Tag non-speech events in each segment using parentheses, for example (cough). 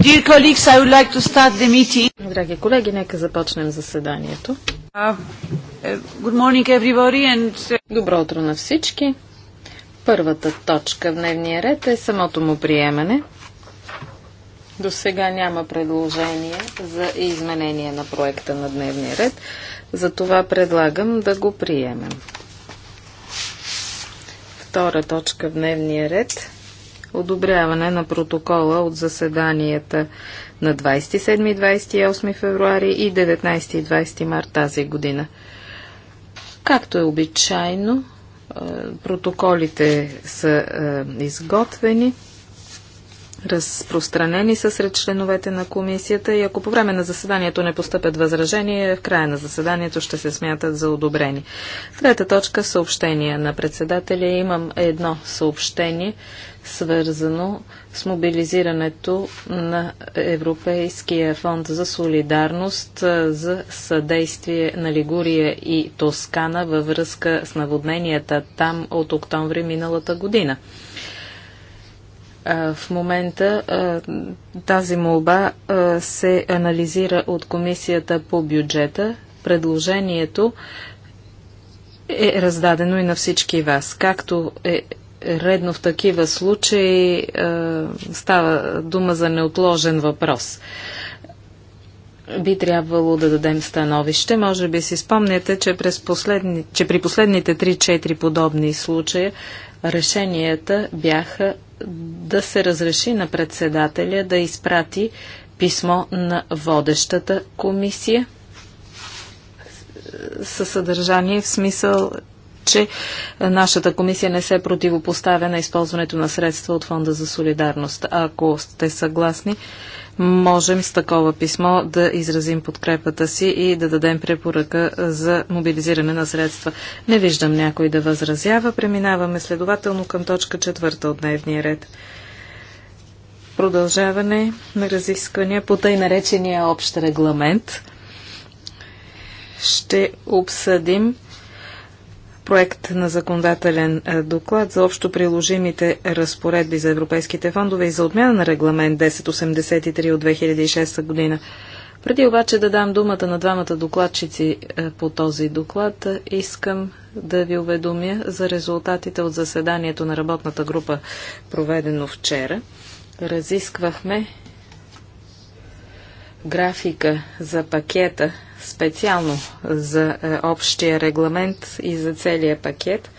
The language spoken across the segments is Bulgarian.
Like Драги колеги, нека започнем заседанието. Uh, uh and... Uh, Добро утро на всички. Първата точка в дневния ред е самото му приемане. До сега няма предложение за изменение на проекта на дневния ред. Затова предлагам да го приемем. Втора точка в дневния ред – одобряване на протокола от заседанията на 27 и 28 февруари и 19 и 20 март тази година. Както е обичайно, е, протоколите са е, изготвени. Разпространени са сред членовете на комисията и ако по време на заседанието не постъпят възражения, в края на заседанието ще се смятат за одобрени. Трета точка – съобщение на председателя. Имам едно съобщение, свързано с мобилизирането на Европейския фонд за солидарност за съдействие на Лигурия и Тоскана във връзка с наводненията там от октомври миналата година. В момента тази молба се анализира от Комисията по бюджета. Предложението е раздадено и на всички вас. Както е редно в такива случаи, става дума за неотложен въпрос би трябвало да дадем становище. Може би си спомняте, че, през последни, че при последните 3-4 подобни случая решенията бяха да се разреши на председателя да изпрати писмо на водещата комисия със съдържание в смисъл, че нашата комисия не се противопоставя на използването на средства от Фонда за солидарност. Ако сте съгласни, можем с такова писмо да изразим подкрепата си и да дадем препоръка за мобилизиране на средства. Не виждам някой да възразява. Преминаваме следователно към точка четвърта от дневния ред. Продължаване на разисквания по тъй наречения общ регламент. Ще обсъдим проект на законодателен е, доклад за общо приложимите разпоредби за европейските фондове и за отмяна на регламент 1083 от 2006 година. Преди обаче да дам думата на двамата докладчици е, по този доклад, е, искам да ви уведомя за резултатите от заседанието на работната група, проведено вчера. Разисквахме графика за пакета специално за е, общия регламент и за целия пакет.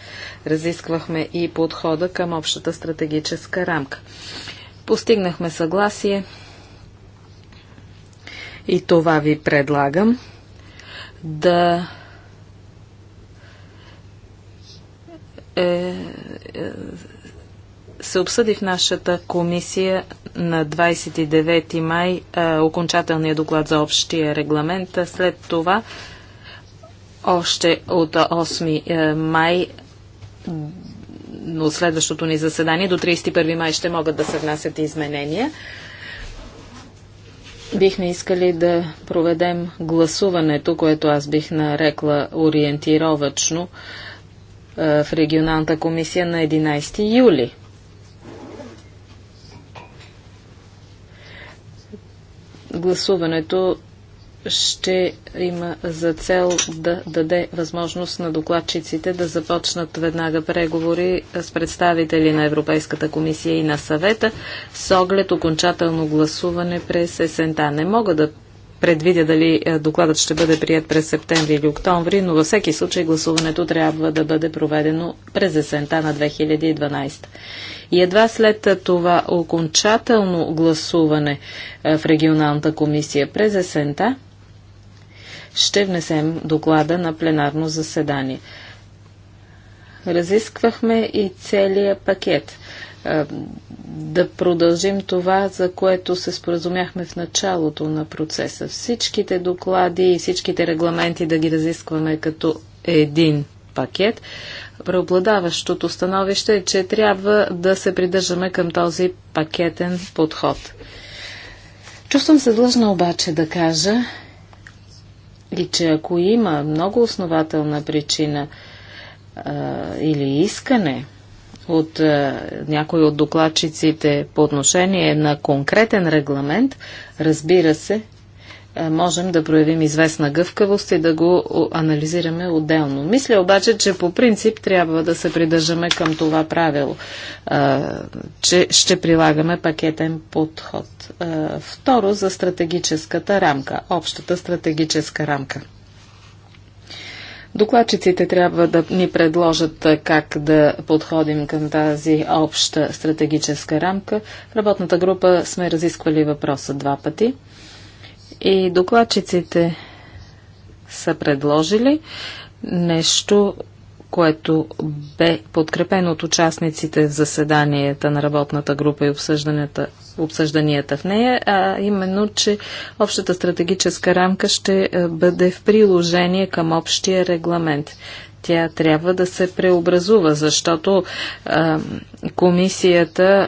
Разисквахме и подхода към общата стратегическа рамка. Постигнахме съгласие и това ви предлагам да е, е, се обсъди в нашата комисия на 29 май а, окончателния доклад за общия регламент. След това още от 8 е, май но следващото ни заседание до 31 май ще могат да се внасят изменения. Бихме искали да проведем гласуването, което аз бих нарекла ориентировачно е, в регионалната комисия на 11 юли. Гласуването ще има за цел да даде възможност на докладчиците да започнат веднага преговори с представители на Европейската комисия и на съвета с оглед окончателно гласуване през есента. Не мога да предвидя дали е, докладът ще бъде прият през септември или октомври, но във всеки случай гласуването трябва да бъде проведено през есента на 2012. И едва след това окончателно гласуване е, в регионалната комисия през есента ще внесем доклада на пленарно заседание. Разисквахме и целия пакет. Е, да продължим това, за което се споразумяхме в началото на процеса. Всичките доклади и всичките регламенти да ги разискваме като един пакет. Преобладаващото становище е, че трябва да се придържаме към този пакетен подход. Чувствам се длъжна обаче да кажа и че ако има много основателна причина а, или искане от а, някой от докладчиците по отношение на конкретен регламент, разбира се, е, можем да проявим известна гъвкавост и да го анализираме отделно. Мисля обаче, че по принцип трябва да се придържаме към това правило, е, че ще прилагаме пакетен подход. Е, второ, за стратегическата рамка, общата стратегическа рамка. Докладчиците трябва да ни предложат как да подходим към тази обща стратегическа рамка. В работната група сме разисквали въпроса два пъти и докладчиците са предложили нещо, което бе подкрепено от участниците в заседанията на работната група и обсъжданията, обсъжданията в нея, а именно, че общата стратегическа рамка ще е, бъде в приложение към общия регламент. Тя трябва да се преобразува, защото а, комисията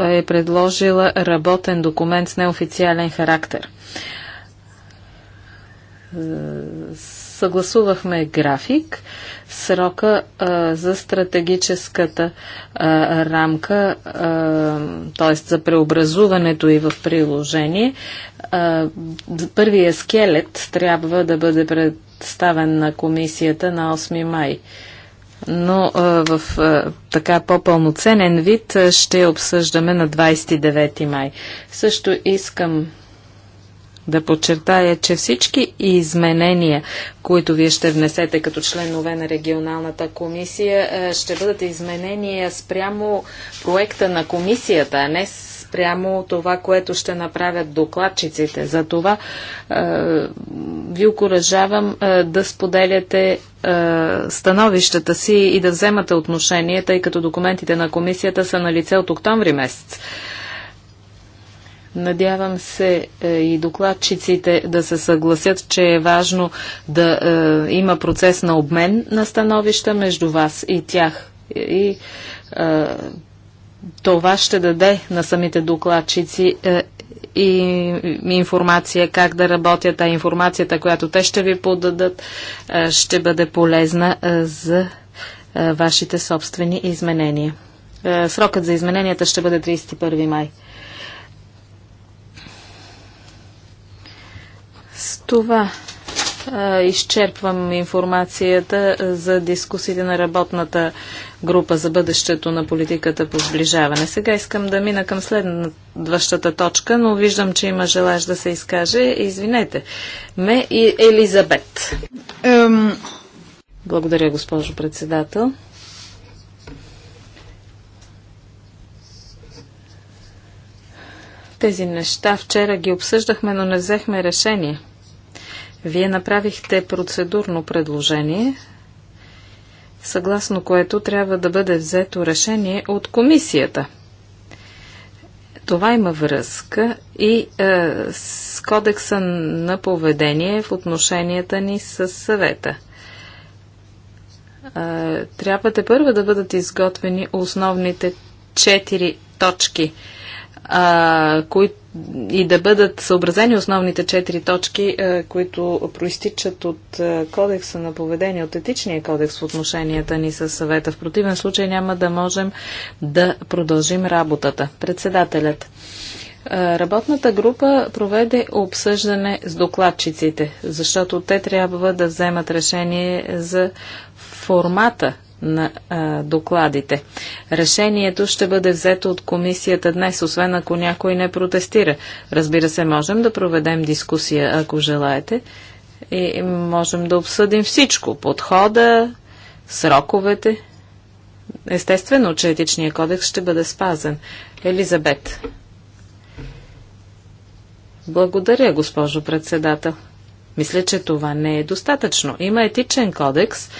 е предложила работен документ с неофициален характер. Съгласувахме график, срока а, за стратегическата а, рамка, т.е. за преобразуването и в приложение. А, първия скелет трябва да бъде представен на комисията на 8 май. А, но в така по-пълноценен вид ще обсъждаме на 29 май. Също искам да подчертая, че всички изменения, които вие ще внесете като членове на регионалната комисия, ще бъдат изменения спрямо проекта на комисията, а не с спрямо това, което ще направят докладчиците. За това е, ви окоръжавам е, да споделяте е, становищата си и да вземате отношение, тъй като документите на комисията са на лице от октомври месец. Надявам се е, и докладчиците да се съгласят, че е важно да е, има процес на обмен на становища между вас и тях. И е, това ще даде на самите докладчици е, и информация как да работят, а информацията, която те ще ви подадат, е, ще бъде полезна е, за вашите собствени изменения. Срокът за измененията ще бъде 31 май. С това изчерпвам информацията за дискусиите на работната група за бъдещето на политиката по сближаване. Сега искам да мина към следващата точка, но виждам, че има желаж да се изкаже. Извинете ме и Елизабет. Ем... Благодаря, госпожо председател. Тези неща вчера ги обсъждахме, но не взехме решение. Вие направихте процедурно предложение съгласно което трябва да бъде взето решение от комисията. Това има връзка и е, с кодекса на поведение в отношенията ни с съвета. Е, трябва те първо да бъдат изготвени основните четири точки, е, които и да бъдат съобразени основните четири точки, е, които проистичат от е, кодекса на поведение, от етичния кодекс в отношенията ни с съвета. В противен случай няма да можем да продължим работата. Председателят. Е, работната група проведе обсъждане с докладчиците, защото те трябва да вземат решение за формата на а, докладите. Решението ще бъде взето от комисията днес, освен ако някой не протестира. Разбира се, можем да проведем дискусия, ако желаете. И можем да обсъдим всичко. Подхода, сроковете. Естествено, че етичния кодекс ще бъде спазен. Елизабет. Благодаря, госпожо председател. Мисля, че това не е достатъчно. Има етичен кодекс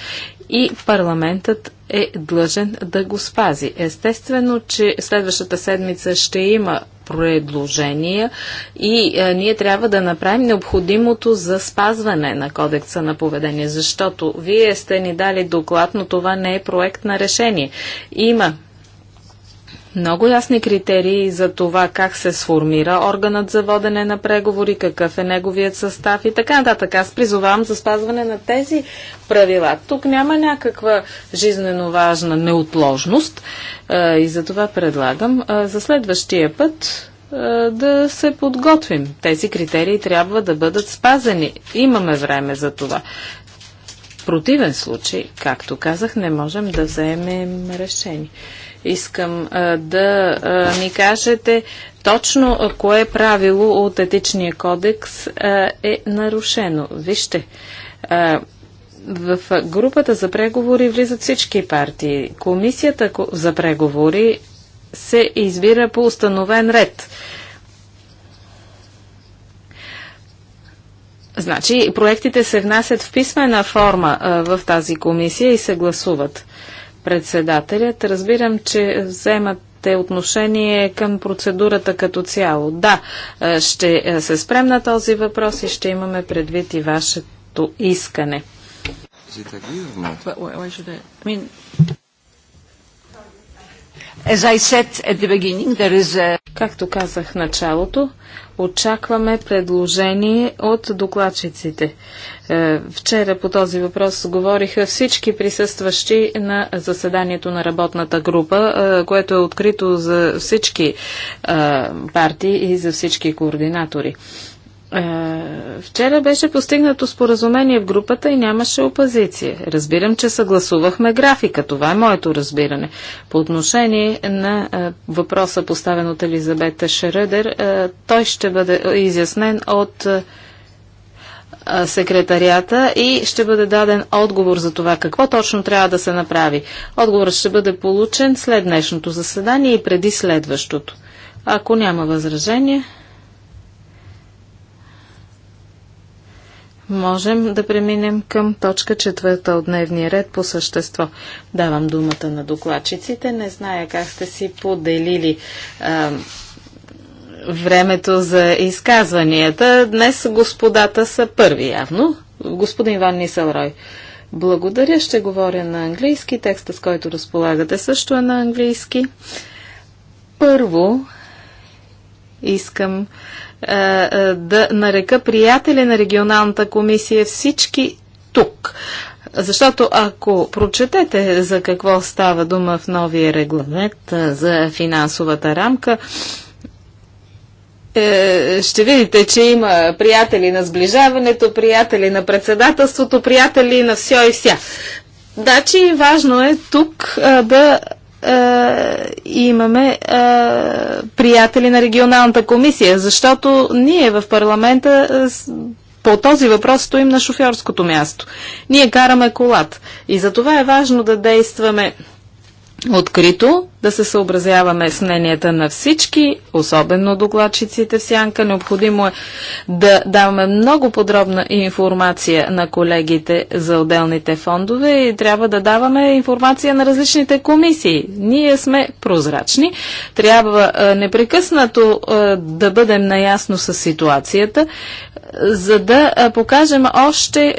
и парламентът е длъжен да го спази. Естествено, че следващата седмица ще има предложения и а, е, ние трябва да направим необходимото за спазване на кодекса на поведение, защото вие сте ни дали доклад, но това не е проект на решение. Има много ясни критерии за това как се сформира органът за водене на преговори, какъв е неговият състав и така нататък. Аз призовавам за спазване на тези правила. Тук няма някаква жизненно важна неотложност а, и за това предлагам а, за следващия път а, да се подготвим. Тези критерии трябва да бъдат спазени. Имаме време за това. В противен случай, както казах, не можем да вземем решение. Искам а, да а, ми кажете точно а, кое правило от етичния кодекс а, е нарушено. Вижте, а, в групата за преговори влизат всички партии. Комисията за преговори се избира по установен ред. Значи, проектите се внасят в писмена форма а, в тази комисия и се гласуват. Председателят, разбирам, че вземат отношение към процедурата като цяло. Да, е, ще е, се спрем на този въпрос и ще имаме предвид и вашето искане. Както казах в началото, очакваме предложение от докладчиците. Е, вчера по този въпрос говориха всички присъстващи на заседанието на работната група, е, което е открито за всички е, партии и за всички координатори. Е, вчера беше постигнато споразумение в групата и нямаше опозиция. Разбирам, че съгласувахме графика. Това е моето разбиране. По отношение на е, въпроса, поставен от Елизабета Шредер, е, той ще бъде изяснен от секретарията и ще бъде даден отговор за това какво точно трябва да се направи. Отговорът ще бъде получен след днешното заседание и преди следващото. Ако няма възражение. можем да преминем към точка четвърта от дневния ред по същество. Давам думата на докладчиците. Не зная как сте си поделили а, времето за изказванията. Днес господата са първи явно. Господин Ван Нисълрой. Благодаря, ще говоря на английски. Текста, с който разполагате, също е на английски. Първо, искам е, е, да нарека приятели на регионалната комисия всички тук. Защото ако прочетете за какво става дума в новия регламент е, за финансовата рамка, ще видите, че има приятели на сближаването, приятели на председателството, приятели на все и вся. Значи важно е тук да е, имаме а, е, приятели на регионалната комисия, защото ние в парламента е, по този въпрос стоим на шофьорското място. Ние караме колат и за това е важно да действаме открито да се съобразяваме с мненията на всички, особено докладчиците в Сянка. Необходимо е да даваме много подробна информация на колегите за отделните фондове и трябва да даваме информация на различните комисии. Ние сме прозрачни, трябва е, непрекъснато е, да бъдем наясно с ситуацията, е, за да покажем още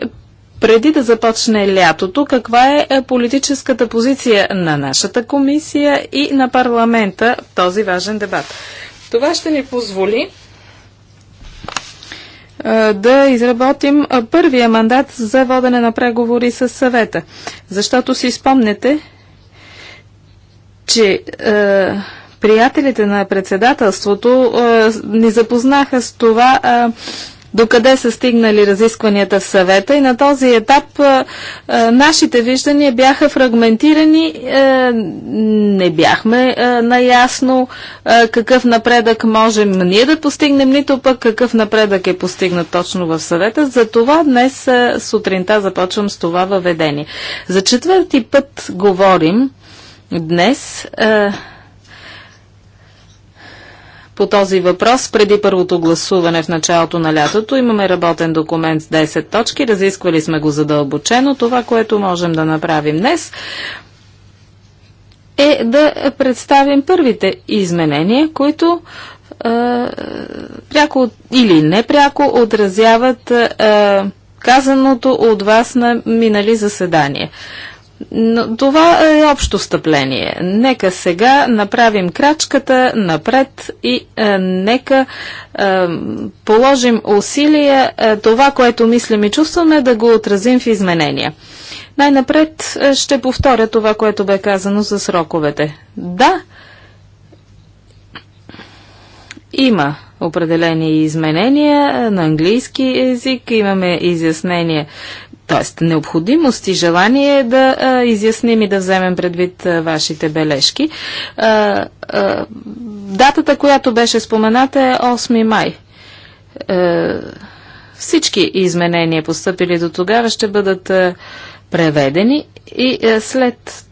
преди да започне лятото, каква е, е политическата позиция на нашата комисия и на парламента в този важен дебат. Това ще ни позволи е, да изработим е, първия мандат за водене на преговори с съвета. Защото си спомнете, че е, приятелите на председателството е, ни запознаха с това е, докъде са стигнали разискванията в съвета и на този етап нашите виждания бяха фрагментирани. Е, не бяхме е, наясно е, какъв напредък можем ние да постигнем, нито пък какъв напредък е постигнат точно в съвета. Затова днес сутринта започвам с това въведение. За четвърти път говорим днес по този въпрос преди първото гласуване в началото на лятото. Имаме работен документ с 10 точки, разисквали сме го задълбочено. Това, което можем да направим днес, е да представим първите изменения, които е, пряко или непряко отразяват е, казаното от вас на минали заседание. Но това е общо стъпление. Нека сега направим крачката напред и е, нека е, положим усилия е, това, което мислим и чувстваме, да го отразим в изменения. Най-напред е, ще повторя това, което бе казано за сроковете. Да, има определени изменения е, на английски език, имаме изяснение Тоест, необходимост и желание е да а, изясним и да вземем предвид а, вашите бележки. А, а, датата, която беше спомената е 8 май. А, е, всички изменения, поступили до тогава, ще бъдат а, преведени и а, след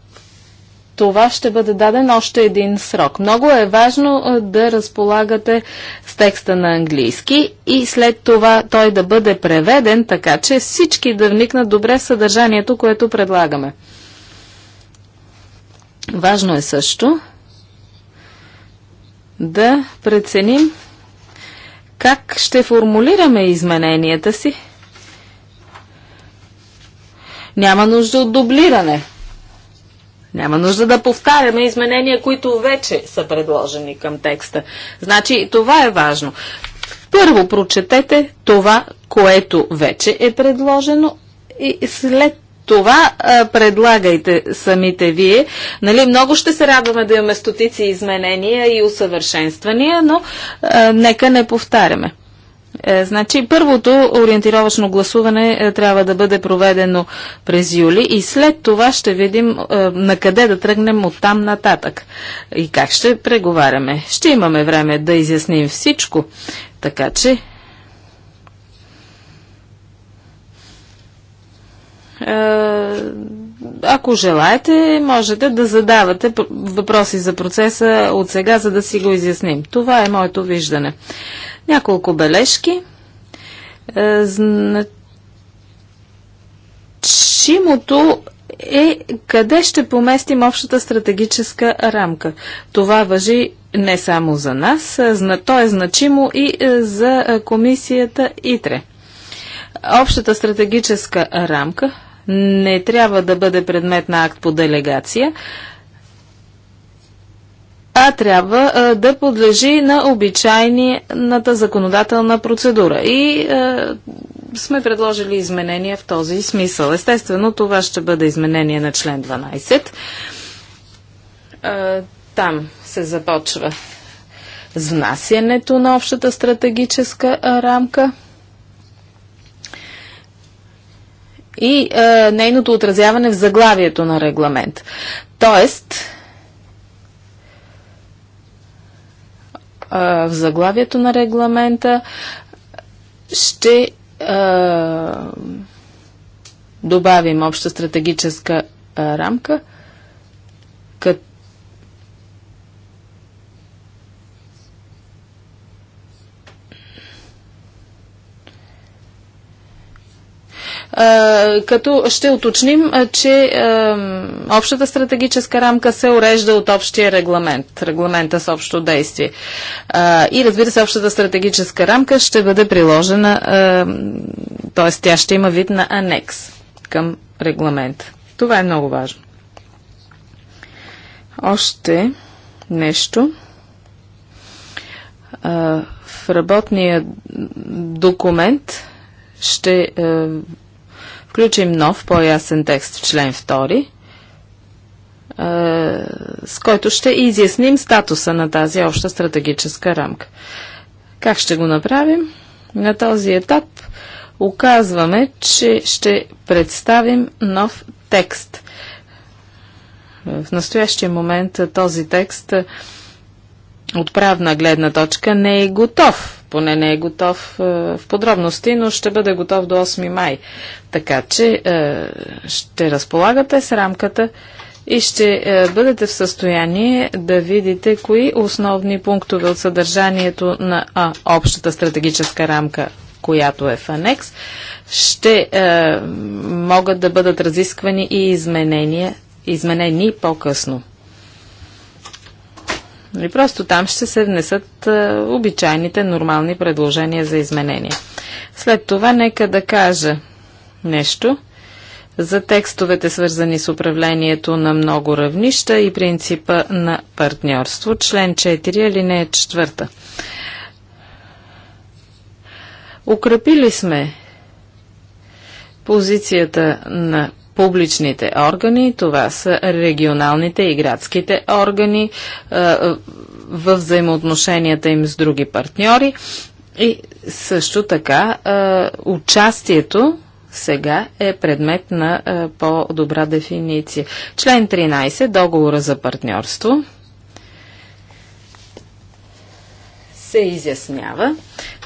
това ще бъде даден още един срок. Много е важно да разполагате с текста на английски и след това той да бъде преведен, така че всички да вникнат добре в съдържанието, което предлагаме. Важно е също да преценим как ще формулираме измененията си. Няма нужда от дублиране няма нужда да повтаряме изменения, които вече са предложени към текста. Значи това е важно. Първо прочетете това, което вече е предложено и след това а, предлагайте самите вие. Нали, много ще се радваме да имаме стотици изменения и усъвършенствания, но а, нека не повтаряме. Е, значи първото ориентировъчно гласуване е, трябва да бъде проведено през юли и след това ще видим е, на къде да тръгнем от там нататък и как ще преговаряме. Ще имаме време да изясним всичко, така че е, ако желаете, можете да задавате въпроси за процеса от сега, за да си го изясним. Това е моето виждане. Няколко бележки. Е, значимото е къде ще поместим общата стратегическа рамка. Това въжи не само за нас, е, то е значимо и е, за комисията ИТРЕ. Общата стратегическа рамка не трябва да бъде предмет на акт по делегация, а трябва да подлежи на обичайната законодателна процедура. И е, сме предложили изменения в този смисъл. Естествено, това ще бъде изменение на член 12. Е, там се започва с внасянето на общата стратегическа рамка и е, нейното отразяване в заглавието на регламент. Тоест, е, в заглавието на регламента ще е, добавим обща стратегическа е, рамка – като ще уточним, че общата стратегическа рамка се урежда от общия регламент, регламента с общо действие. И разбира се, общата стратегическа рамка ще бъде приложена, т.е. тя ще има вид на анекс към регламент. Това е много важно. Още нещо в работния документ ще включим нов, по-ясен текст в член 2, е, с който ще изясним статуса на тази обща стратегическа рамка. Как ще го направим? На този етап оказваме, че ще представим нов текст. В настоящия момент този текст от правна гледна точка не е готов поне не е готов е, в подробности, но ще бъде готов до 8 май. Така че е, ще разполагате с рамката и ще е, бъдете в състояние да видите кои основни пунктове от съдържанието на а, общата стратегическа рамка която е в анекс, ще а, могат да бъдат разисквани и изменения, изменени по-късно. И нали, просто там ще се внесат обичайните нормални предложения за изменения. След това нека да кажа нещо за текстовете свързани с управлението на много равнища и принципа на партньорство, член 4, алинея 4. Укрепили сме позицията на публичните органи, това са регионалните и градските органи е, в взаимоотношенията им с други партньори и също така е, участието сега е предмет на е, по-добра дефиниция. Член 13. Договора за партньорство се изяснява.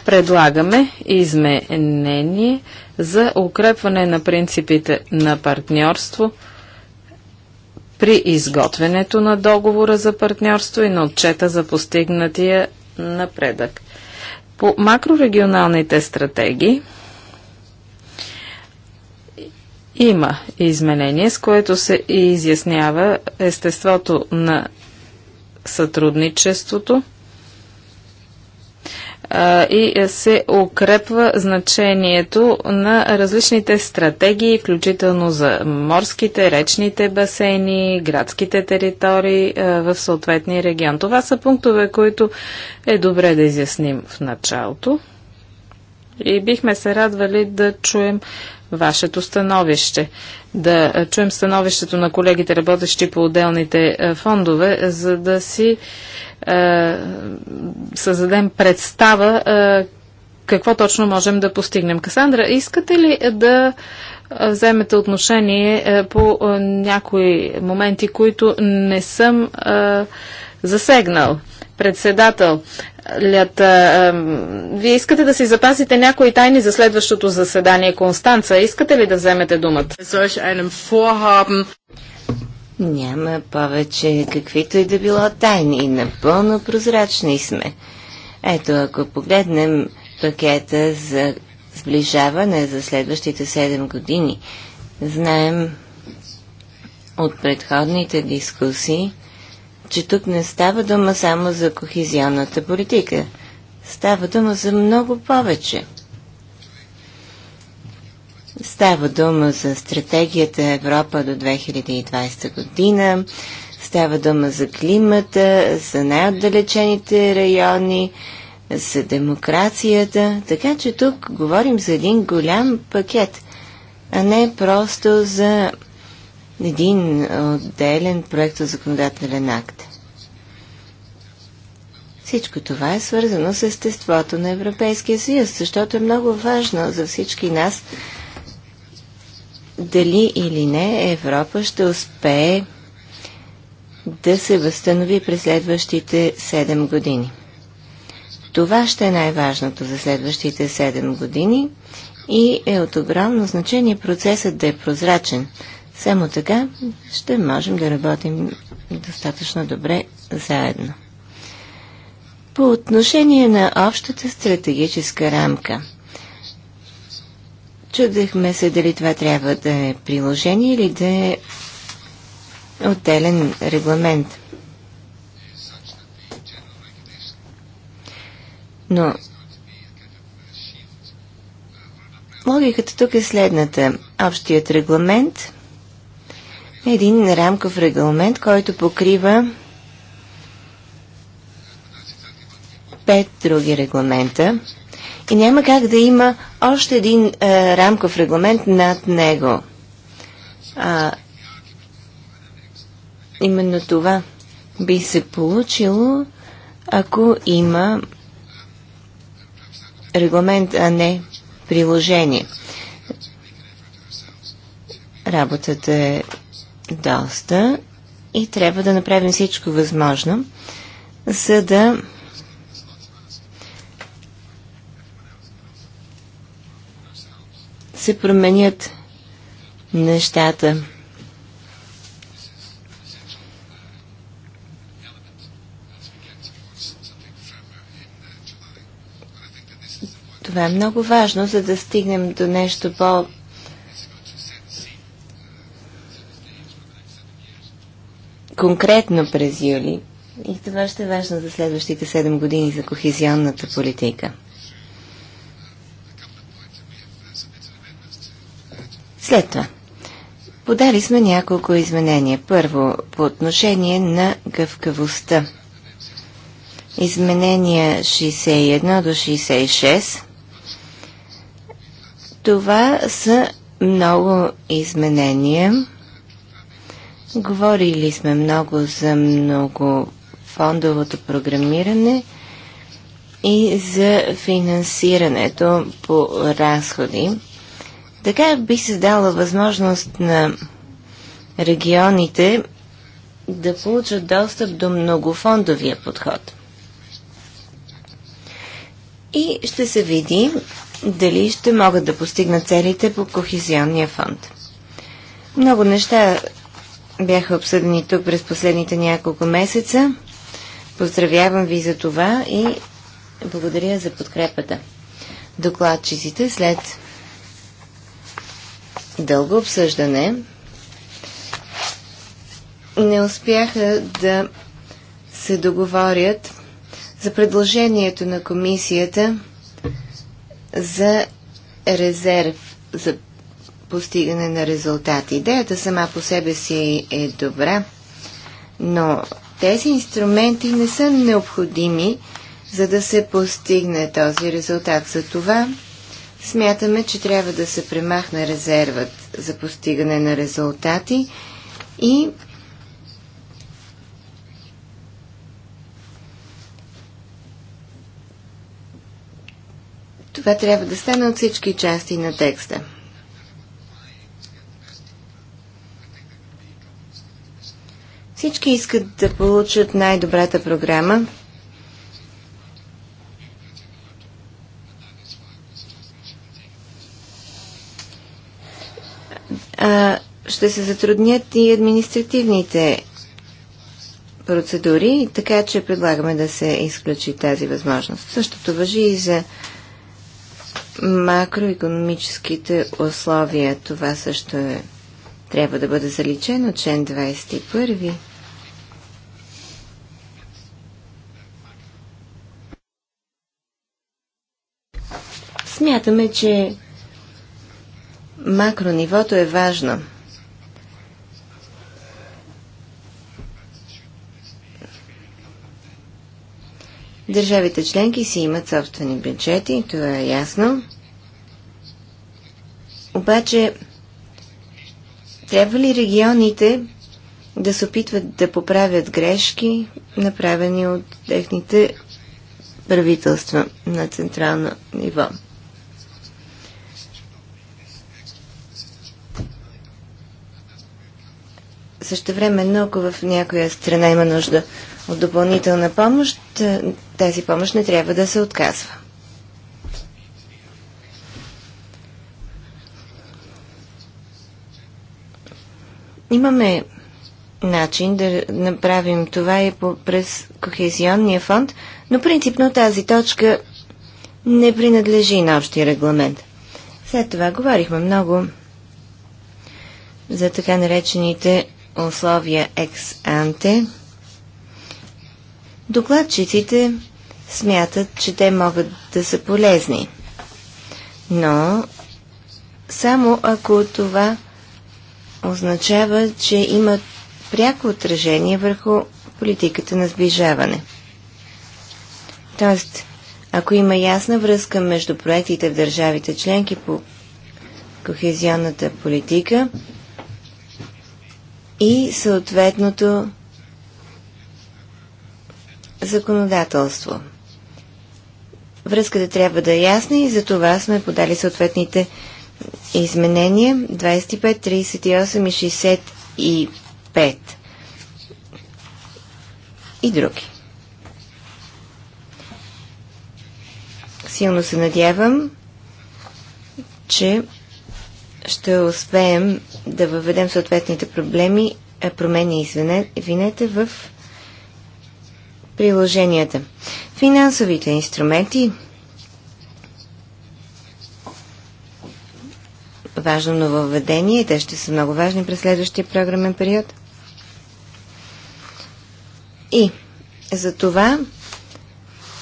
Предлагаме изменение за укрепване на принципите на партньорство при изготвянето на договора за партньорство и на отчета за постигнатия напредък. По макрорегионалните стратегии има изменение, с което се изяснява естеството на сътрудничеството и се укрепва значението на различните стратегии, включително за морските, речните басейни, градските територии в съответния регион. Това са пунктове, които е добре да изясним в началото. И бихме се радвали да чуем вашето становище. Да чуем становището на колегите, работещи по отделните фондове, за да си е, създадем представа е, какво точно можем да постигнем. Касандра, искате ли да е, вземете отношение по някои моменти, които не съм засегнал? Председател, Лята, вие искате да си запазите някои тайни за следващото заседание Констанца. Искате ли да вземете думата? Няма повече каквито и да било тайни. Напълно прозрачни сме. Ето, ако погледнем пакета за сближаване за следващите 7 години, знаем от предходните дискусии, че тук не става дума само за кохезионната политика. Става дума за много повече – Става дума за стратегията Европа до 2020 година, става дума за климата, за най-отдалечените райони, за демокрацията, така че тук говорим за един голям пакет, а не просто за един отделен проект от законодателен акт. Всичко това е свързано с естеството на Европейския съюз, защото е много важно за всички нас дали или не Европа ще успее да се възстанови през следващите 7 години. Това ще е най-важното за следващите 7 години и е от огромно значение процесът да е прозрачен. Само така ще можем да работим достатъчно добре заедно. По отношение на общата стратегическа рамка – Чудехме се дали това трябва да е приложение или да е отделен регламент. Но логиката тук е следната. Общият регламент е един рамков регламент, който покрива пет други регламента и няма как да има още един а, е, рамков регламент над него. А, именно това би се получило, ако има регламент, а не приложение. Работата е доста и трябва да направим всичко възможно, за да се променят нещата. Това е много важно, за да стигнем до нещо по- конкретно през юли. И това ще е важно за следващите 7 години за кохезионната политика. След това, подали сме няколко изменения. Първо, по отношение на гъвкавостта. Изменения 61 до 66. Това са много изменения. Говорили сме много за много фондовото програмиране и за финансирането по разходи. Така би се дала възможност на регионите да получат достъп до многофондовия подход. И ще се види дали ще могат да постигнат целите по Кохезионния фонд. Много неща бяха обсъдени тук през последните няколко месеца. Поздравявам ви за това и благодаря за подкрепата. Докладчиците след дълго обсъждане не успяха да се договорят за предложението на комисията за резерв за постигане на резултати. Идеята сама по себе си е добра, но тези инструменти не са необходими, за да се постигне този резултат. За това Смятаме, че трябва да се премахне резервът за постигане на резултати и това трябва да стане от всички части на текста. Всички искат да получат най-добрата програма, а, ще се затруднят и административните процедури, така че предлагаме да се изключи тази възможност. Същото въжи и за макроекономическите условия. Това също е, трябва да бъде заличено, член 21. Смятаме, че макронивото е важно. Държавите членки си имат собствени бюджети, това е ясно. Обаче, трябва ли регионите да се опитват да поправят грешки, направени от техните правителства на централно ниво? Също време, но ако в някоя страна има нужда от допълнителна помощ, е, тази помощ не трябва да се отказва. Имаме начин да направим това и по, през Кохезионния фонд, но принципно тази точка не принадлежи на общия регламент. След това говорихме много за така наречените условия екс-анте, докладчиците смятат, че те могат да са полезни. Но само ако това означава, че имат пряко отражение върху политиката на сближаване. Тоест, ако има ясна връзка между проектите в държавите членки по кохезионната политика и съответното законодателство. Връзката трябва да е ясна и за това сме подали съответните изменения 25, 38 и 65 и други. Силно се надявам, че ще успеем да въведем съответните проблеми, е, промени, извинете, в приложенията. Финансовите инструменти важно нововведение. Те ще са много важни през следващия програмен период. И за това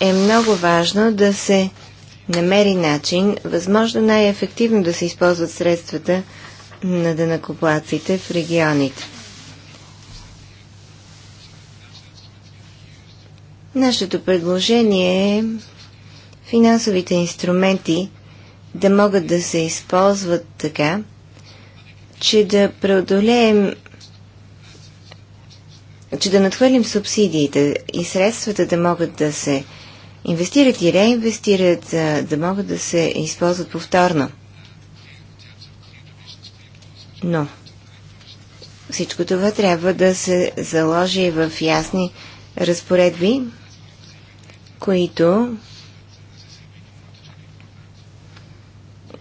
е много важно да се намери начин, възможно най-ефективно да се използват средствата на дънакоплаците в регионите. Нашето предложение е финансовите инструменти да могат да се използват така, че да преодолеем че да надхвърлим субсидиите и средствата да могат да се инвестират и реинвестират, да могат да се използват повторно. Но всичко това трябва да се заложи в ясни разпоредби, които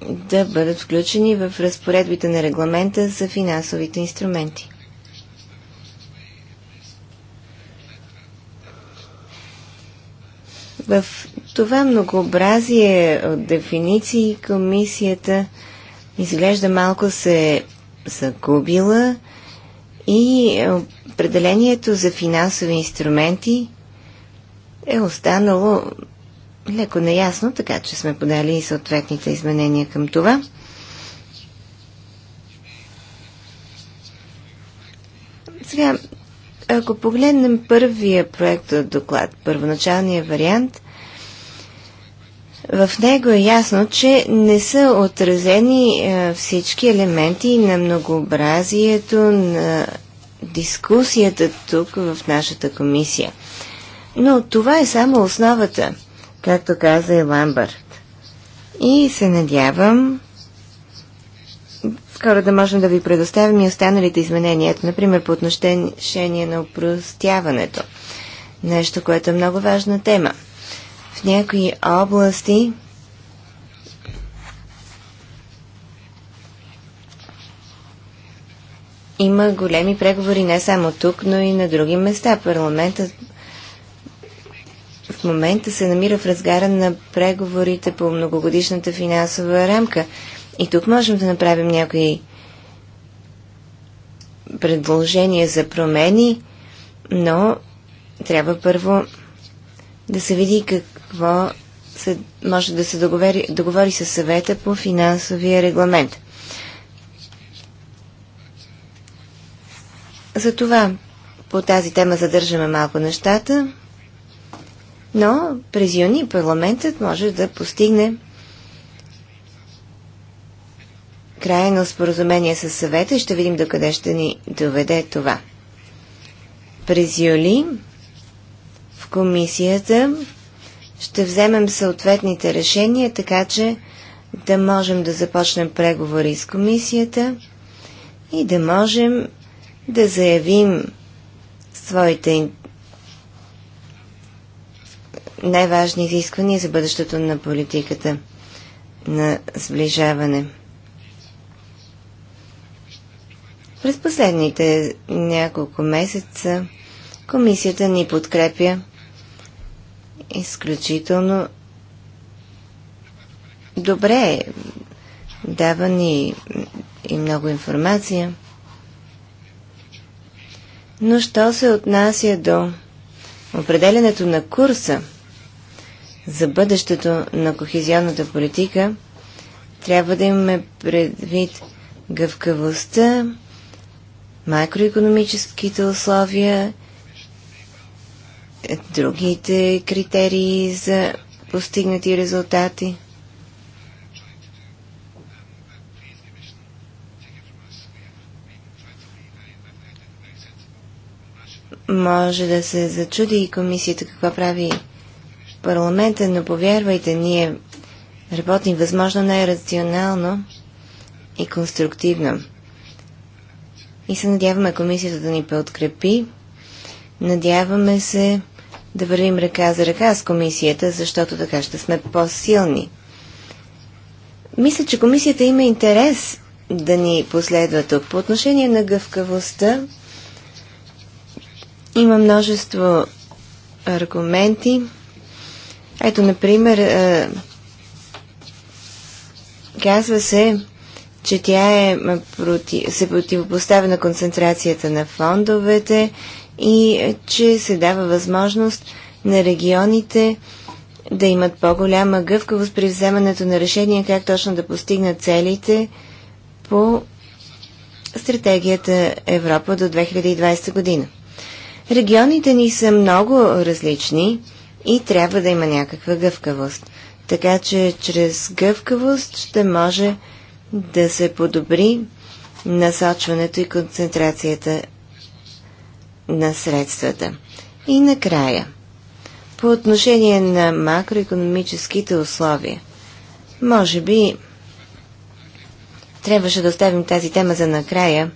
да бъдат включени в разпоредбите на регламента за финансовите инструменти. В това многообразие от дефиниции комисията изглежда малко се загубила и определението за финансови инструменти е останало леко неясно, така че сме подали и съответните изменения към това. Сега ако погледнем първия проект от доклад, първоначалния вариант, в него е ясно, че не са отразени е, всички елементи на многообразието, на дискусията тук в нашата комисия. Но това е само основата, както каза и Ламбърт. И се надявам, по-скоро да можем да ви предоставим и останалите изменения, например по отношение на упростяването. Нещо, което е много важна тема. В някои области има големи преговори не само тук, но и на други места. Парламентът в момента се намира в разгара на преговорите по многогодишната финансова рамка. И тук можем да направим някои предложения за промени, но трябва първо да се види какво се, може да се договори, договори с съвета по финансовия регламент. Затова по тази тема задържаме малко нещата, но през юни парламентът може да постигне крайно споразумение с съвета и ще видим до къде ще ни доведе това. През юли в комисията ще вземем съответните решения, така че да можем да започнем преговори с комисията и да можем да заявим своите най-важни изисквания за бъдещето на политиката на сближаване. През последните няколко месеца комисията ни подкрепя изключително добре. Дава ни и много информация. Но що се отнася до определенето на курса за бъдещето на кохезионната политика, трябва да имаме предвид гъвкавостта, макроекономическите условия, другите критерии за постигнати резултати. Може да се зачуди и комисията какво прави парламента, но повярвайте, ние работим възможно най-рационално и конструктивно и се надяваме комисията да ни подкрепи. Надяваме се да вървим ръка за ръка с комисията, защото така ще сме по-силни. Мисля, че комисията има интерес да ни последва тук. По отношение на гъвкавостта има множество аргументи. Ето, например, е, казва се, че тя е проти, се противопоставя на концентрацията на фондовете и е, че се дава възможност на регионите да имат по-голяма гъвкавост при вземането на решения как точно да постигнат целите по стратегията Европа до 2020 година. Регионите ни са много различни и трябва да има някаква гъвкавост. Така че чрез гъвкавост ще може да се подобри насочването и концентрацията на средствата. И накрая, по отношение на макроекономическите условия, може би трябваше да оставим тази тема за накрая,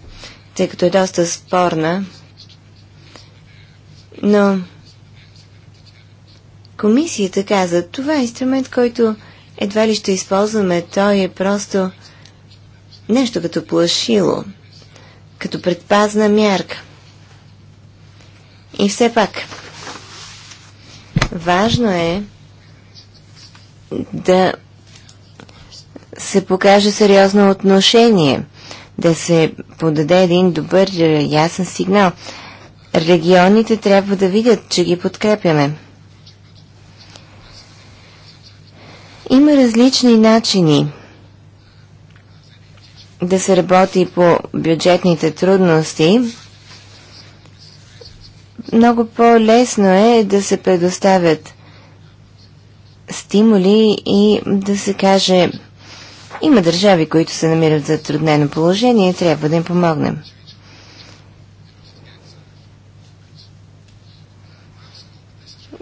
тъй като е доста спорна, но комисията каза, това е инструмент, който едва ли ще използваме, той е просто нещо като плашило, като предпазна мярка. И все пак, важно е да се покаже сериозно отношение, да се подаде един добър, ясен сигнал. Регионите трябва да видят, че ги подкрепяме. Има различни начини – да се работи по бюджетните трудности, много по-лесно е да се предоставят стимули и да се каже има държави, които се намират за труднено положение и трябва да им помогнем.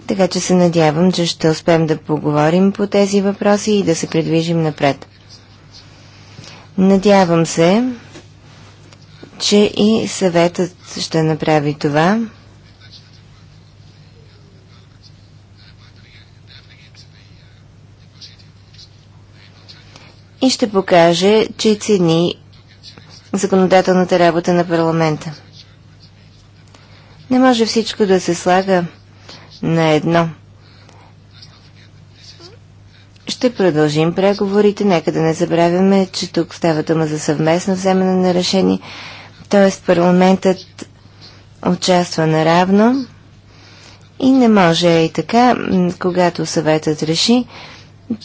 Така че се надявам, че ще успеем да поговорим по тези въпроси и да се придвижим напред. Надявам се, че и съветът ще направи това. И ще покаже, че цени законодателната работа на парламента. Не може всичко да се слага на едно – ще продължим преговорите. Нека да не забравяме, че тук става дума за съвместно вземане на решение. Т.е. парламентът участва наравно и не може и така, когато съветът реши,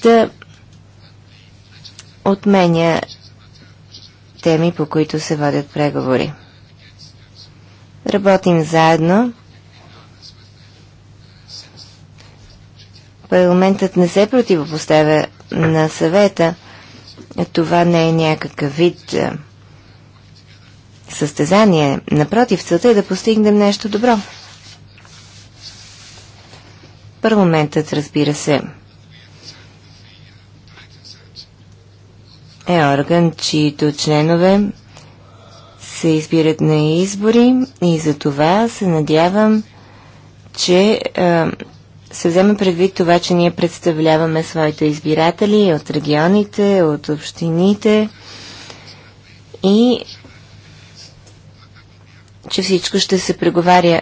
да отменя теми, по които се водят преговори. Работим заедно парламентът не се противопоставя на съвета, това не е някакъв вид е, състезание. Напротив, целта е да постигнем нещо добро. Парламентът, разбира се, е орган, чието членове се избират на избори и за това се надявам, че е, се вземе предвид това, че ние представляваме своите избиратели от регионите, от общините и че всичко ще се преговаря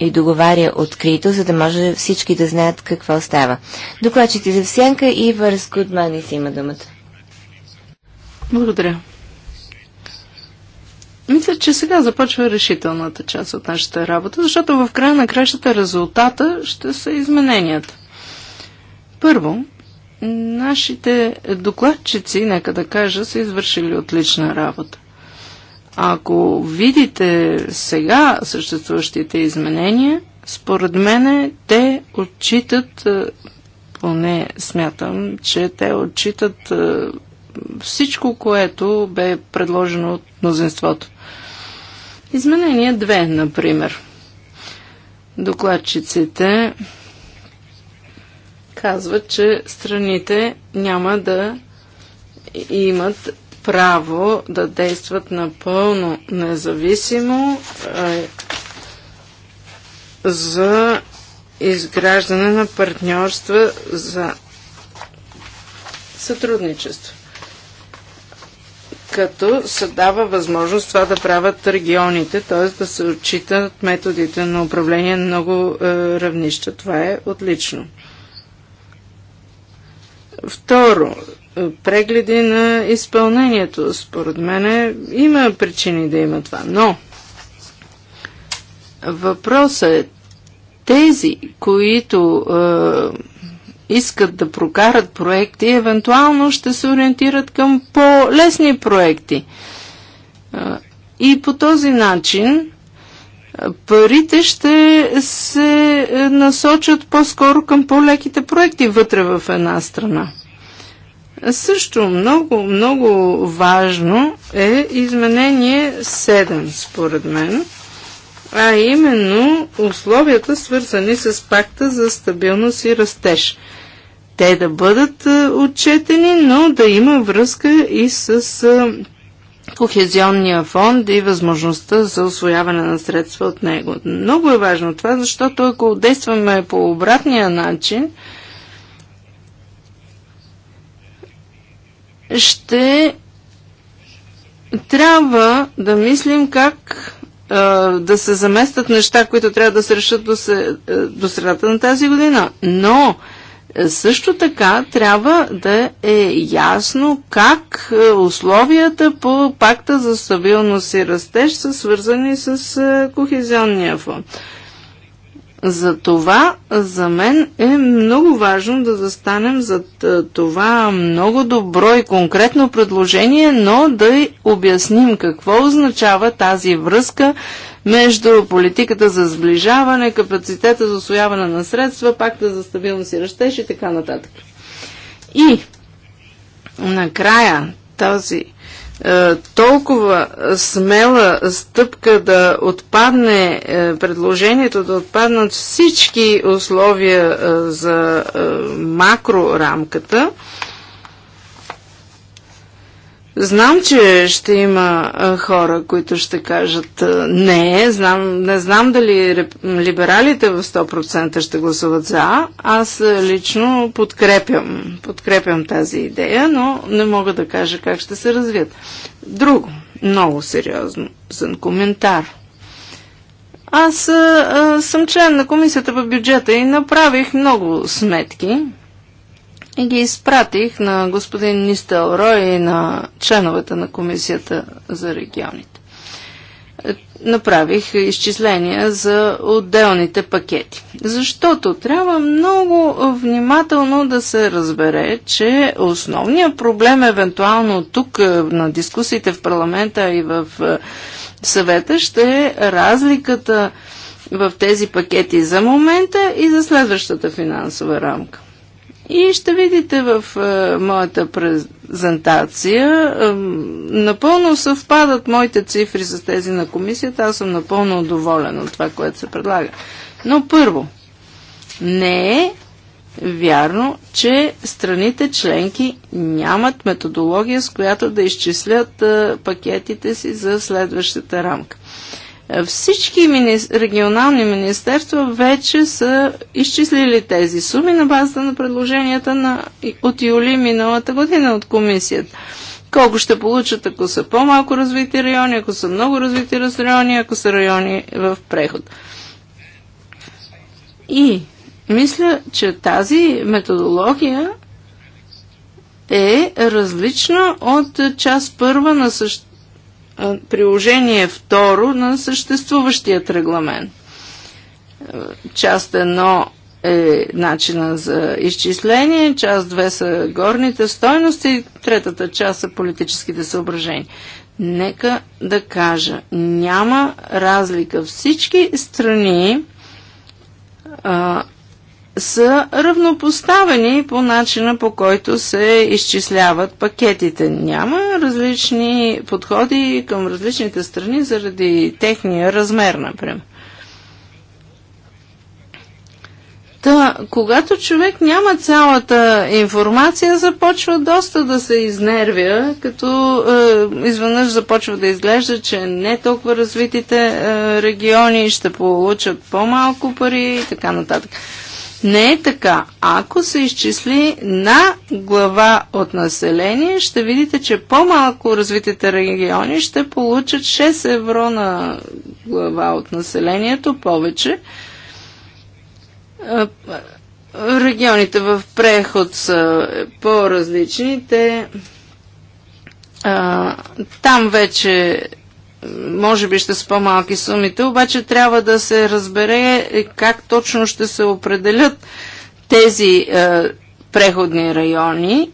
и договаря открито, за да може всички да знаят какво става. Докладчите за Всянка и Върс Гудмани си има думата. Благодаря. Мисля, че сега започва решителната част от нашата работа, защото в края на кращата резултата ще са измененията. Първо, нашите докладчици, нека да кажа, са извършили отлична работа. Ако видите сега съществуващите изменения, според мене те отчитат, е, поне смятам, че те отчитат е, всичко, което бе предложено от мнозинството. Изменение 2, например. Докладчиците казват, че страните няма да имат право да действат напълно независимо за изграждане на партньорства за сътрудничество като се дава възможност това да правят регионите, т.е. да се отчитат методите на управление на много е, равнища. Това е отлично. Второ, е, прегледи на изпълнението. Според мен има причини да има това, но въпросът е тези, които е, искат да прокарат проекти, евентуално ще се ориентират към по-лесни проекти. И по този начин парите ще се е, насочат по-скоро към по-леките проекти вътре в една страна. Също много, много важно е изменение 7, според мен, а именно условията свързани с пакта за стабилност и растеж те да бъдат е, отчетени, но да има връзка и с е, Кохезионния фонд и възможността за освояване на средства от него. Много е важно това, защото ако действаме по обратния начин, ще трябва да мислим как е, да се заместят неща, които трябва да се решат до, се, е, до средата на тази година. Но също така трябва да е ясно как е, условията по пакта за стабилност и растеж са свързани с е, кохезионния фонд. За това за мен е много важно да застанем за е, това много добро и конкретно предложение, но да обясним какво означава тази връзка между политиката за сближаване, капацитета за освояване на средства, пакта за стабилност и растеж и така нататък. И накрая тази е, толкова смела стъпка да отпадне е, предложението, да отпаднат всички условия е, за е, макрорамката, рамката, Знам, че ще има хора, които ще кажат не. Знам, не знам дали либералите в 100% ще гласуват за. Аз лично подкрепям, подкрепям тази идея, но не мога да кажа как ще се развият. Друго, много сериозно, съм коментар. Аз а, съм член на комисията по бюджета и направих много сметки и ги изпратих на господин Нистел Рой и на членовете на Комисията за регионите. Направих изчисления за отделните пакети. Защото трябва много внимателно да се разбере, че основният проблем евентуално тук е, на дискусиите в парламента и в е, съвета ще е разликата в тези пакети за момента и за следващата финансова рамка. И ще видите в е, моята презентация, е, напълно съвпадат моите цифри с тези на комисията. Аз съм напълно доволен от това, което се предлага. Но първо, не е вярно, че страните членки нямат методология, с която да изчислят е, пакетите си за следващата рамка. Всички мини... регионални министерства вече са изчислили тези суми на базата на предложенията на... от юли миналата година от комисията. Колко ще получат, ако са по-малко развити райони, ако са много развити райони, ако са райони в преход. И мисля, че тази методология е различна от част първа на същ приложение второ на съществуващият регламент. Част едно е начина за изчисление, част две са горните стойности, третата част са политическите съображения. Нека да кажа, няма разлика. Всички страни а, са равнопоставени по начина по който се изчисляват пакетите. Няма различни подходи към различните страни заради техния размер, например. Та, когато човек няма цялата информация, започва доста да се изнервя, като е, изведнъж започва да изглежда, че не толкова развитите е, региони ще получат по-малко пари и така нататък. Не е така. Ако се изчисли на глава от население, ще видите, че по-малко развитите региони ще получат 6 евро на глава от населението повече. Е, регионите в преход са по различните там вече може би ще са по-малки сумите, обаче трябва да се разбере как точно ще се определят тези е, преходни райони,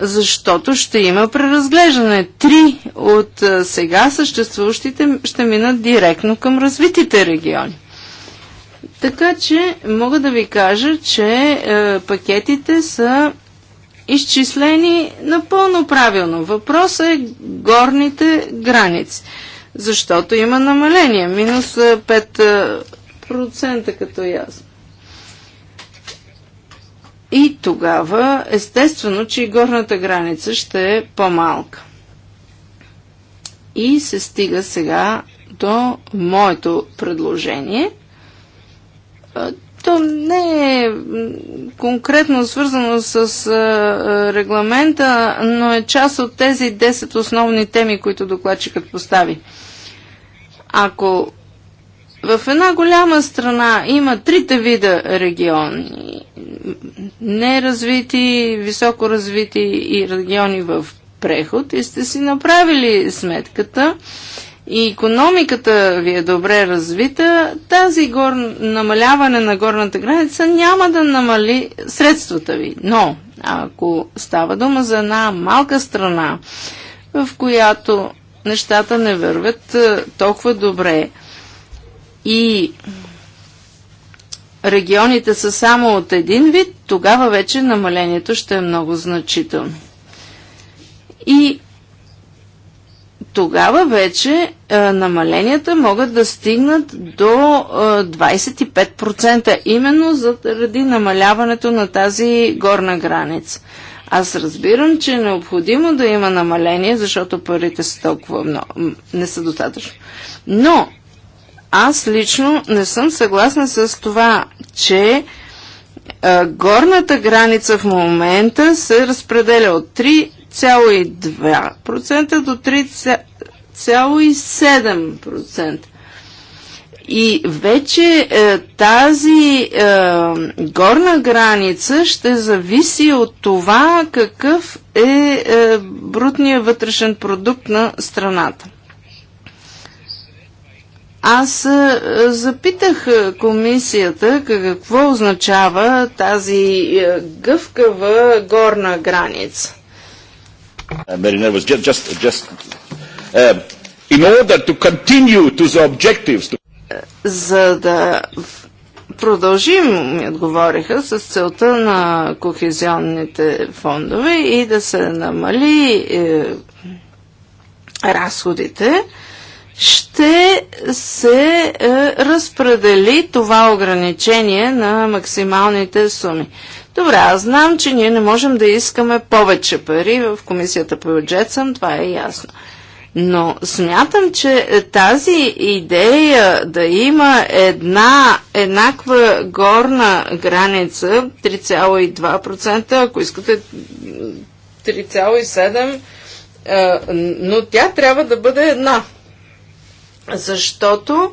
защото ще има преразглеждане. Три от е, сега съществуващите ще минат директно към развитите региони. Така че мога да ви кажа, че е, пакетите са изчислени напълно правилно. Въпросът е горните граници, защото има намаление, минус 5% е, е, като ясно. И тогава, естествено, че и горната граница ще е по-малка. И се стига сега до моето предложение – то не е конкретно свързано с регламента, но е част от тези 10 основни теми, които докладчикът постави. Ако в една голяма страна има трите вида региони неразвити, високо развити и региони в преход и сте си направили сметката и економиката ви е добре развита, тази гор... намаляване на горната граница няма да намали средствата ви. Но ако става дума за една малка страна, в която нещата не вървят е, толкова добре и регионите са само от един вид, тогава вече намалението ще е много значително. И тогава вече а, е, намаленията могат да стигнат до е, а, 25%, именно заради намаляването на тази горна граница. Аз разбирам, че е необходимо да има намаление, защото парите са толкова много, не са достатъчно. Но аз лично не съм съгласна с това, че а, е, горната граница в момента се разпределя от 3 3,2% до 3,7%. И вече е, тази е, горна граница ще зависи от това какъв е, е брутният вътрешен продукт на страната. Аз е, запитах е, комисията какво означава тази е, гъвкава горна граница. Uh, and Very was Just, just, just, uh, in order to continue to the objectives. To... За да продължим, ми отговориха, с целта на кохезионните фондове и да се намали е, разходите, ще се е, разпредели това ограничение на максималните суми. Добре, аз знам, че ние не можем да искаме повече пари в комисията по бюджет, съм, това е ясно. Но смятам, че тази идея да има една еднаква горна граница, 3,2%, ако искате 3,7%, е, но тя трябва да бъде една. Защото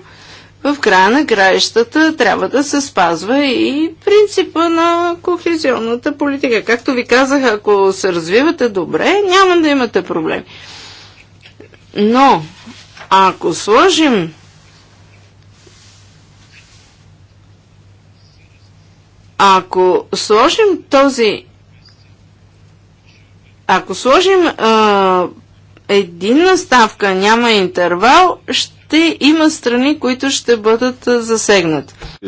в края на краищата трябва да се спазва и принципа на кохезионната политика. Както ви казах, ако се развивате добре, няма да имате проблеми. Но, ако сложим ако сложим този ако сложим а, единна ставка, няма интервал, ще те има страни, които ще бъдат засегнати. (laughs)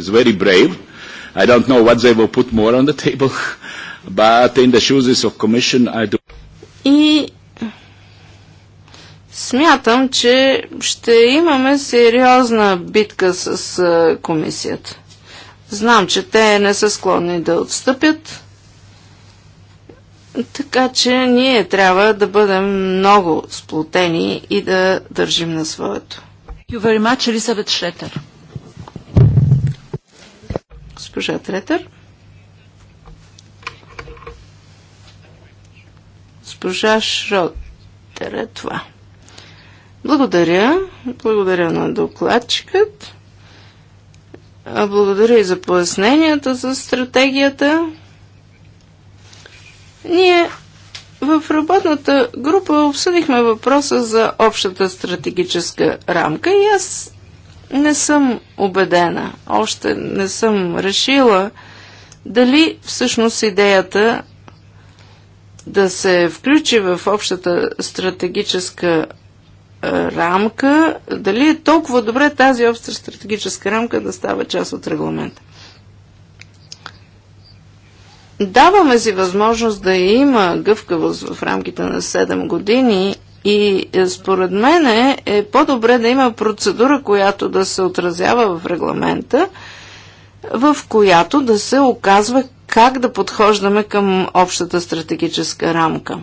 commission И смятам, че ще имаме сериозна битка с комисията. Знам, че те не са склонни да отстъпят. Така че ние трябва да бъдем много сплотени и да държим на своето. Much, Елизабет Шретер. Госпожа Третър. Госпожа Шротер е това. Благодаря. Благодаря на докладчикът. Благодаря и за поясненията за стратегията. Ние в работната група обсъдихме въпроса за общата стратегическа рамка и аз не съм убедена, още не съм решила дали всъщност идеята да се включи в общата стратегическа рамка, дали е толкова добре тази обща стратегическа рамка да става част от регламента. Даваме си възможност да има гъвкавост в рамките на 7 години и е, според мен е по-добре да има процедура, която да се отразява в регламента, в която да се оказва как да подхождаме към общата стратегическа рамка.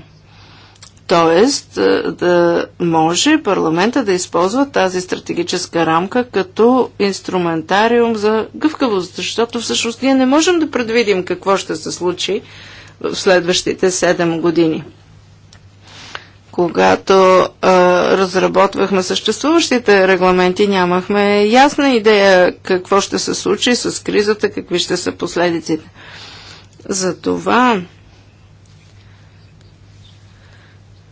Тоест е, да може парламента да използва тази стратегическа рамка като инструментариум за гъвкавост, защото всъщност ние не можем да предвидим какво ще се случи в следващите 7 години. Когато а, е, разработвахме съществуващите регламенти, нямахме ясна идея какво ще се случи с кризата, какви ще са последиците. Затова това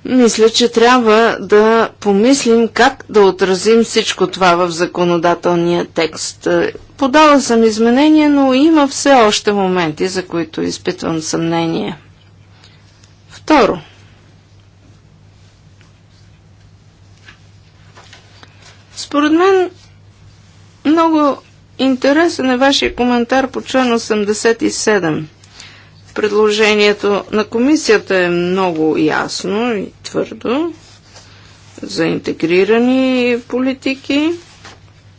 Мисля, че трябва да помислим как да отразим всичко това в законодателния текст. Е, подала съм изменения, но има все още моменти, за които изпитвам съмнение. Второ. Според мен много интересен е вашия коментар по член Предложението на комисията е много ясно и твърдо за интегрирани политики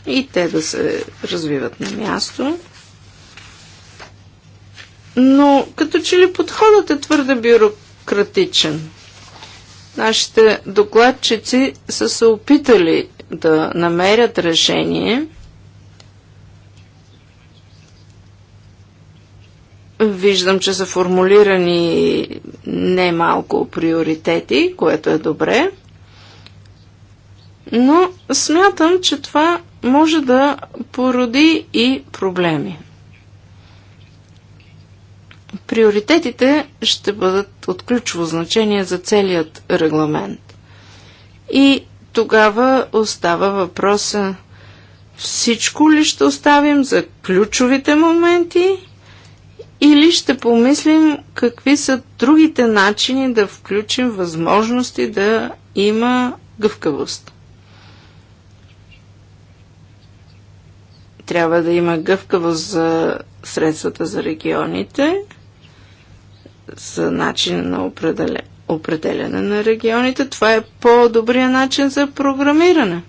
и те да се развиват на място. Но като че ли подходът е твърде бюрократичен. Нашите докладчици са се опитали да намерят решение, Виждам, че са формулирани немалко приоритети, което е добре. Но смятам, че това може да породи и проблеми. Приоритетите ще бъдат от ключово значение за целият регламент. И тогава остава въпроса всичко ли ще оставим за ключовите моменти или ще помислим какви са другите начини да включим възможности да има гъвкавост. Трябва да има гъвкавост за средствата за регионите, за начин на определяне на регионите. Това е по-добрия начин за програмиране.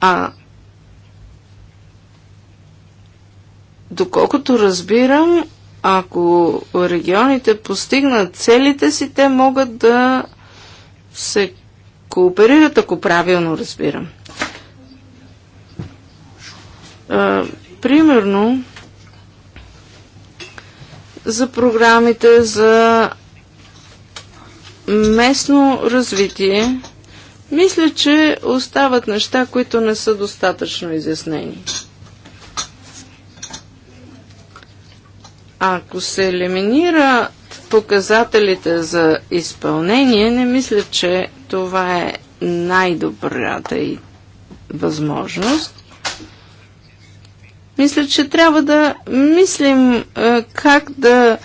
А Доколкото разбирам, ако регионите постигнат целите си, те могат да се кооперират, ако правилно разбирам. А, примерно, за програмите за местно развитие, мисля, че остават неща, които не са достатъчно изяснени. Ако се елиминират показателите за изпълнение, не мисля, че това е най-добрата и възможност. Мисля, че трябва да мислим как да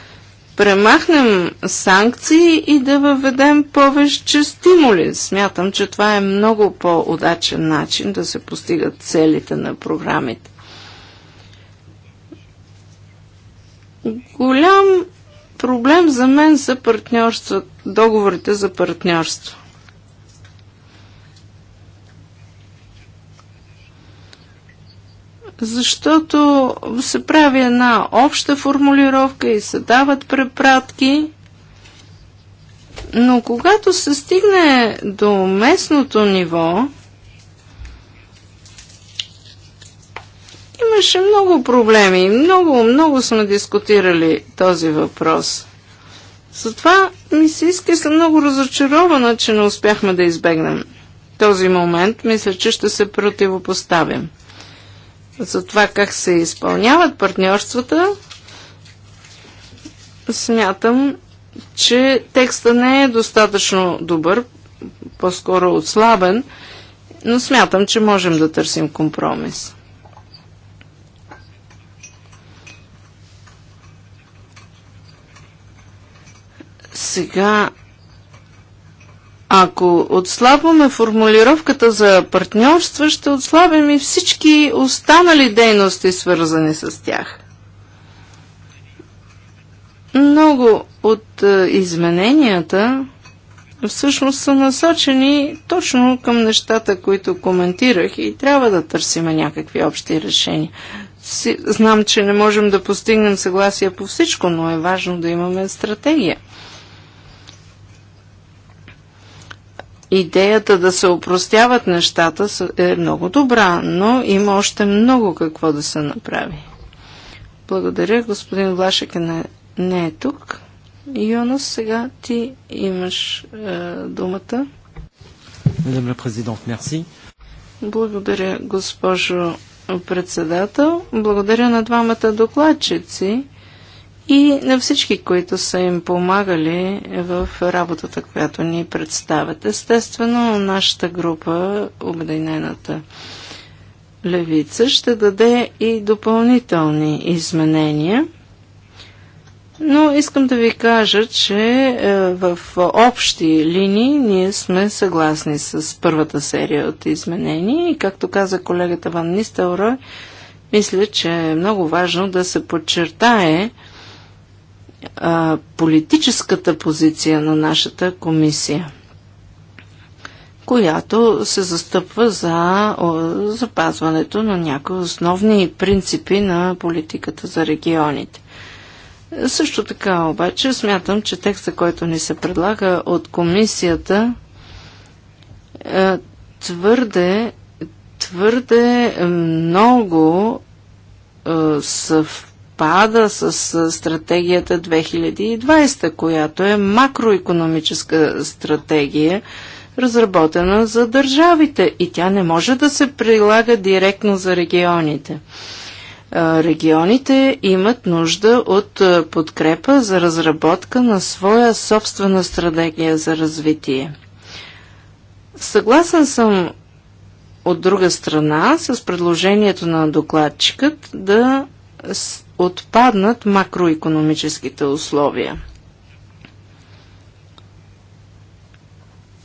премахнем санкции и да въведем повече стимули. Смятам, че това е много по-удачен начин да се постигат целите на програмите. Голям проблем за мен са партньорства, договорите за партньорство. Защото се прави една обща формулировка и се дават препратки, но когато се стигне до местното ниво, Имаше много проблеми. Много, много сме дискутирали този въпрос. Затова ми се иска съм много разочарована, че не успяхме да избегнем този момент. Мисля, че ще се противопоставим. За това как се изпълняват партньорствата, смятам, че текста не е достатъчно добър, по-скоро отслабен, но смятам, че можем да търсим компромис. Сега, ако отслабваме формулировката за партньорства, ще отслабим и всички останали дейности, свързани с тях. Много от е, измененията всъщност са насочени точно към нещата, които коментирах и трябва да търсим някакви общи решения. знам, че не можем да постигнем съгласие по всичко, но е важно да имаме стратегия. идеята да се опростяват нещата е много добра, но има още много какво да се направи. Благодаря. Господин Влашек е не, не е тук. Йонас, сега ти имаш е, думата. Мадам президент, мерси. Благодаря, госпожо председател. Благодаря на двамата докладчици и на всички, които са им помагали в работата, която ни представят. Естествено, нашата група, Обединената левица, ще даде и допълнителни изменения. Но искам да ви кажа, че е, в общи линии ние сме съгласни с първата серия от изменения и както каза колегата Ван Нистелрой, мисля, че е много важно да се подчертае, а, политическата позиция на нашата комисия, която се застъпва за запазването на някои основни принципи на политиката за регионите. Също така обаче смятам, че текста, който ни се предлага от комисията, е, твърде, твърде много е, съвпада съвпада с стратегията 2020, която е макроекономическа стратегия, разработена за държавите и тя не може да се прилага директно за регионите. Регионите имат нужда от подкрепа за разработка на своя собствена стратегия за развитие. Съгласен съм от друга страна с предложението на докладчикът да отпаднат макроекономическите условия.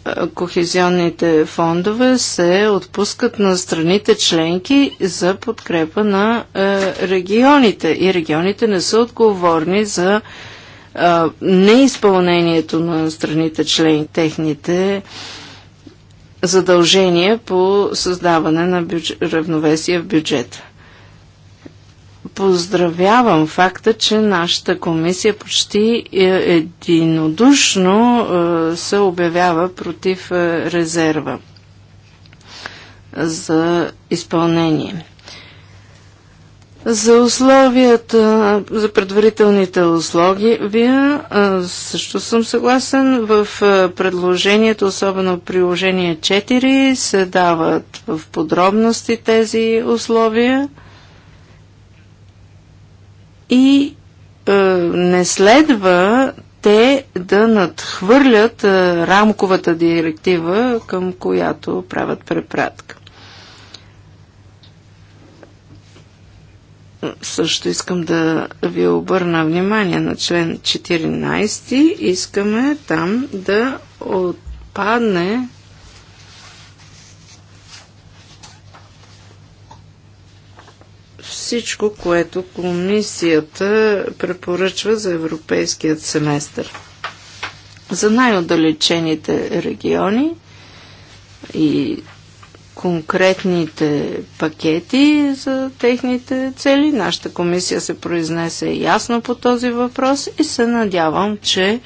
Е, Кохезионните фондове се отпускат на страните членки за подкрепа на е, регионите. И регионите не са отговорни за е, неизпълнението на страните член, техните задължения по създаване на бюдж... равновесие в бюджета поздравявам факта, че нашата комисия почти е, единодушно е, се обявява против е, резерва за изпълнение. За условията, за предварителните услуги, вие също съм съгласен. В предложението, особено приложение 4, се дават в подробности тези условия – и е, не следва те да надхвърлят е, рамковата директива, към която правят препратка. Също искам да ви обърна внимание на член 14. Искаме там да отпадне всичко, което комисията препоръчва за европейският семестър. За най-отдалечените региони и конкретните пакети за техните цели. Нашата комисия се произнесе ясно по този въпрос и се надявам, че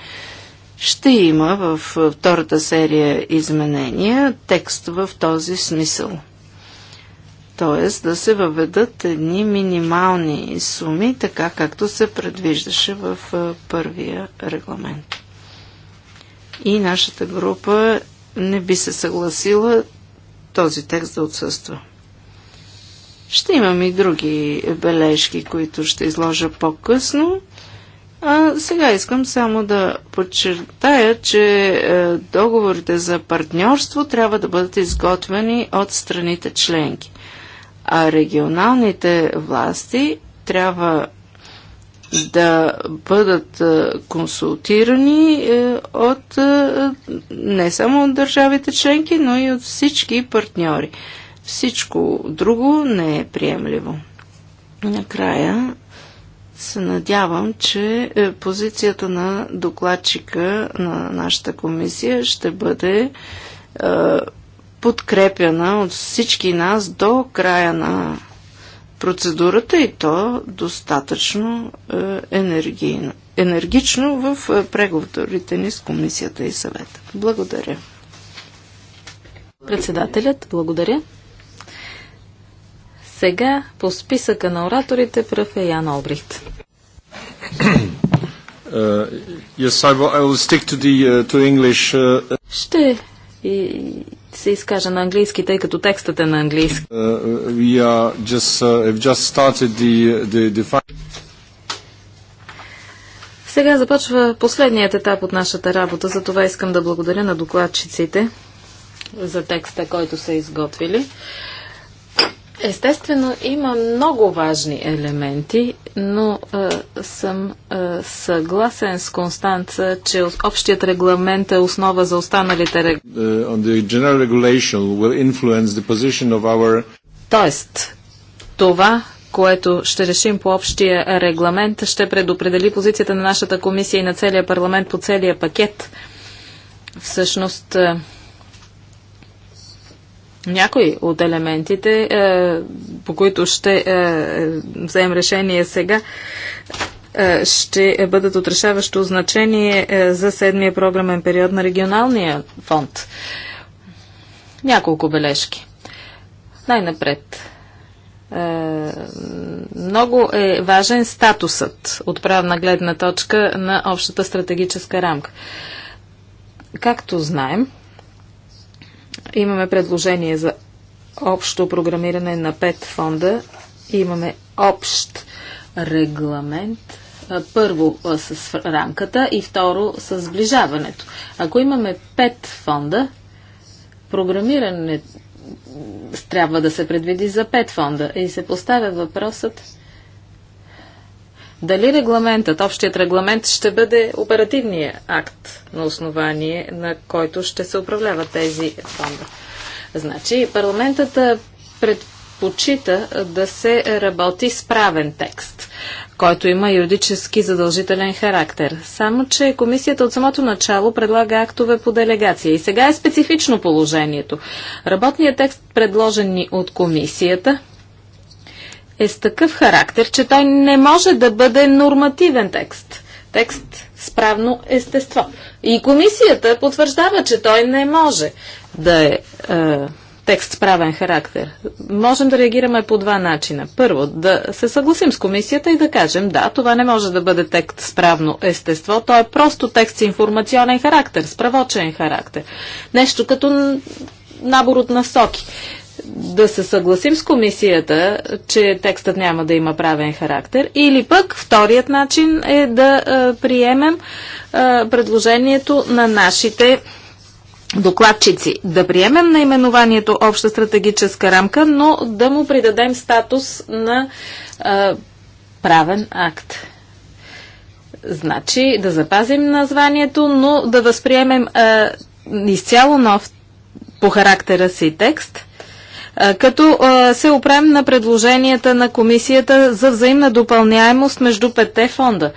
ще има в втората серия изменения текст в този смисъл т.е. да се въведат едни минимални суми, така както се предвиждаше в първия регламент. И нашата група не би се съгласила този текст да отсъства. Ще имам и други бележки, които ще изложа по-късно. А сега искам само да подчертая, че е, договорите за партньорство трябва да бъдат изготвени от страните членки а регионалните власти трябва да бъдат консултирани е, от не само от държавите членки, но и от всички партньори. Всичко друго не е приемливо. Накрая се надявам, че е, позицията на докладчика на нашата комисия ще бъде е, подкрепяна от всички нас до края на процедурата и то достатъчно е, енергийно, енергично в е, преговорите ни с комисията и съвета. Благодаря. Председателят, благодаря. Сега по списъка на ораторите пръв е Ян Обрихт. (coughs) Uh, uh, uh, Ще се изкажа на английски, тъй като текстът е на английски. Uh, uh, Сега започва последният етап от нашата работа, за това искам да благодаря на докладчиците за текста, който са изготвили. Естествено, има много важни елементи, но е, съм е, съгласен с Констанца, че общият регламент е основа за останалите регламенти. Тоест, това, което ще решим по общия регламент, ще предопредели позицията на нашата комисия и на целия парламент по целия пакет. Всъщност, е, някои от елементите, е, по които ще е, вземем решение сега, е, ще бъдат отрешаващо значение за седмия програмен период на регионалния фонд. Няколко бележки. Най-напред. Много е важен статусът от правна гледна точка на общата стратегическа рамка. Както знаем, Имаме предложение за общо програмиране на пет фонда. Имаме общ регламент. Първо с рамката и второ с сближаването. Ако имаме пет фонда, програмиране трябва да се предвиди за пет фонда и се поставя въпросът дали регламентът, общият регламент ще бъде оперативният акт на основание, на който ще се управляват тези фонда? Значи, парламентът предпочита да се работи с правен текст, който има юридически задължителен характер. Само, че комисията от самото начало предлага актове по делегация. И сега е специфично положението. Работният текст, предложен ни от комисията, е с такъв характер, че той не може да бъде нормативен текст. Текст с правно естество. И комисията потвърждава, че той не може да е, е текст с правен характер. Можем да реагираме по два начина. Първо, да се съгласим с комисията и да кажем, да, това не може да бъде текст с правно естество, то е просто текст с информационен характер, с правочен характер. Нещо като набор от насоки да се съгласим с комисията, че текстът няма да има правен характер, или пък вторият начин е да а, приемем а, предложението на нашите докладчици. Да приемем наименованието Обща стратегическа рамка, но да му придадем статус на а, правен акт. Значи да запазим названието, но да възприемем а, изцяло нов по характера си текст като се опрем на предложенията на комисията за взаимна допълняемост между петте фонда.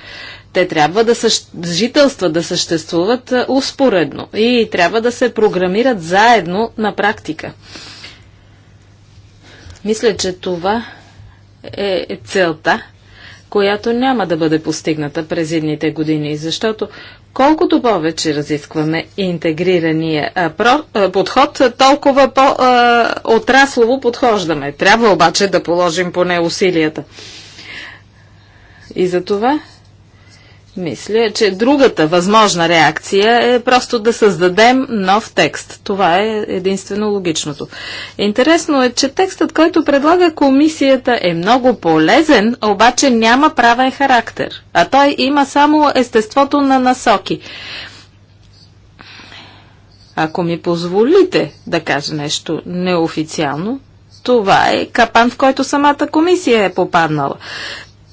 Те трябва да съжителстват, да съществуват успоредно и трябва да се програмират заедно на практика. Мисля, че това е, е целта която няма да бъде постигната през едните години, защото колкото повече разискваме интегрирания а, про, а, подход, толкова по-отраслово подхождаме. Трябва обаче да положим поне усилията. И за това мисля, че другата възможна реакция е просто да създадем нов текст. Това е единствено логичното. Интересно е, че текстът, който предлага комисията е много полезен, обаче няма правен характер, а той има само естеството на насоки. Ако ми позволите да кажа нещо неофициално, това е капан, в който самата комисия е попаднала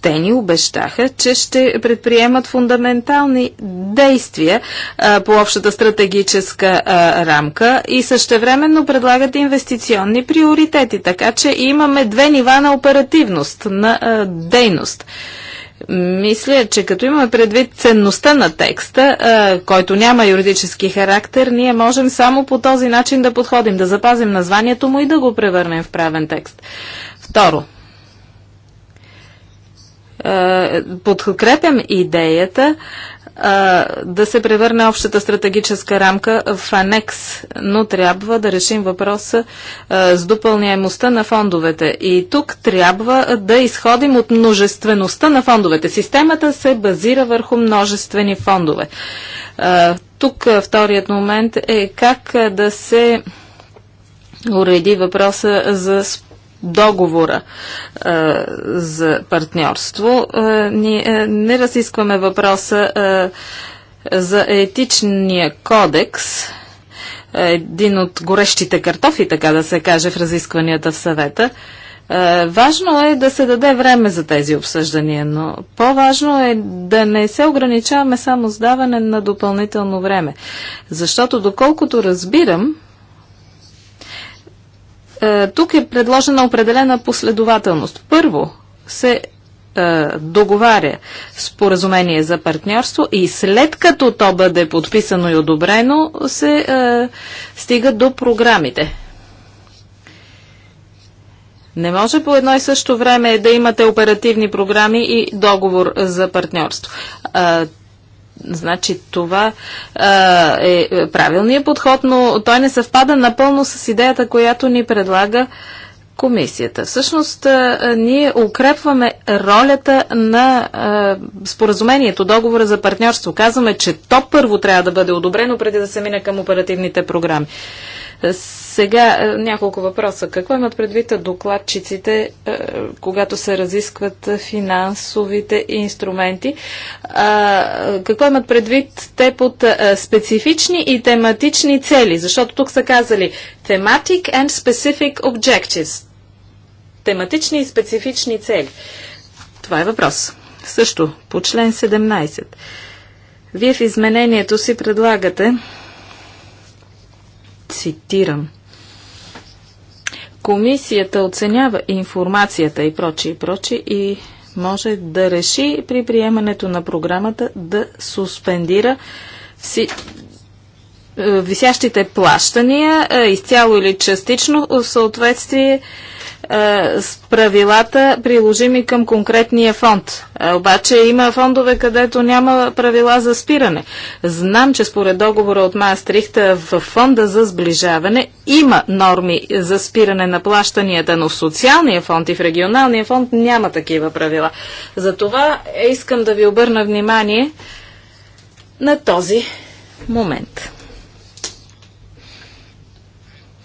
те ни обещаха, че ще предприемат фундаментални действия а, по общата стратегическа а, рамка и същевременно предлагат инвестиционни приоритети, така че имаме две нива на оперативност, на а, дейност. Мисля, че като имаме предвид ценността на текста, а, който няма юридически характер, ние можем само по този начин да подходим, да запазим названието му и да го превърнем в правен текст. Второ, е, подкрепям идеята е, да се превърне общата стратегическа рамка в анекс, но трябва да решим въпроса е, с допълняемостта на фондовете. И тук трябва да изходим от множествеността на фондовете. Системата се базира върху множествени фондове. Тук вторият момент е как да се уреди въпроса за спорта договора е, за партньорство, е, ние е, не разискваме въпроса е, за етичния кодекс, е, един от горещите картофи, така да се каже, в разискванията в съвета. Е, важно е да се даде време за тези обсъждания, но по-важно е да не се ограничаваме само с даване на допълнително време. Защото, доколкото разбирам, е, тук е предложена определена последователност. Първо се е, договаря споразумение за партньорство и след като то бъде подписано и одобрено, се е, стига до програмите. Не може по едно и също време да имате оперативни програми и договор за партньорство. Е, Значи това а, е правилният подход, но той не съвпада напълно с идеята, която ни предлага комисията. Всъщност а, ние укрепваме ролята на а, споразумението, договора за партньорство. Казваме, че то първо трябва да бъде одобрено преди да се мине към оперативните програми. Сега е, няколко въпроса. Какво имат предвид докладчиците, е, когато се разискват финансовите инструменти? Какво имат предвид те под е, специфични и тематични цели? Защото тук са казали thematic and specific objectives. Тематични и специфични цели. Това е въпрос. Също по член 17. Вие в изменението си предлагате цитирам. Комисията оценява информацията и прочи, и прочи, и може да реши при приемането на програмата да суспендира си, е, висящите плащания е, изцяло или частично в съответствие е, с правилата, приложими към конкретния фонд. Е, обаче има фондове, където няма правила за спиране. Знам, че според договора от Маастрихта в фонда за сближаване има норми за спиране на плащанията, но в социалния фонд и в регионалния фонд няма такива правила. Затова е, искам да ви обърна внимание на този момент.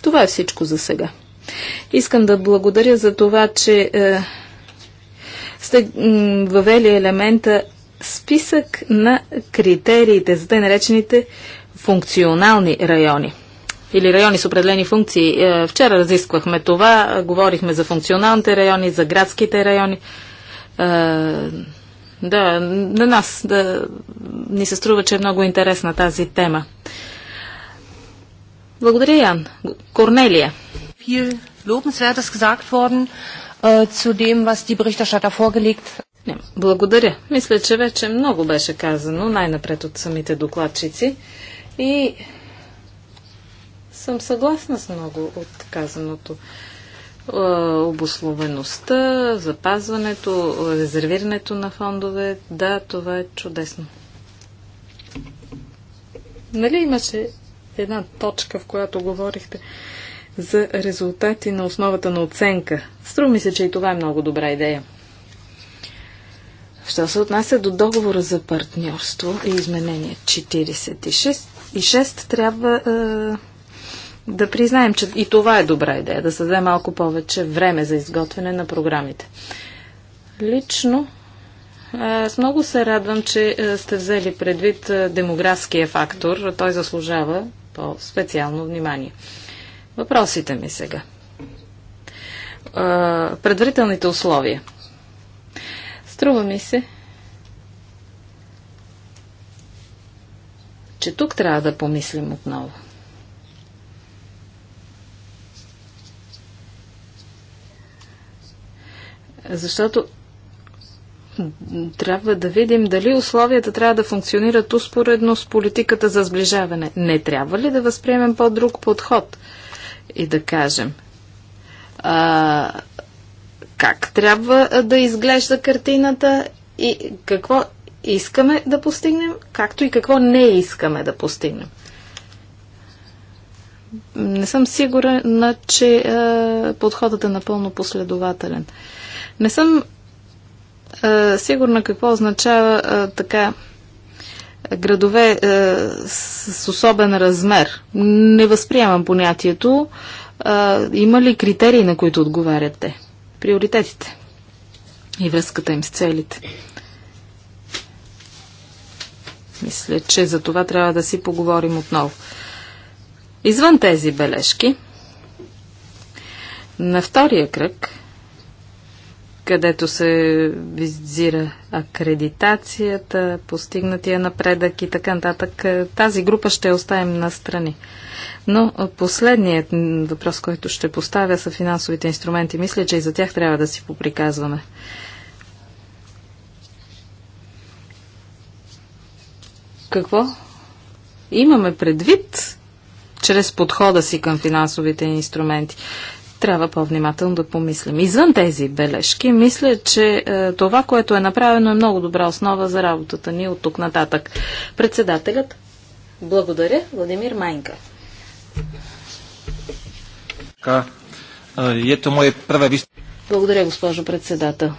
Това е всичко за сега. Искам да благодаря за това, че е, сте въвели елемента списък на критериите за тъй наречените функционални райони или райони с определени функции. Е, вчера разисквахме това, говорихме за функционалните райони, за градските райони. Е, да, на нас да, ни се струва, че е много интересна тази тема. Благодаря, Ян. Корнелия viel Lobenswertes gesagt worden äh, zu dem, was die Berichterstatter vorgelegt Благодаря. Мисля, че вече много беше казано, най-напред от самите докладчици. И съм съгласна с много от казаното. Е, обословеността, запазването, резервирането на фондове, да, това е чудесно. Нали имаше една точка, в която говорихте за резултати на основата на оценка. Струва ми се, че и това е много добра идея. Що се отнася до договора за партньорство и изменение 46, и 6 трябва е, да признаем, че и това е добра идея, да създаде малко повече време за изготвяне на програмите. Лично е, аз много се радвам, че е, сте взели предвид е, демографския фактор. Той заслужава по-специално внимание. Въпросите ми сега. Предварителните условия. Струва ми се, че тук трябва да помислим отново. Защото трябва да видим дали условията трябва да функционират успоредно с политиката за сближаване. Не трябва ли да възприемем по-друг подход? и да кажем а, как трябва да изглежда картината и какво искаме да постигнем, както и какво не искаме да постигнем. Не съм сигурна, че е, подходът е напълно последователен. Не съм е, сигурна какво означава е, така градове е, с особен размер. Не възприемам понятието. Е, има ли критерии, на които отговарят те? Приоритетите и връзката им с целите. Мисля, че за това трябва да си поговорим отново. Извън тези бележки, на втория кръг – където се визира акредитацията, постигнатия напредък и така нататък. Тази група ще оставим на страни. Но последният въпрос, който ще поставя са финансовите инструменти. Мисля, че и за тях трябва да си поприказваме. Какво? Имаме предвид чрез подхода си към финансовите инструменти трябва по-внимателно да помислим. Извън тези бележки, мисля, че е, това, което е направено е много добра основа за работата ни от тук нататък. Председателят, благодаря, Владимир Майнка. Е, ето мое първа Благодаря, госпожо председател.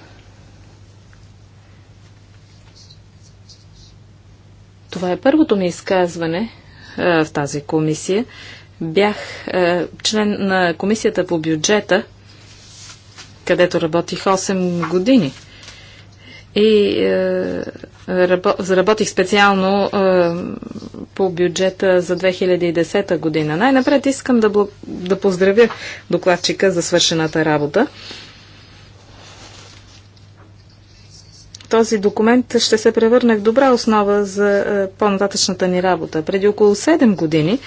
Това е първото ми изказване е, в тази комисия. Бях е, член на комисията по бюджета, където работих 8 години. И е, заработих специално е, по бюджета за 2010 година. Най-напред искам да, да поздравя докладчика за свършената работа. този документ ще се превърне в добра основа за е, по-нататъчната ни работа. Преди около 7 години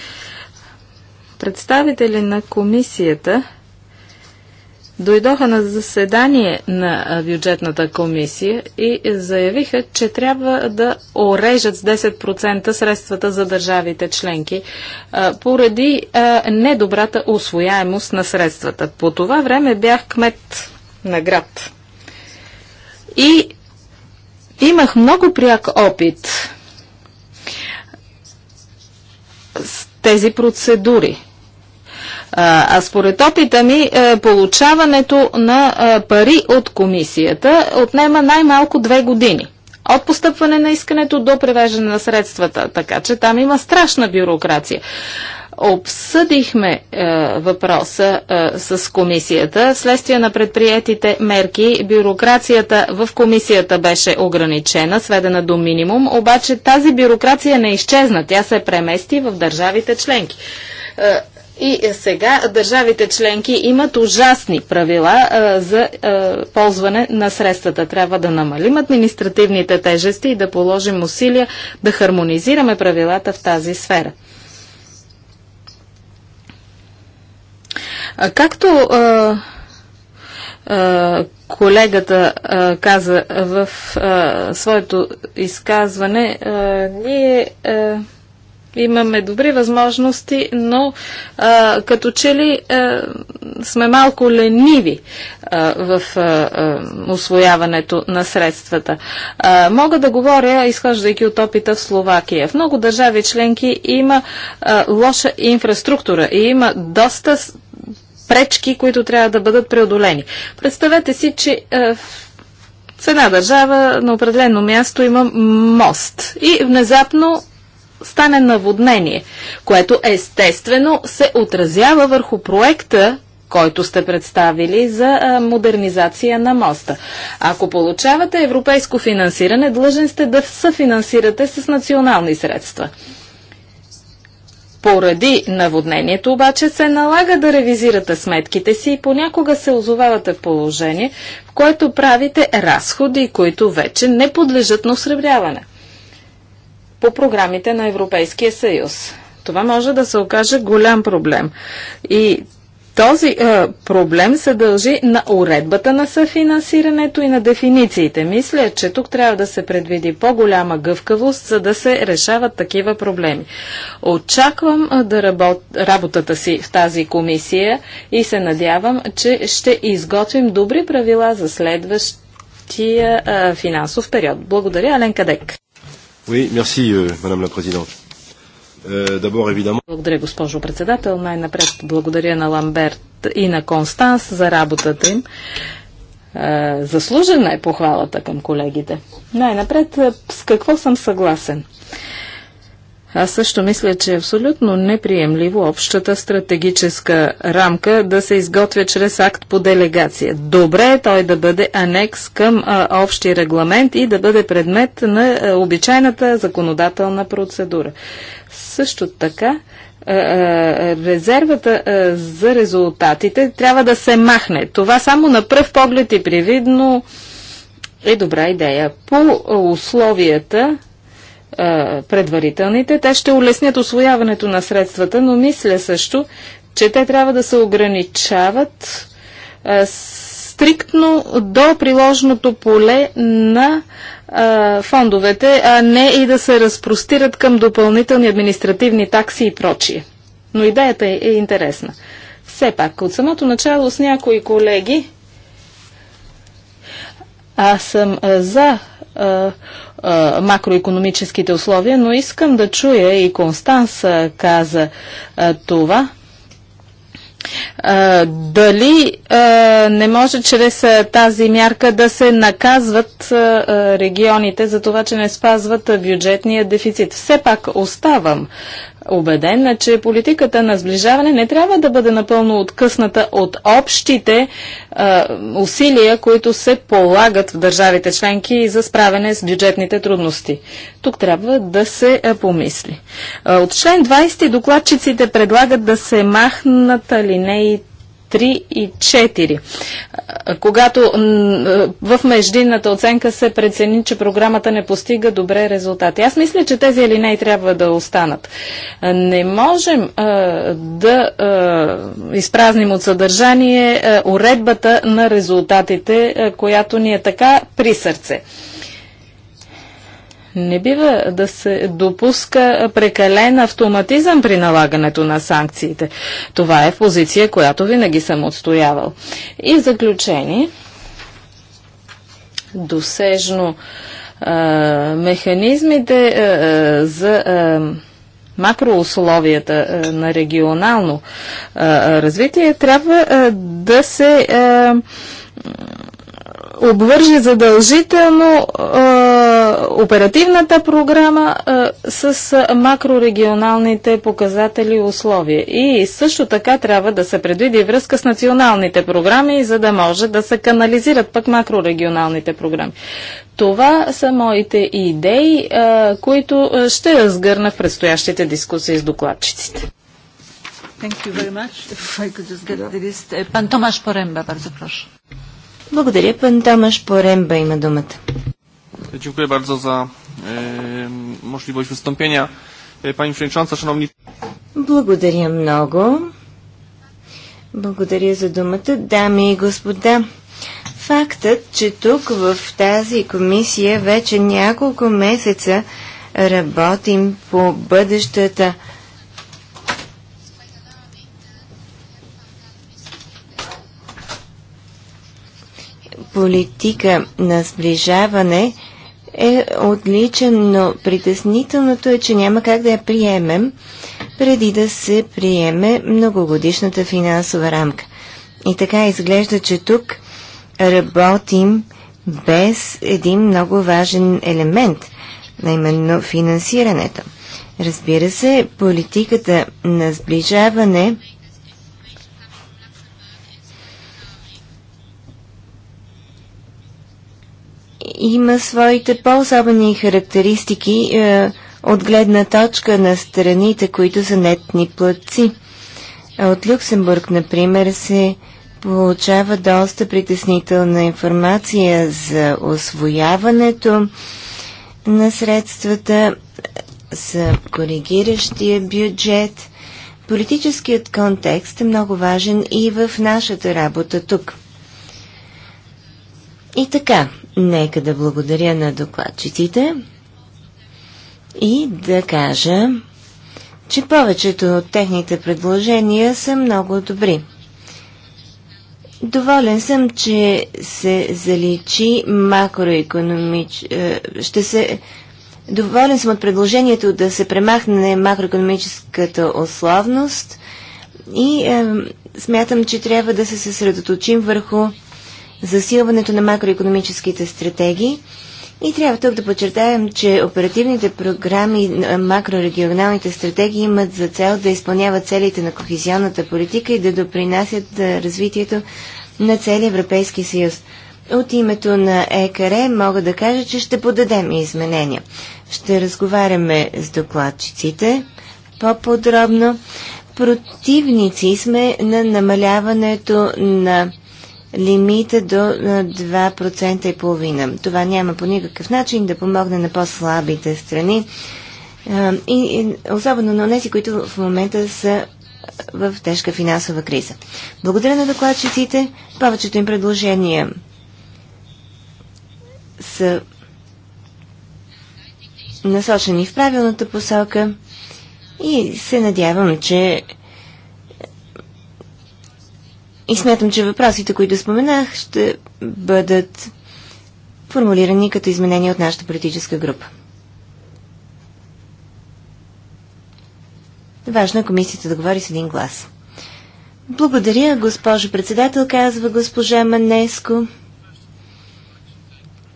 представители на комисията дойдоха на заседание на бюджетната комисия и заявиха, че трябва да орежат с 10% средствата за държавите членки поради недобрата освояемост на средствата. По това време бях кмет на град. И имах много пряк опит с тези процедури. А според опита ми, е, получаването на е, пари от комисията отнема най-малко две години от постъпване на искането до превеждане на средствата, така че там има страшна бюрокрация. Обсъдихме е, въпроса е, с комисията. Вследствие на предприетите мерки, бюрокрацията в комисията беше ограничена, сведена до минимум, обаче тази бюрокрация не изчезна. Тя се премести в държавите членки. Е, и сега държавите членки имат ужасни правила а, за а, ползване на средствата. Трябва да намалим административните тежести и да положим усилия да хармонизираме правилата в тази сфера. А, както а, а, колегата а, каза в а, своето изказване, а, ние. А, Имаме добри възможности, но а, като че ли а, сме малко лениви а, в а, а, освояването на средствата. А, мога да говоря, изхождайки от опита в Словакия. В много държави членки има а, лоша инфраструктура и има доста пречки, които трябва да бъдат преодолени. Представете си, че а, в една държава на определено място има мост и внезапно стане наводнение, което естествено се отразява върху проекта, който сте представили за модернизация на моста. Ако получавате европейско финансиране, длъжен сте да съфинансирате с национални средства. Поради наводнението обаче се налага да ревизирате сметките си и понякога се озовавате в положение, в което правите разходи, които вече не подлежат на осребряване по програмите на Европейския съюз. Това може да се окаже голям проблем. И този е, проблем се дължи на уредбата на съфинансирането и на дефинициите. Мисля, че тук трябва да се предвиди по-голяма гъвкавост, за да се решават такива проблеми. Очаквам е, да работ... работата си в тази комисия и се надявам, че ще изготвим добри правила за следващия е, финансов период. Благодаря, Ален Кадек. Oui, merci, euh, madame la présidente. Euh, благодаря, госпожо председател. Най-напред благодаря на Ламберт и на Констанс за работата им. Е, заслужена е похвалата към колегите. Най-напред е, с какво съм съгласен? Аз също мисля, че е абсолютно неприемливо общата стратегическа рамка да се изготвя чрез акт по делегация. Добре е той да бъде анекс към а, общи регламент и да бъде предмет на а, обичайната законодателна процедура. Също така, резервата за резултатите трябва да се махне. Това само на пръв поглед е и привидно е добра идея. По условията предварителните. Те ще улеснят освояването на средствата, но мисля също, че те трябва да се ограничават а, стриктно до приложното поле на а, фондовете, а не и да се разпростират към допълнителни административни такси и прочие. Но идеята е, е интересна. Все пак, от самото начало с някои колеги аз съм а, за макроекономическите условия, но искам да чуя и Констанс каза това. А, дали а, не може чрез а, тази мярка да се наказват регионите за това, че не спазват бюджетния дефицит? Все пак оставам убедена, е, че политиката на сближаване не трябва да бъде напълно откъсната от общите а, е, усилия, които се полагат в държавите членки за справяне с бюджетните трудности. Тук трябва да се е, помисли. от член 20 докладчиците предлагат да се махнат алинеи 3 и 4. Когато в междинната оценка се прецени, че програмата не постига добре резултати. Аз мисля, че тези алинеи трябва да останат. Не можем да изпразним от съдържание уредбата на резултатите, която ни е така при сърце. Не бива да се допуска прекален автоматизъм при налагането на санкциите. Това е позиция, която винаги съм отстоявал. И в заключение, досежно а, механизмите а, за а, макроусловията на регионално развитие трябва да се обвържи задължително а, оперативната програма а, с макрорегионалните показатели и условия. И също така трябва да се предвиди връзка с националните програми, за да може да се канализират пък макрорегионалните програми. Това са моите идеи, а, които ще разгърна в предстоящите дискусии с докладчиците. Thank you very much. If I could just get the list. Pan Tomasz Poręba, bardzo proszę. Благодаря. Пан Томаш Поремба има думата. Dziękuję bardzo за e, możliwość Пани Френчанца, шановни... Благодаря много. Благодаря за думата. Дами и господа, фактът, че тук в тази комисия вече няколко месеца работим по бъдещата политика на сближаване е отличен, но притеснителното е, че няма как да я приемем преди да се приеме многогодишната финансова рамка. И така изглежда, че тук работим без един много важен елемент, на именно финансирането. Разбира се, политиката на сближаване – има своите по-особени характеристики е, от гледна точка на страните, които са нетни платци. От Люксембург, например, се получава доста притеснителна информация за освояването на средствата, за коригиращия бюджет. Политическият контекст е много важен и в нашата работа тук – и така, нека да благодаря на докладчиците и да кажа, че повечето от техните предложения са много добри. Доволен съм, че се заличи макроекономич... Е, ще се... Доволен съм от предложението да се премахне макроекономическата условност и е, смятам, че трябва да се съсредоточим върху засилването на макроекономическите стратегии. И трябва тук да подчертаем, че оперативните програми, макрорегионалните стратегии имат за цел да изпълняват целите на кохезионната политика и да допринасят развитието на целия Европейски съюз. От името на ЕКР мога да кажа, че ще подадем изменения. Ще разговаряме с докладчиците по-подробно. Противници сме на намаляването на лимита до 2% и половина. Това няма по никакъв начин да помогне на по-слабите страни и особено на тези, които в момента са в тежка финансова криза. Благодаря на докладчиците. Повечето им предложения са насочени в правилната посока и се надявам, че и смятам, че въпросите, които споменах, ще бъдат формулирани като изменения от нашата политическа група. Важно е комисията да говори с един глас. Благодаря, госпожо председател, казва госпожа Манеско.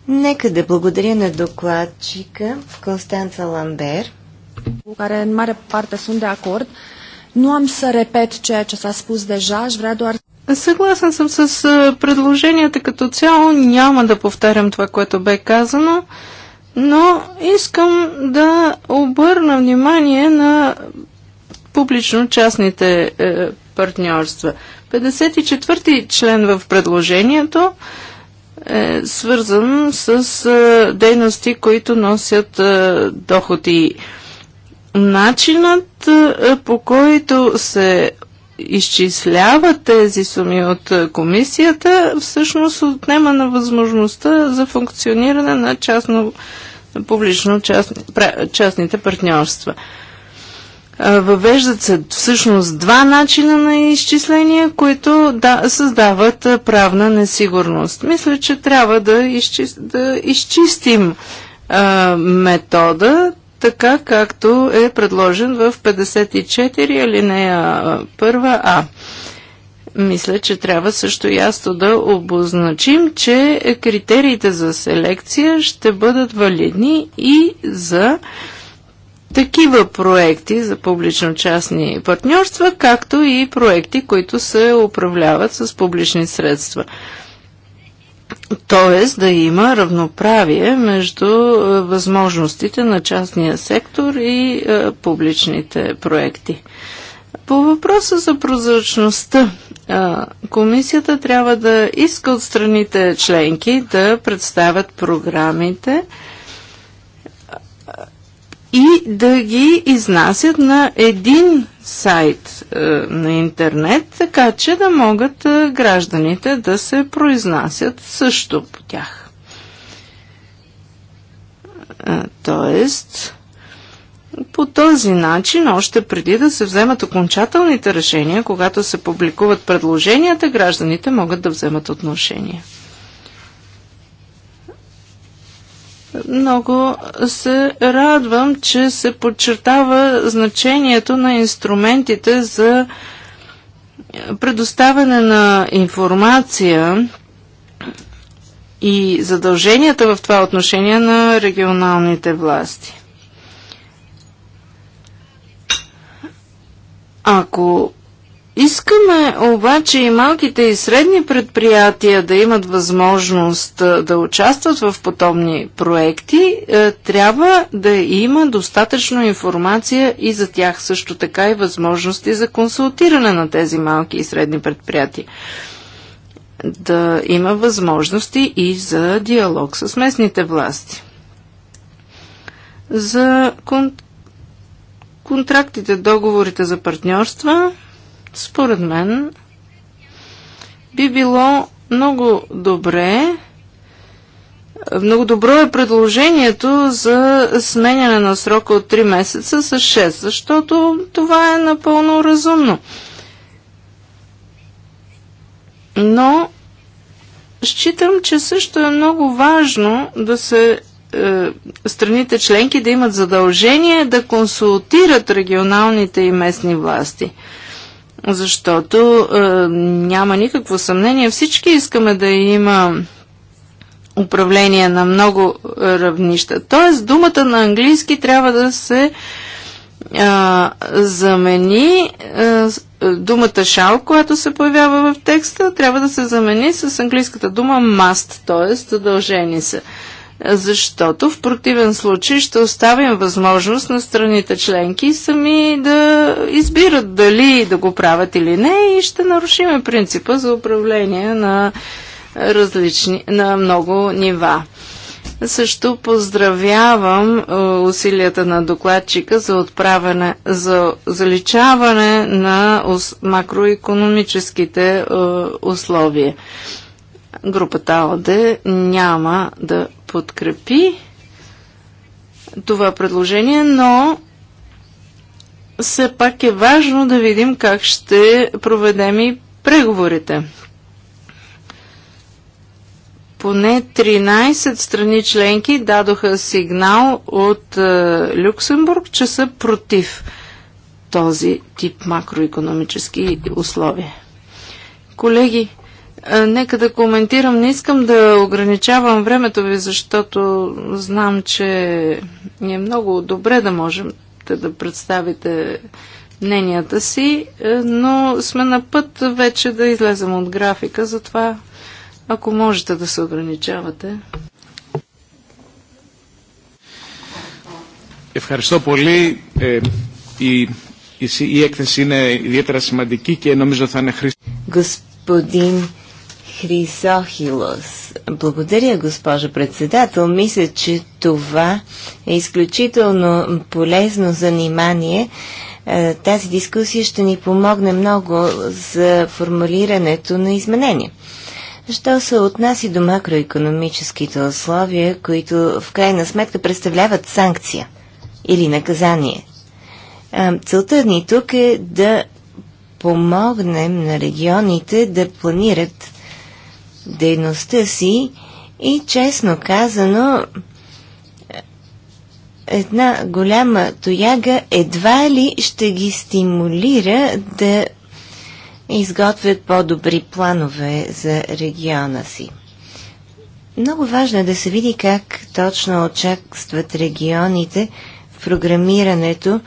Нека да благодаря на докладчика Констанца Ламбер. care în mare parte sunt de acord. Nu am să repet ceea ce s-a spus deja, aș vrea doar Съгласен съм с предложенията като цяло. Няма да повтарям това, което бе казано, но искам да обърна внимание на публично-частните е, партньорства. 54-ти член в предложението е свързан с е, дейности, които носят е, доходи. Начинът, е, по който се изчисляват тези суми от е, комисията, всъщност отнема на възможността за функциониране на частно, публично частни, частните партньорства. Е, въвеждат се всъщност два начина на изчисления, които да, създават е, правна несигурност. Мисля, че трябва да, изчи, да изчистим а, метода, така както е предложен в 54 алинея 1а. Мисля, че трябва също ясно да обозначим, че критериите за селекция ще бъдат валидни и за такива проекти за публично-частни партньорства, както и проекти, които се управляват с публични средства. Тоест да има равноправие между е, възможностите на частния сектор и е, публичните проекти. По въпроса за прозрачността, е, комисията трябва да иска от страните членки да представят програмите и да ги изнасят на един сайт е, на интернет, така че да могат е, гражданите да се произнасят също по тях. Е, тоест, по този начин, още преди да се вземат окончателните решения, когато се публикуват предложенията, гражданите могат да вземат отношение. Много се радвам, че се подчертава значението на инструментите за предоставяне на информация и задълженията в това отношение на регионалните власти. Ако Искаме обаче и малките и средни предприятия да имат възможност да участват в подобни проекти, е, трябва да има достатъчно информация и за тях също така и възможности за консултиране на тези малки и средни предприятия. Да има възможности и за диалог с местните власти. За кон... контрактите, договорите за партньорства според мен би било много добре много добро е предложението за сменяне на срока от 3 месеца с 6, защото това е напълно разумно. Но считам, че също е много важно да се е, страните членки да имат задължение да консултират регионалните и местни власти – защото е, няма никакво съмнение. Всички искаме да има управление на много равнища. Тоест, думата на английски трябва да се е, замени Е, думата шал, която се появява в текста, трябва да се замени с английската дума must, т.е. задължени се защото в противен случай ще оставим възможност на страните членки сами да избират дали да го правят или не и ще нарушим принципа за управление на, различни, на много нива. Също поздравявам е, усилията на докладчика за отправяне, за заличаване на макроекономическите е, условия групата ОДЕ няма да подкрепи това предложение, но все пак е важно да видим как ще проведем и преговорите. Поне 13 страни членки дадоха сигнал от е, Люксембург, че са против този тип макроекономически условия. Колеги, Нека да коментирам. Не искам да ограничавам времето ви, защото знам, че е много добре да можем да представите мненията си, е, но сме на път вече да излезем от графика, затова ако можете да се ограничавате. Ευχαριστώ πολύ. Ε, η, η, η έκθεση είναι ιδιαίτερα σημαντική και νομίζω θα είναι χρήσιμη. Господин Хрисохилос. Благодаря, госпожа председател. Мисля, че това е изключително полезно занимание. Е, тази дискусия ще ни помогне много за формулирането на изменения. Що се отнася до макроекономическите условия, които в крайна сметка представляват санкция или наказание? Е, целта ни тук е да помогнем на регионите да планират дейността си и честно казано една голяма тояга едва ли ще ги стимулира да изготвят по-добри планове за региона си. Много важно е да се види как точно очакстват регионите в програмирането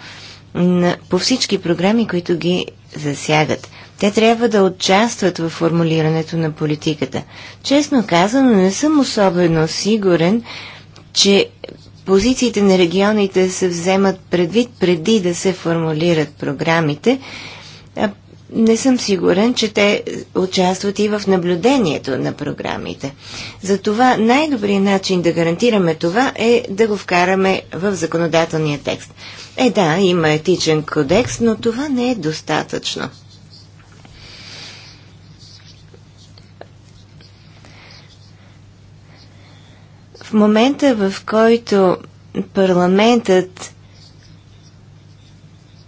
на, по всички програми, които ги засягат. Те трябва да участват в формулирането на политиката. Честно казано, не съм особено сигурен, че позициите на регионите се вземат предвид преди да се формулират програмите. Не съм сигурен, че те участват и в наблюдението на програмите. Затова най-добрият начин да гарантираме това е да го вкараме в законодателния текст. Е да, има етичен кодекс, но това не е достатъчно. момента, в който парламентът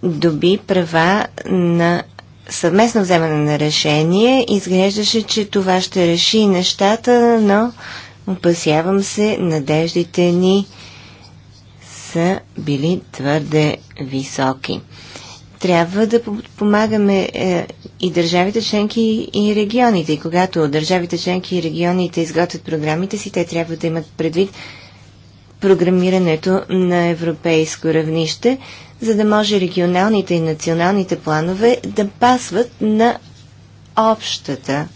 доби права на съвместно вземане на решение, изглеждаше, че това ще реши нещата, но опасявам се, надеждите ни са били твърде високи трябва да помагаме е, и държавите членки и регионите. И когато държавите членки и регионите изготвят програмите си, те трябва да имат предвид програмирането на европейско равнище, за да може регионалните и националните планове да пасват на общата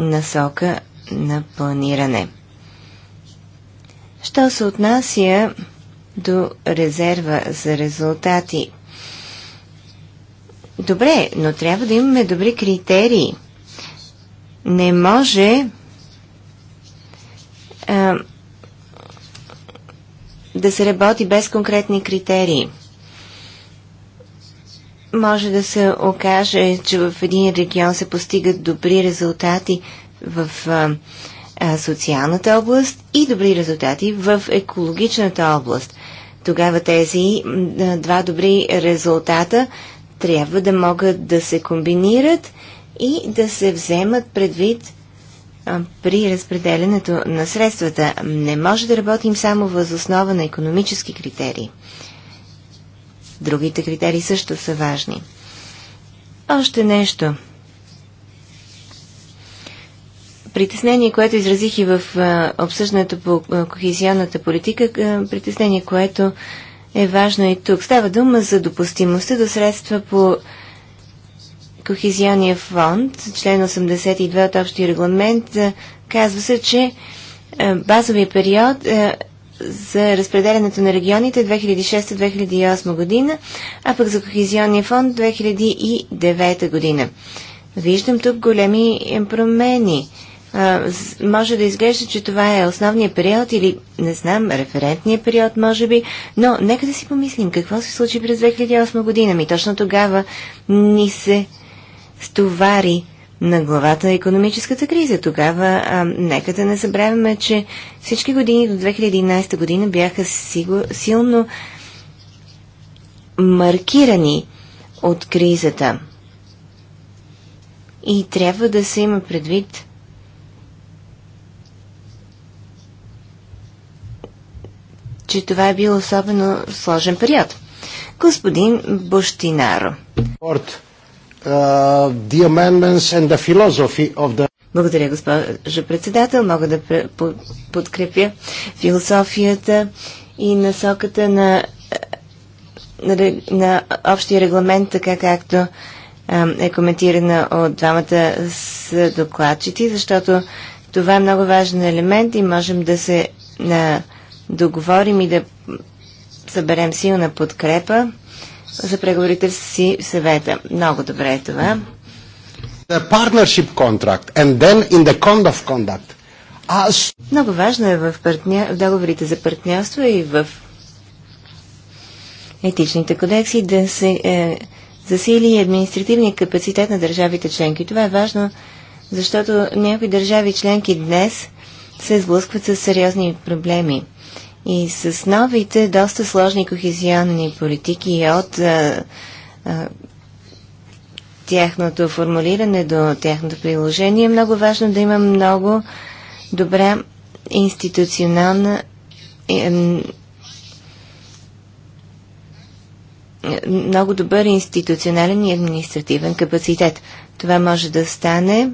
насока на планиране. Що се отнася до резерва за резултати Добре, но трябва да имаме добри критерии. Не може а, да се работи без конкретни критерии. Може да се окаже, че в един регион се постигат добри резултати в а, а, социалната област и добри резултати в екологичната област. Тогава тези а, два добри резултата трябва да могат да се комбинират и да се вземат предвид при разпределенето на средствата. Не може да работим само въз основа на економически критерии. Другите критерии също са важни. Още нещо. Притеснение, което изразих и в обсъждането по кохезионната политика, притеснение, което е важно и тук. Става дума за допустимостта до средства по Кохезионния фонд, член 82 от общия регламент, казва се, че базовия период за разпределянето на регионите 2006-2008 е година, а пък за Кохизионния фонд 2009 година. Виждам тук големи е, промени може да изглежда, че това е основният период или, не знам, референтният период, може би, но нека да си помислим какво се случи през 2008 година. Ми точно тогава ни се стовари на главата на економическата криза. Тогава, а, нека да не забравяме, че всички години до 2011 година бяха сигур, силно маркирани от кризата. И трябва да се има предвид че това е бил особено сложен период. Господин Бощинаро. Uh, Благодаря, госпожо председател. Мога да подкрепя философията и насоката на, на, на общия регламент, така както е коментирана от двамата с докладчици, защото това е много важен елемент и можем да се на, договорим и да съберем силна подкрепа за преговорите си в съвета. Много добре е това. The partnership contract and then in the code of conduct. As... Много важно е в, партня... в договорите за партньорство и в етичните кодекси да се е, засили административния капацитет на държавите членки. Това е важно, защото някои държави членки днес се сблъскват с сериозни проблеми и с новите, доста сложни кохезионни политики от а, а, тяхното формулиране до тяхното приложение е много важно да има много добра институционална е, много добър институционален и административен капацитет. Това може да стане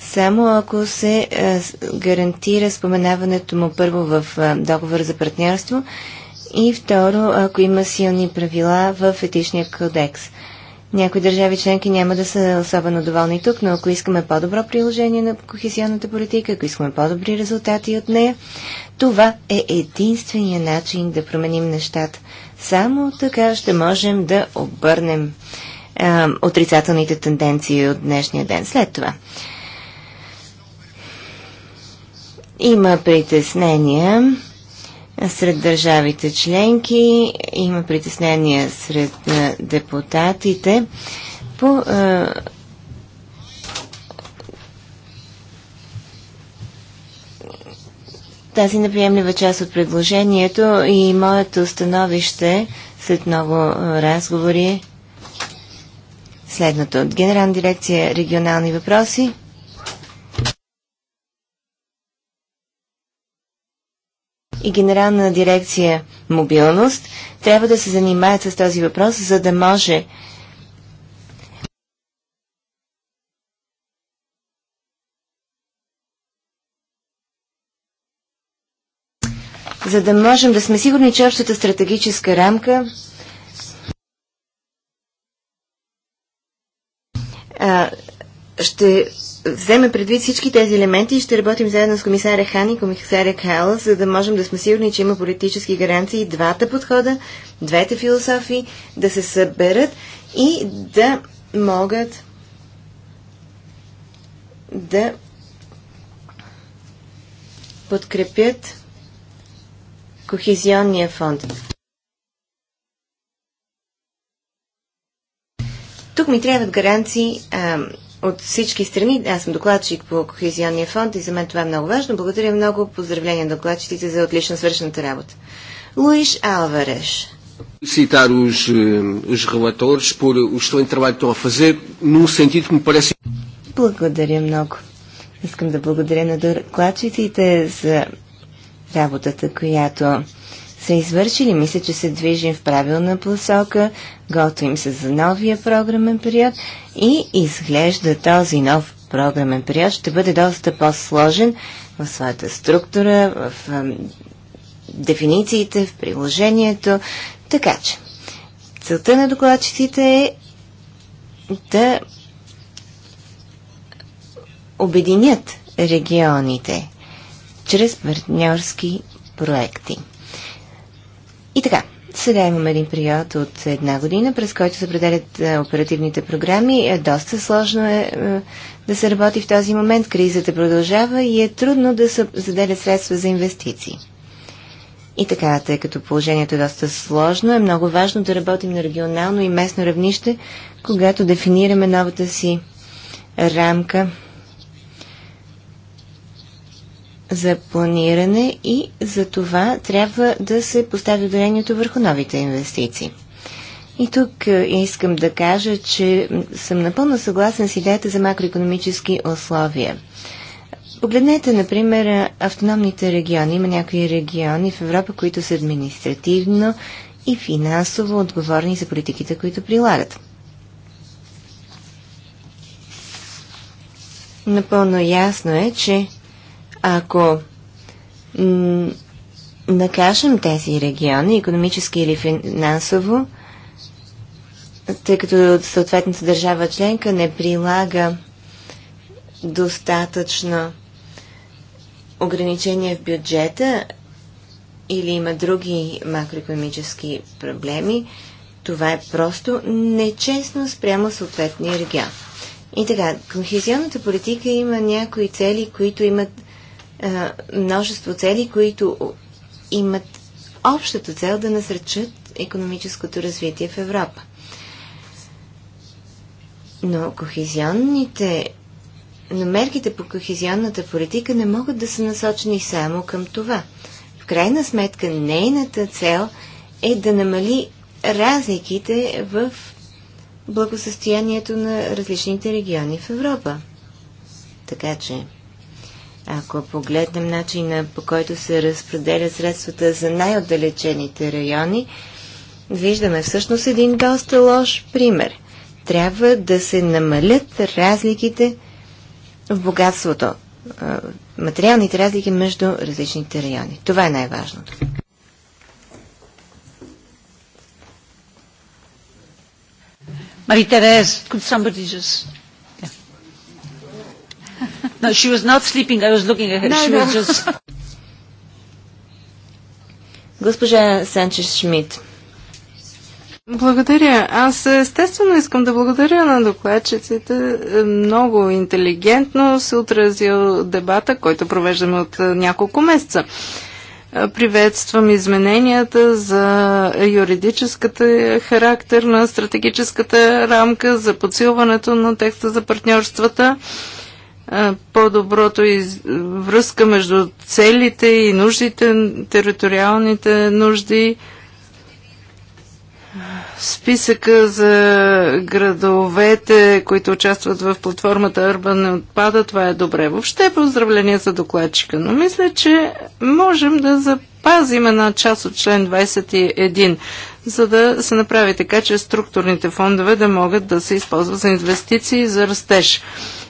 само ако се е, гарантира споменаването му първо в е, договор за партньорство и второ, ако има силни правила в етичния кодекс. Някои държави членки няма да са особено доволни тук, но ако искаме по-добро приложение на кохесионната политика, ако искаме по-добри резултати от нея, това е единствения начин да променим нещата. Само така ще можем да обърнем а, е, отрицателните тенденции от днешния ден. След това. Има притеснения сред държавите членки, има притеснения сред депутатите по е, тази неприемлива част от предложението и моето становище след много разговори е следното. От Генерална дирекция регионални въпроси и Генерална дирекция мобилност трябва да се занимаят с този въпрос, за да може за да можем да сме сигурни, че общата стратегическа рамка а, ще вземе предвид всички тези елементи и ще работим заедно с комисаря Хан и комисаря Кайла, за да можем да сме сигурни, че има политически гаранции двата подхода, двете философии да се съберат и да могат да подкрепят Кохезионния фонд. Тук ми трябват гаранции а, от всички страни. Аз съм докладчик по Кохезионния фонд и за мен това е много важно. Благодаря много. Поздравления на докладчиците за отлично свършената работа. Луиш Алвареш. Citar os, eh, os relatores por o excelente trabalho que estão a fazer, num sentido que me parece. Благодаря много. Искам да благодаря на докладчиците за работата, която са извършили. Мисля, че се движим в правилна посока, готвим се за новия програмен период и изглежда този нов програмен период ще бъде доста по-сложен в своята структура, в е, дефинициите, в приложението. Така че, целта на докладчиците е да обединят регионите чрез партньорски проекти. И така, сега имаме един период от една година, през който се определят е, оперативните програми. Е, доста сложно е, е да се работи в този момент. Кризата продължава и е трудно да се заделят средства за инвестиции. И така, тъй като положението е доста сложно, е много важно да работим на регионално и местно равнище, когато дефинираме новата си рамка за планиране и за това трябва да се постави ударението върху новите инвестиции. И тук е, искам да кажа, че съм напълно съгласен с идеята за макроекономически условия. Погледнете, например, автономните региони. Има някои региони в Европа, които са административно и финансово отговорни за политиките, които прилагат. Напълно ясно е, че ако накажем тези региони, економически или финансово, тъй като съответната държава членка не прилага достатъчно ограничения в бюджета или има други макроекономически проблеми, това е просто нечестно спрямо съответния регион. И така, кохезионната политика има някои цели, които имат е, множество цели, които имат общата цел да насръчат економическото развитие в Европа. Но кохезионните но мерките по кохезионната политика не могат да са насочени само към това. В крайна сметка, нейната цел е да намали разликите в благосъстоянието на различните региони в Европа. Така че, ако погледнем начина по който се разпределя средствата за най-отдалечените райони, виждаме всъщност един доста лош пример. Трябва да се намалят разликите в богатството, материалните разлики между различните райони. Това е най-важното. Marie Therese, could somebody just No, she was not sleeping. I was looking at her. No, she no. was just... (laughs) Госпожа Санчес Шмидт. Благодаря. Аз естествено искам да благодаря на докладчиците. Много интелигентно се отразил дебата, който провеждаме от няколко месеца. Приветствам измененията за юридическата е, характер на стратегическата рамка, за подсилването на текста за партньорствата по-доброто из... връзка между целите и нуждите, териториалните нужди, списъка за градовете, които участват в платформата Urban не отпада, това е добре. Въобще поздравления за докладчика, но мисля, че можем да запазим една част от член 21 за да се направи така, че структурните фондове да могат да се използват за инвестиции и за растеж.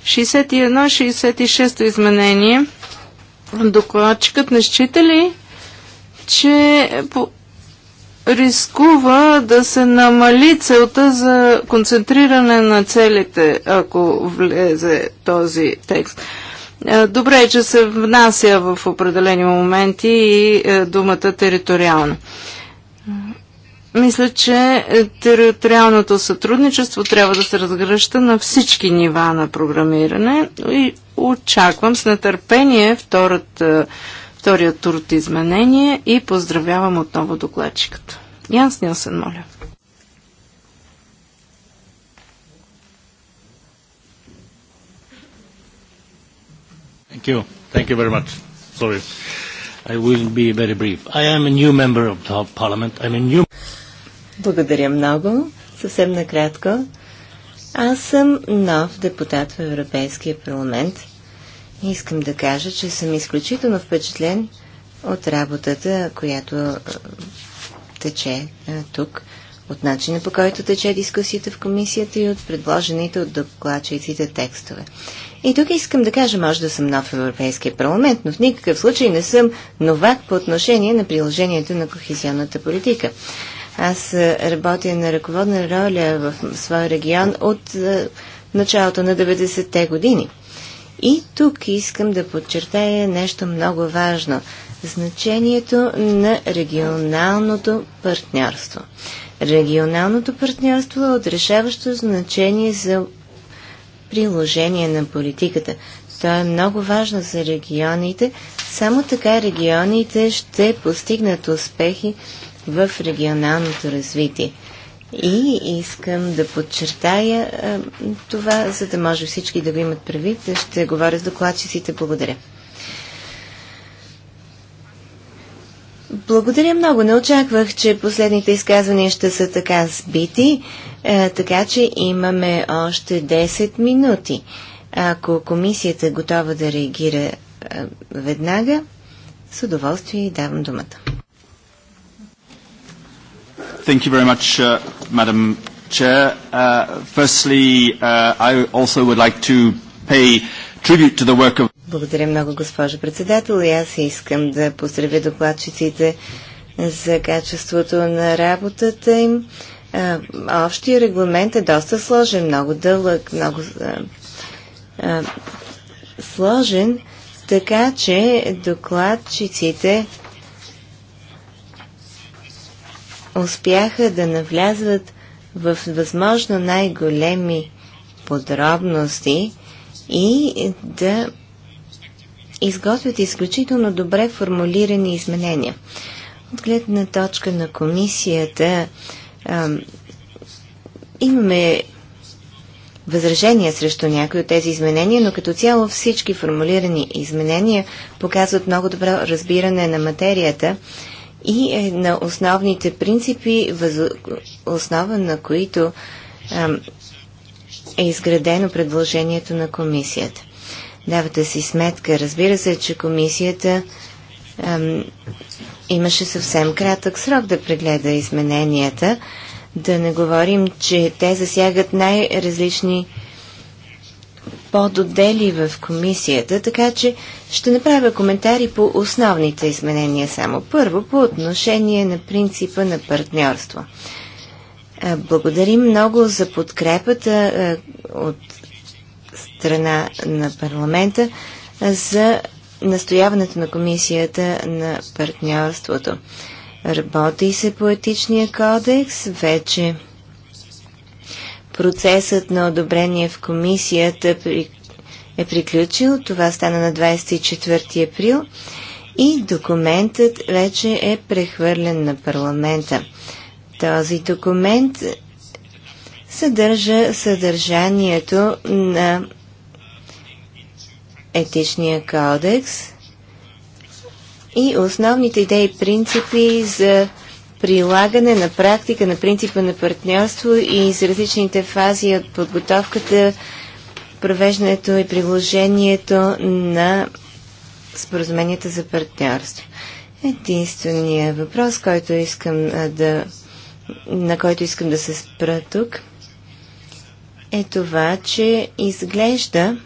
61-66 изменение. Докладчикът не счита ли, че рискува да се намали целта за концентриране на целите, ако влезе този текст. Е, добре е, че се внася в определени моменти и е, думата териториална. Мисля, че териториалното сътрудничество трябва да се разгръща на всички нива на програмиране и очаквам с нетърпение втората, втория тур от изменение и поздравявам отново докладчиката. Янс Нилсен, моля. Thank you. Thank you very much. Sorry. I will be very brief. I am a new member of the parliament. I'm a new благодаря много. Съвсем накратко. Аз съм нов депутат в Европейския парламент. и Искам да кажа, че съм изключително впечатлен от работата, която тече тук, от начина по който тече дискусията в комисията и от предложените от докладчиците текстове. И тук искам да кажа, може да съм нов в Европейския парламент, но в никакъв случай не съм новак по отношение на приложението на кохезионната политика. Аз е, работя на ръководна роля в своя регион от е, началото на 90-те години. И тук искам да подчертая нещо много важно – значението на регионалното партньорство. Регионалното партньорство е отрешаващо значение за приложение на политиката. То е много важно за регионите. Само така регионите ще постигнат успехи в регионалното развитие. И искам да подчертая а, това, за да може всички да го имат прави, Да ще говоря с докладчиците. Благодаря. Благодаря много. Не очаквах, че последните изказвания ще са така сбити, а, така че имаме още 10 минути. Ако комисията е готова да реагира а, веднага, с удоволствие давам думата. Thank you very much, uh, Madam Chair. Uh, firstly, uh, I also would like to pay tribute to the work of... Благодаря много, госпожа председател. И аз искам да поздравя докладчиците за качеството на работата им. А, общия регламент е доста сложен, много дълъг, много а, а, сложен, така че докладчиците успяха да навлязват в възможно най-големи подробности и да изготвят изключително добре формулирани изменения. От гледна точка на комисията имаме възражения срещу някои от тези изменения, но като цяло всички формулирани изменения показват много добро разбиране на материята и е на основните принципи, въз основа на които е изградено предложението на комисията. Давате си сметка, разбира се, че комисията ем, имаше съвсем кратък срок да прегледа измененията. Да не говорим, че те засягат най-различни пододели в комисията, така че ще направя коментари по основните изменения само. Първо, по отношение на принципа на партньорство. Е, благодарим много за подкрепата е, от страна на парламента е, за настояването на комисията на партньорството. Работи се по етичния кодекс, вече процесът на одобрение в комисията при е приключил. Това стана на 24 април и документът вече е прехвърлен на парламента. Този документ съдържа съдържанието на етичния кодекс и основните идеи и принципи за прилагане на практика на принципа на партньорство и за различните фази от подготовката провеждането и приложението на споразуменията за партньорство. Единственият въпрос, който искам да, на който искам да се спра тук, е това, че изглежда,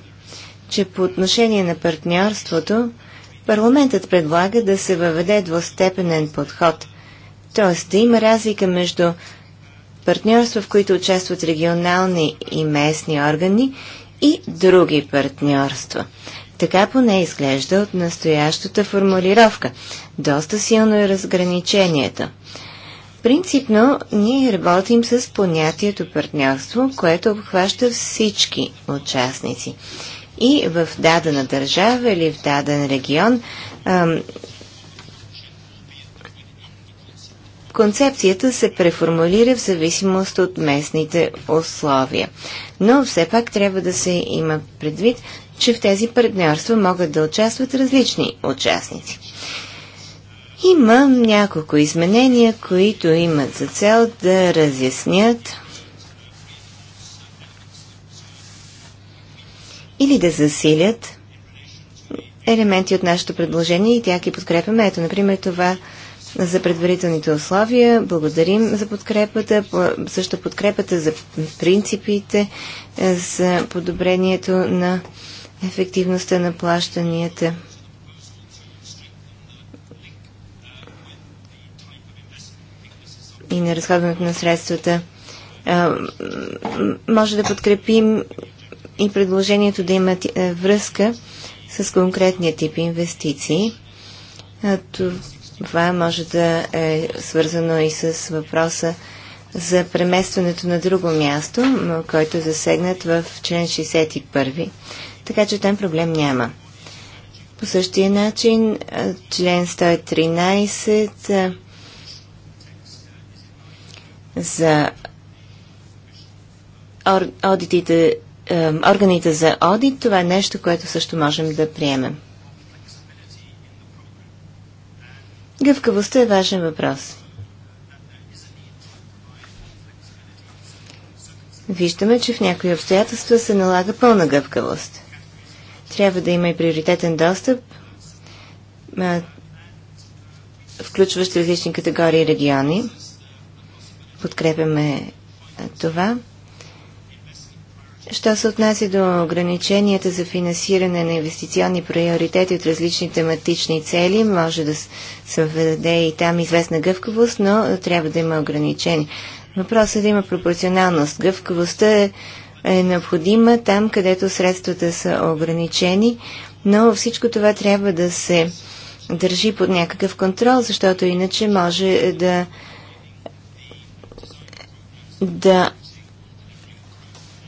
че по отношение на партньорството парламентът предлага да се въведе двустепенен подход, т.е. да има разлика между партньорства, в които участват регионални и местни органи и други партньорства. Така поне изглежда от настоящата формулировка. Доста силно е разграничението. Принципно ние работим с понятието партньорство, което обхваща всички участници. И в дадена държава или в даден регион Концепцията се преформулира в зависимост от местните условия. Но все пак трябва да се има предвид, че в тези партньорства могат да участват различни участници. Има няколко изменения, които имат за цел да разяснят или да засилят елементи от нашето предложение и тя ги подкрепяме. Ето, например, това за предварителните условия. Благодарим за подкрепата, също подкрепата за принципите, е, за подобрението на ефективността на плащанията. и на разходването на средствата. Е, може да подкрепим и предложението да има е, връзка с конкретния тип инвестиции. Това може да е свързано и с въпроса за преместването на друго място, който е засегнат в член 61. Така че там проблем няма. По същия начин, член 113 за одитите, органите за одит, това е нещо, което също можем да приемем. Гъвкавостта е важен въпрос. Виждаме, че в някои обстоятелства се налага пълна гъвкавост. Трябва да има и приоритетен достъп, включващ различни категории и региони. Подкрепяме това. Що се отнася до ограниченията за финансиране на инвестиционни приоритети от различни тематични цели, може да се введе и там известна гъвкавост, но трябва да има ограничения. Въпросът е да има пропорционалност. Гъвкавостта е, е необходима там, където средствата са ограничени, но всичко това трябва да се държи под някакъв контрол, защото иначе може да да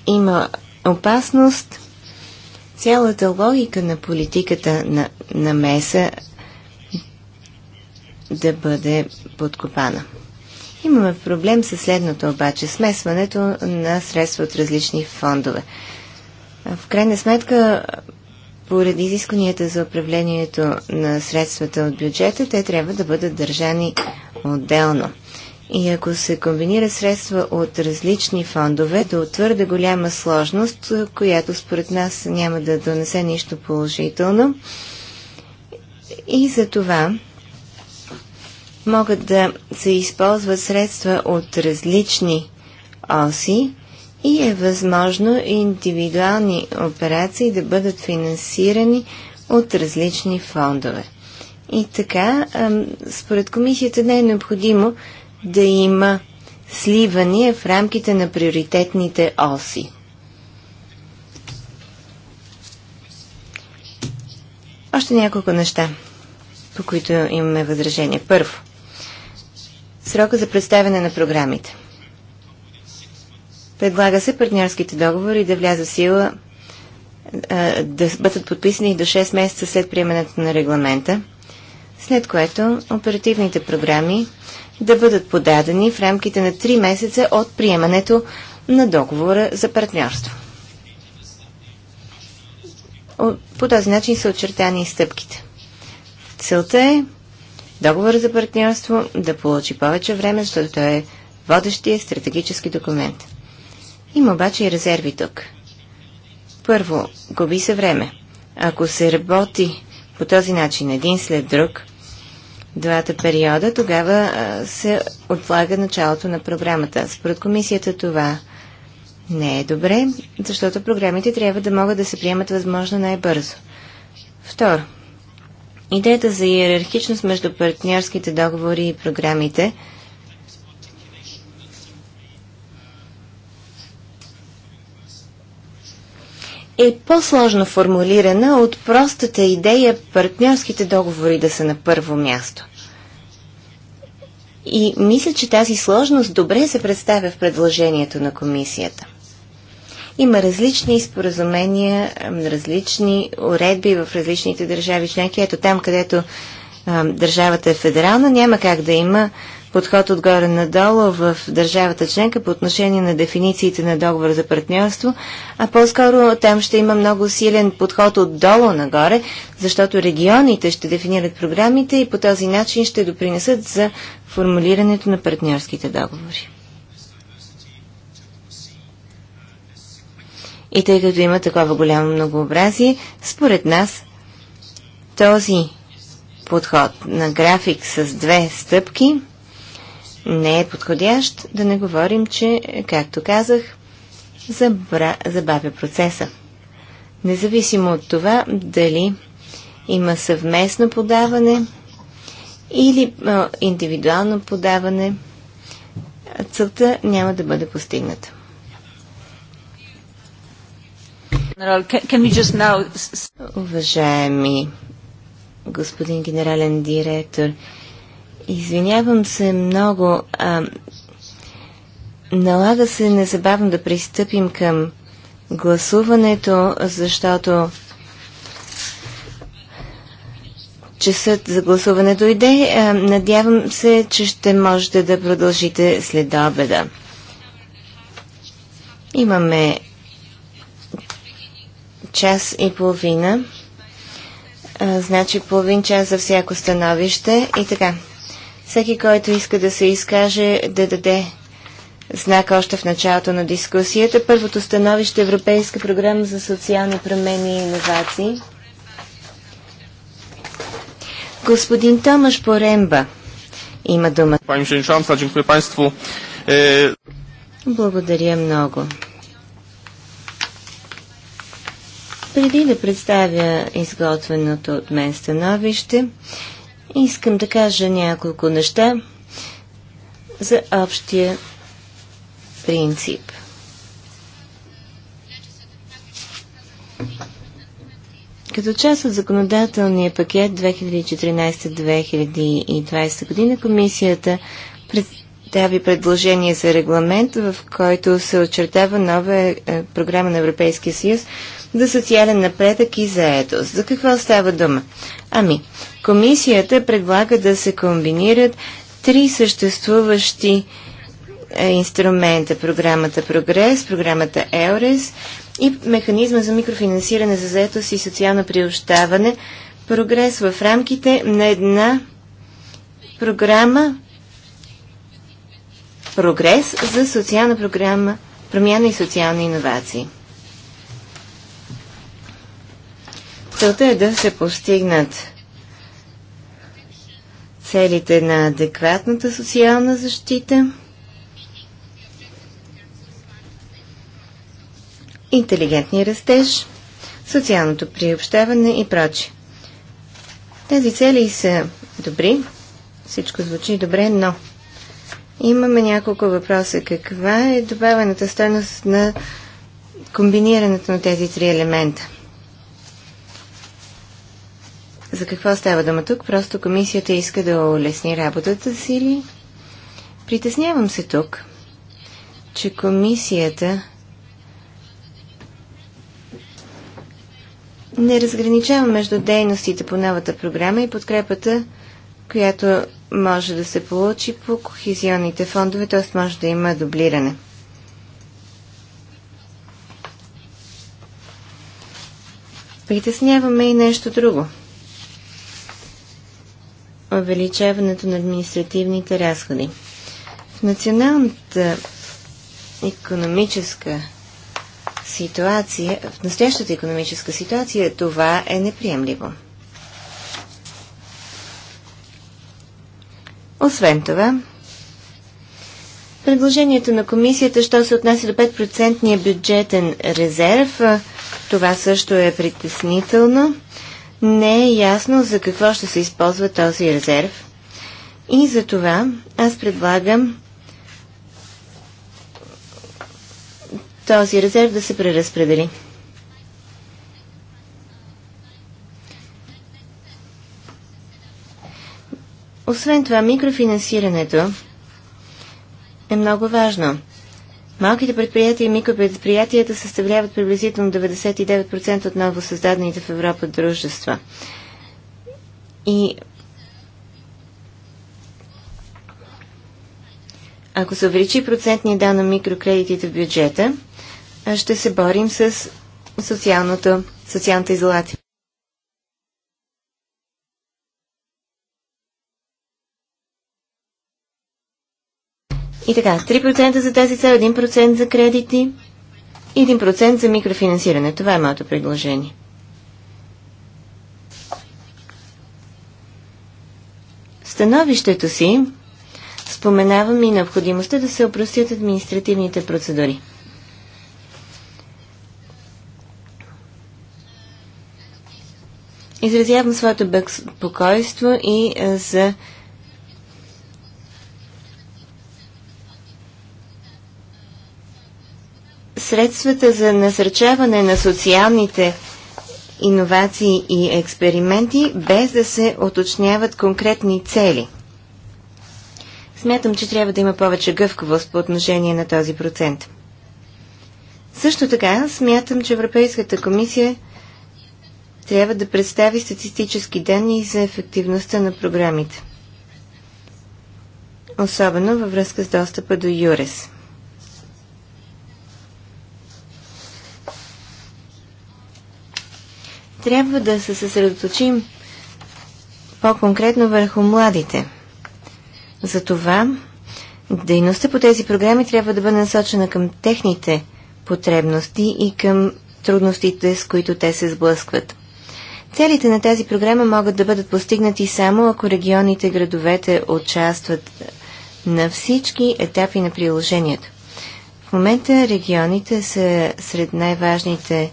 има опасност цялата логика на политиката на, на меса да бъде подкопана. Имаме проблем със следното обаче – смесването на средства от различни фондове. В крайна сметка, поради изискванията за управлението на средствата от бюджета, те трябва да бъдат държани отделно. И ако се комбинира средства от различни фондове, до твърде голяма сложност, която според нас няма да донесе нищо положително. И за това могат да се използват средства от различни оси и е възможно индивидуални операции да бъдат финансирани от различни фондове. И така, според комисията не е необходимо да има сливания в рамките на приоритетните оси. Още няколко неща, по които имаме възражение. Първо, срока за представяне на програмите. Предлага се партньорските договори да вляза в сила да бъдат подписани до 6 месеца след приемането на регламента след което оперативните програми да бъдат подадени в рамките на 3 месеца от приемането на договора за партньорство. По този начин са очертани и стъпките. Целта е договор за партньорство да получи повече време, защото той е водещия стратегически документ. Има обаче и резерви тук. Първо, губи се време. Ако се работи по този начин един след друг, двата периода, тогава се отлага началото на програмата. Според комисията това не е добре, защото програмите трябва да могат да се приемат възможно най-бързо. Второ, идеята за иерархичност между партньорските договори и програмите – е по-сложно формулирана от простата идея партньорските договори да са на първо място. И мисля, че тази сложност добре се представя в предложението на комисията. Има различни споразумения, различни уредби в различните държави членки. Ето там, където държавата е федерална, няма как да има подход отгоре надолу в държавата членка по отношение на дефинициите на договор за партньорство, а по-скоро там ще има много силен подход отдолу нагоре, защото регионите ще дефинират програмите и по този начин ще допринесат за формулирането на партньорските договори. И тъй като има такова голямо многообразие, според нас този подход на график с две стъпки не е подходящ, да не говорим, че, както казах, забра... забавя процеса. Независимо от това, дали има съвместно подаване или а, индивидуално подаване, целта няма да бъде постигната. Уважаеми господин генерален директор, Извинявам се много. А, налага се незабавно да пристъпим към гласуването, защото часът за гласуване дойде. А, надявам се, че ще можете да продължите след обеда. Имаме час и половина. А, значи половин час за всяко становище и така. Всеки, който иска да се изкаже, да даде знак още в началото на дискусията. Първото становище е Европейска програма за социални промени и иновации. Господин Томаш Поремба има дума. Е, Благодаря много. Преди да представя изготвеното от мен становище, Искам да кажа няколко неща за общия принцип. Като част от законодателния пакет 2014-2020 година комисията представи предложение за регламент, в който се очертава нова е, програма на Европейския съюз за социален напредък и заетост. За какво става дума? Ами, комисията предлага да се комбинират три съществуващи е, инструмента. Програмата Прогрес, програмата ЕОРЕС и механизма за микрофинансиране за заетост и социално приобщаване. Прогрес в рамките на една програма Прогрес за социална програма, промяна и социални иновации. Целта е да се постигнат целите на адекватната социална защита, интелигентни растеж, социалното приобщаване и прочи. Тези цели са добри, всичко звучи добре, но имаме няколко въпроса. Каква е добавената стойност на комбинирането на тези три елемента? За какво става дума тук? Просто комисията иска да улесни работата си или? Притеснявам се тук, че комисията не разграничава между дейностите по новата програма и подкрепата, която може да се получи по кохезионните фондове, т.е. може да има дублиране. Притесняваме и нещо друго – увеличаването на административните разходи. В националната економическа ситуация, в настоящата економическа ситуация това е неприемливо. Освен това, предложението на комисията, що се отнася до 5 бюджетен резерв, това също е притеснително не е ясно за какво ще се използва този резерв. И за това аз предлагам този резерв да се преразпредели. Освен това, микрофинансирането е много важно. Малките предприятия и микропредприятията съставляват приблизително 99% от ново създадените в Европа дружества. И ако се увеличи процентния дан на микрокредитите в бюджета, ще се борим с социалната изолация. И така, 3% за тази цел, 1% за кредити, 1% за микрофинансиране. Това е моето предложение. В становището си споменавам и необходимостта да се опростят административните процедури. Изразявам своето безпокойство и за средствата за насърчаване на социалните иновации и експерименти, без да се оточняват конкретни цели. Смятам, че трябва да има повече гъвкавост по отношение на този процент. Също така, смятам, че Европейската комисия трябва да представи статистически данни за ефективността на програмите. Особено във връзка с достъпа до ЮРЕС. Трябва да се съсредоточим по-конкретно върху младите. Затова дейността по тези програми трябва да бъде насочена към техните потребности и към трудностите, с които те се сблъскват. Целите на тази програма могат да бъдат постигнати само ако регионите и градовете участват на всички етапи на приложението. В момента регионите са сред най-важните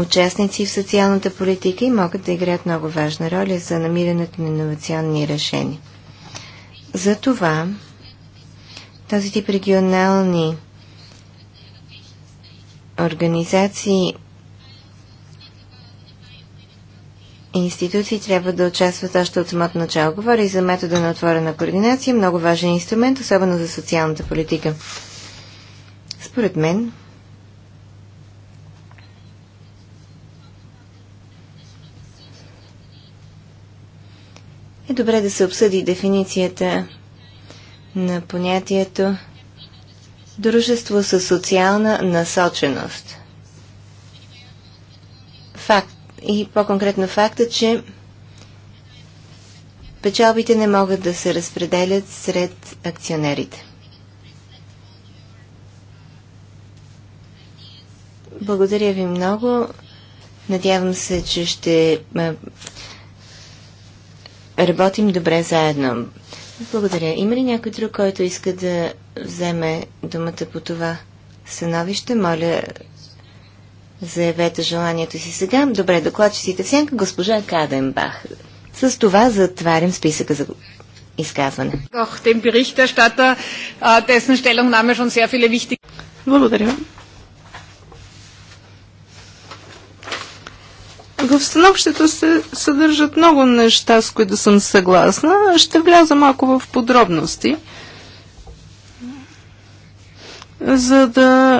участници в социалната политика и могат да играят много важна роля за намирането на инновационни решения. Затова този тип регионални организации и институции трябва да участват още от самото начало. Говоря и за метода на отворена координация, много важен инструмент, особено за социалната политика. Според мен, е добре да се обсъди дефиницията на понятието дружество със социална насоченост. Факт и по-конкретно факта, че печалбите не могат да се разпределят сред акционерите. Благодаря ви много. Надявам се, че ще работим добре заедно. Благодаря. Има ли някой друг, който иска да вземе думата по това становище? Моля, заявете желанието си сега. Добре, докладчиците в сянка, госпожа Каденбах. С това затварям списъка за изказване. Благодаря. В становището се съдържат много неща, с които съм съгласна. Ще вляза малко в подробности, за да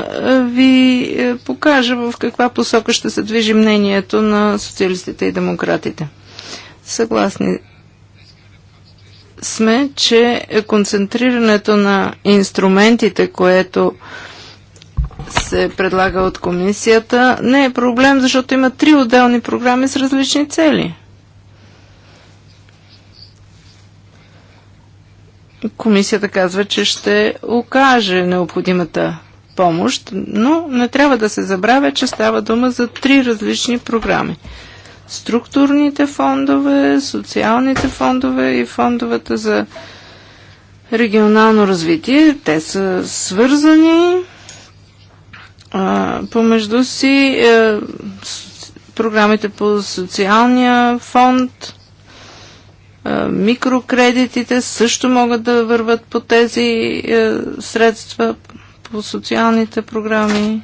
ви е, покажа в каква посока ще се движи мнението на социалистите и демократите. Съгласни сме, че концентрирането на инструментите, което се предлага от комисията, не е проблем, защото има три отделни програми с различни цели. Комисията казва, че ще окаже необходимата помощ, но не трябва да се забравя, че става дума за три различни програми. Структурните фондове, социалните фондове и фондовете за регионално развитие. Те са свързани помежду си е, с, програмите по социалния фонд, е, микрокредитите също могат да върват по тези е, средства по социалните програми.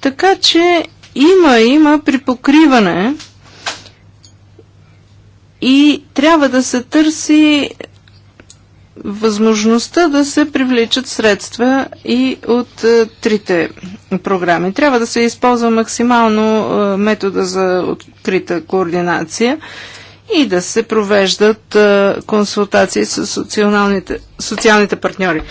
Така че има, има припокриване и трябва да се търси възможността да се привличат средства и от е, трите програми. Трябва да се използва максимално е, метода за открита координация и да се провеждат е, консултации с социалните, социалните партньори.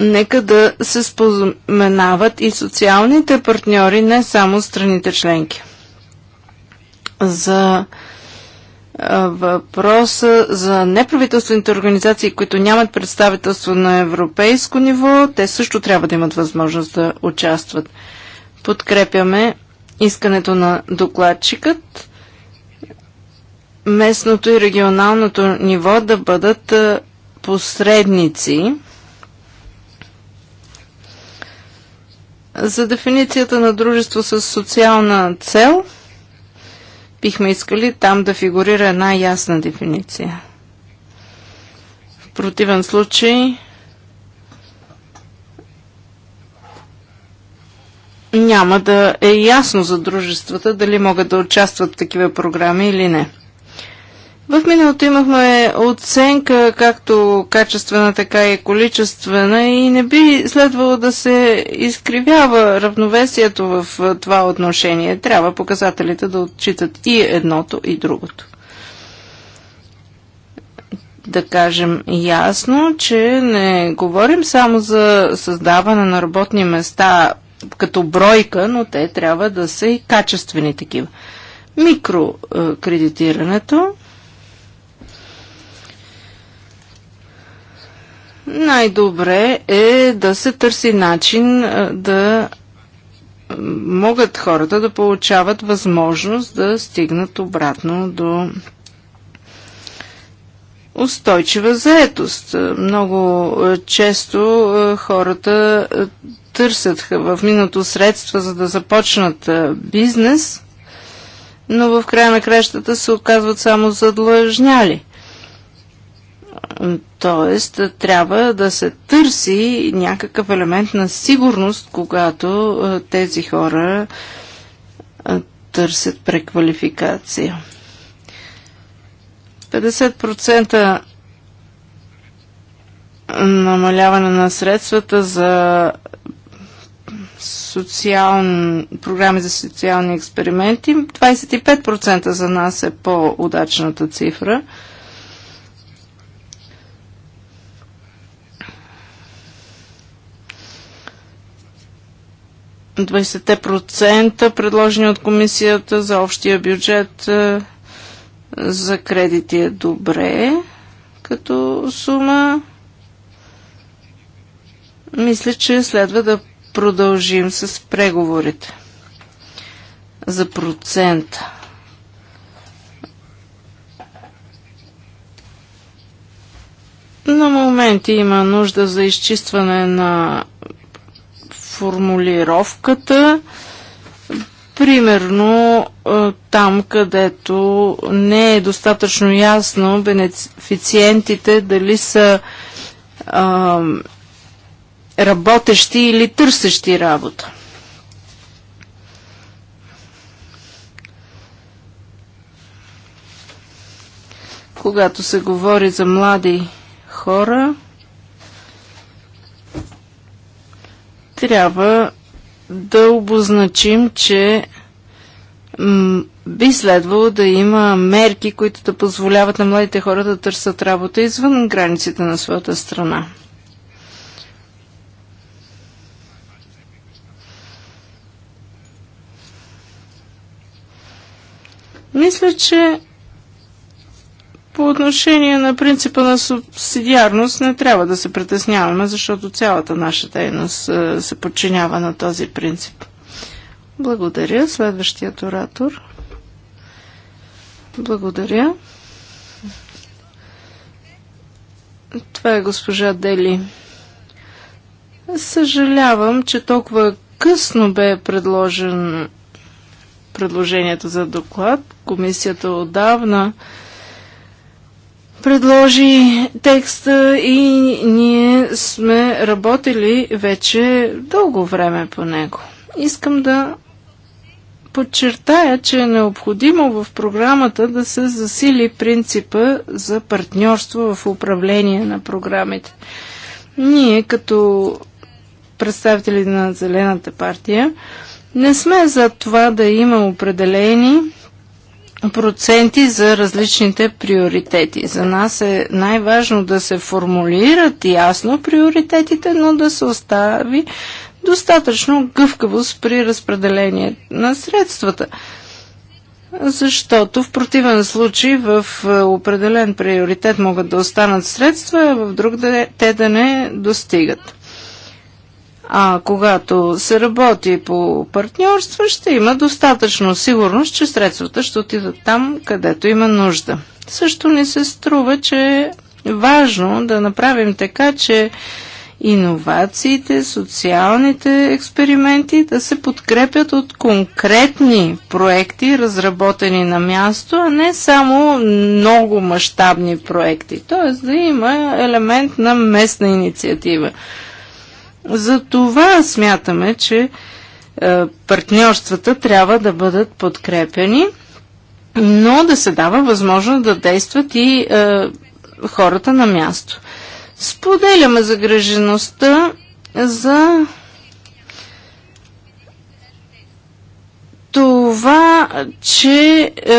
Нека да се споменават и социалните партньори, не само страните членки за въпроса за неправителствените организации, които нямат представителство на европейско ниво, те също трябва да имат възможност да участват. Подкрепяме искането на докладчикът местното и регионалното ниво да бъдат посредници. За дефиницията на дружество с социална цел – Бихме искали там да фигурира една ясна дефиниция. В противен случай няма да е ясно за дружествата дали могат да участват в такива програми или не. В миналото имахме оценка както качествена, така и количествена и не би следвало да се изкривява равновесието в това отношение. Трябва показателите да отчитат и едното, и другото. Да кажем ясно, че не говорим само за създаване на работни места като бройка, но те трябва да са и качествени такива. Микрокредитирането най-добре е да се търси начин е, да е, могат хората да получават възможност да стигнат обратно до устойчива заетост. Е, много често хората търсят в миналото средства, за да започнат бизнес, но в края на кращата се оказват само задлъжняли. Тоест, трябва да се търси някакъв елемент на сигурност, когато тези хора търсят преквалификация. 50% намаляване на средствата за социални, програми за социални експерименти. 25% за нас е по-удачната цифра. 20% предложени от комисията за общия бюджет е, за кредити е добре като сума. Мисля, че следва да продължим с преговорите за процента. На моменти има нужда за изчистване на формулировката. Примерно е, там, където не е достатъчно ясно бенефициентите дали са а, е, работещи или търсещи работа. Когато се говори за млади хора, трябва да обозначим, че би следвало да има мерки, които да позволяват на младите хора да търсят работа извън границите на своята страна. Мисля, че по отношение на принципа на субсидиарност не трябва да се притесняваме, защото цялата наша дейност е, се подчинява на този принцип. Благодаря. Следващият оратор. Благодаря. Това е госпожа Дели. Съжалявам, че толкова късно бе предложен предложението за доклад. Комисията отдавна предложи текста и ние сме работили вече дълго време по него. Искам да подчертая, че е необходимо в програмата да се засили принципа за партньорство в управление на програмите. Ние като представители на Зелената партия не сме за това да има определени проценти за различните приоритети. За нас е най-важно да се формулират ясно приоритетите, но да се остави достатъчно гъвкавост при разпределение на средствата. Защото в противен случай в е, определен приоритет могат да останат средства, а в друг е, те да не достигат. А когато се работи по партньорства, ще има достатъчно сигурност, че средствата ще отидат там, където има нужда. Също ни се струва, че е важно да направим така, че иновациите, социалните експерименти да се подкрепят от конкретни проекти, разработени на място, а не само много мащабни проекти. Тоест да има елемент на местна инициатива. За това смятаме, че е, партньорствата трябва да бъдат подкрепени, но да се дава възможност да действат и е, хората на място. Споделяме загрежеността за това, че е,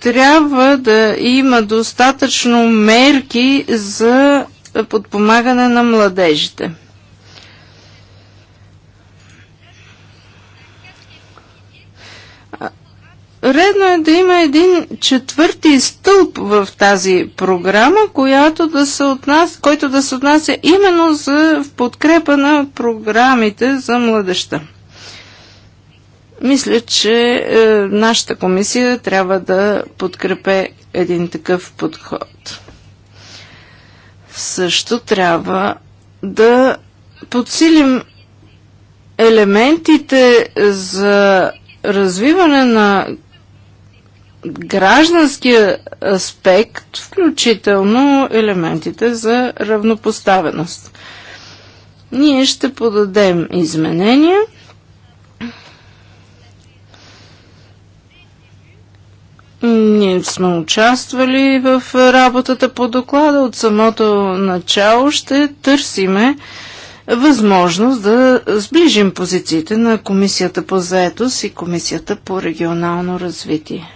трябва да има достатъчно мерки за подпомагане на младежите. Редно е да има един четвърти стълб в тази програма, която да се отнася, който да се отнася именно за в подкрепа на програмите за младеща. Мисля, че е, нашата комисия трябва да подкрепе един такъв подход. Също трябва да подсилим елементите за развиване на гражданския аспект, включително елементите за равнопоставеност. Ние ще подадем изменения. Ние сме участвали в работата по доклада от самото начало. Ще търсиме възможност да сближим позициите на Комисията по заетост и Комисията по регионално развитие.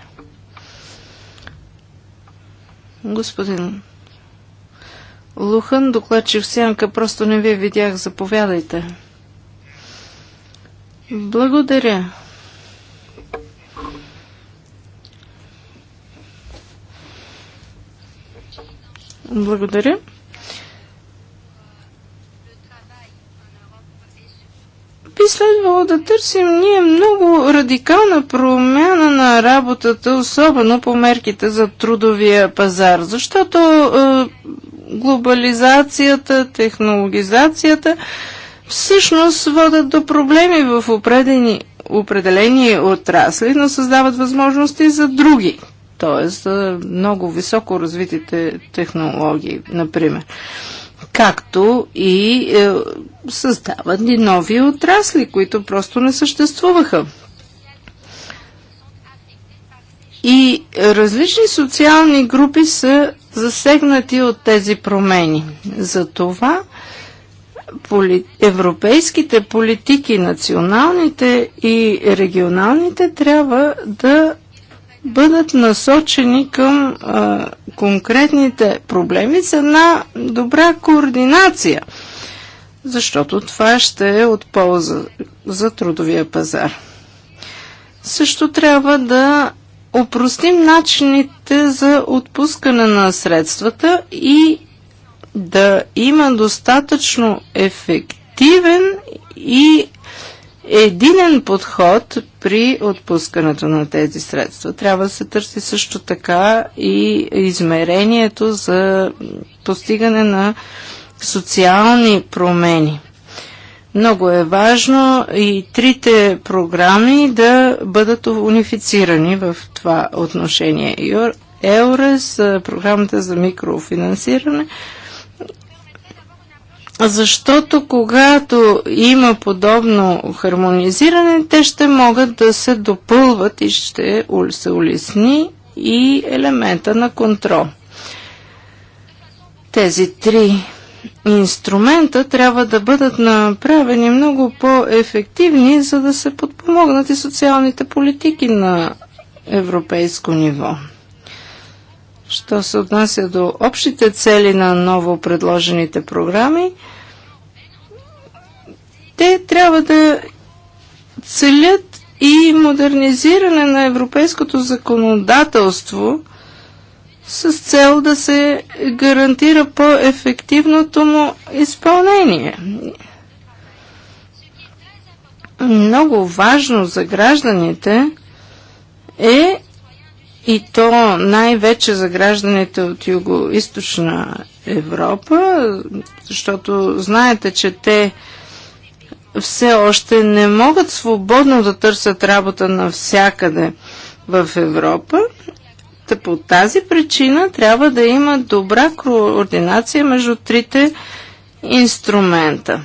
Господин Лухан, в сянка, просто не ви видях. Заповядайте. Благодаря. Благодаря. би следвало да търсим ние много радикална промяна на работата, особено по мерките за трудовия пазар, защото е, глобализацията, технологизацията всъщност водят до проблеми в определени, определени отрасли, но създават възможности за други, т.е. за много високо развитите технологии, например както и е, създават и нови отрасли, които просто не съществуваха. И различни социални групи са засегнати от тези промени. Затова поли... европейските политики, националните и регионалните, трябва да бъдат насочени към а, конкретните проблеми с една добра координация, защото това ще е от полза за трудовия пазар. Също трябва да опростим начините за отпускане на средствата и да има достатъчно ефективен и единен подход при отпускането на тези средства. Трябва да се търси също така и измерението за постигане на социални промени. Много е важно и трите програми да бъдат унифицирани в това отношение. ЕУРЕС, програмата за микрофинансиране, защото когато има подобно хармонизиране, те ще могат да се допълват и ще се улесни и елемента на контрол. Тези три инструмента трябва да бъдат направени много по-ефективни, за да се подпомогнат и социалните политики на европейско ниво. Що се отнася до общите цели на ново предложените програми – те трябва да целят и модернизиране на европейското законодателство с цел да се гарантира по-ефективното му изпълнение. Много важно за гражданите е и то най-вече за гражданите от Юго-Источна Европа, защото знаете, че те все още не могат свободно да търсят работа навсякъде в Европа. Та по тази причина трябва да има добра координация между трите инструмента.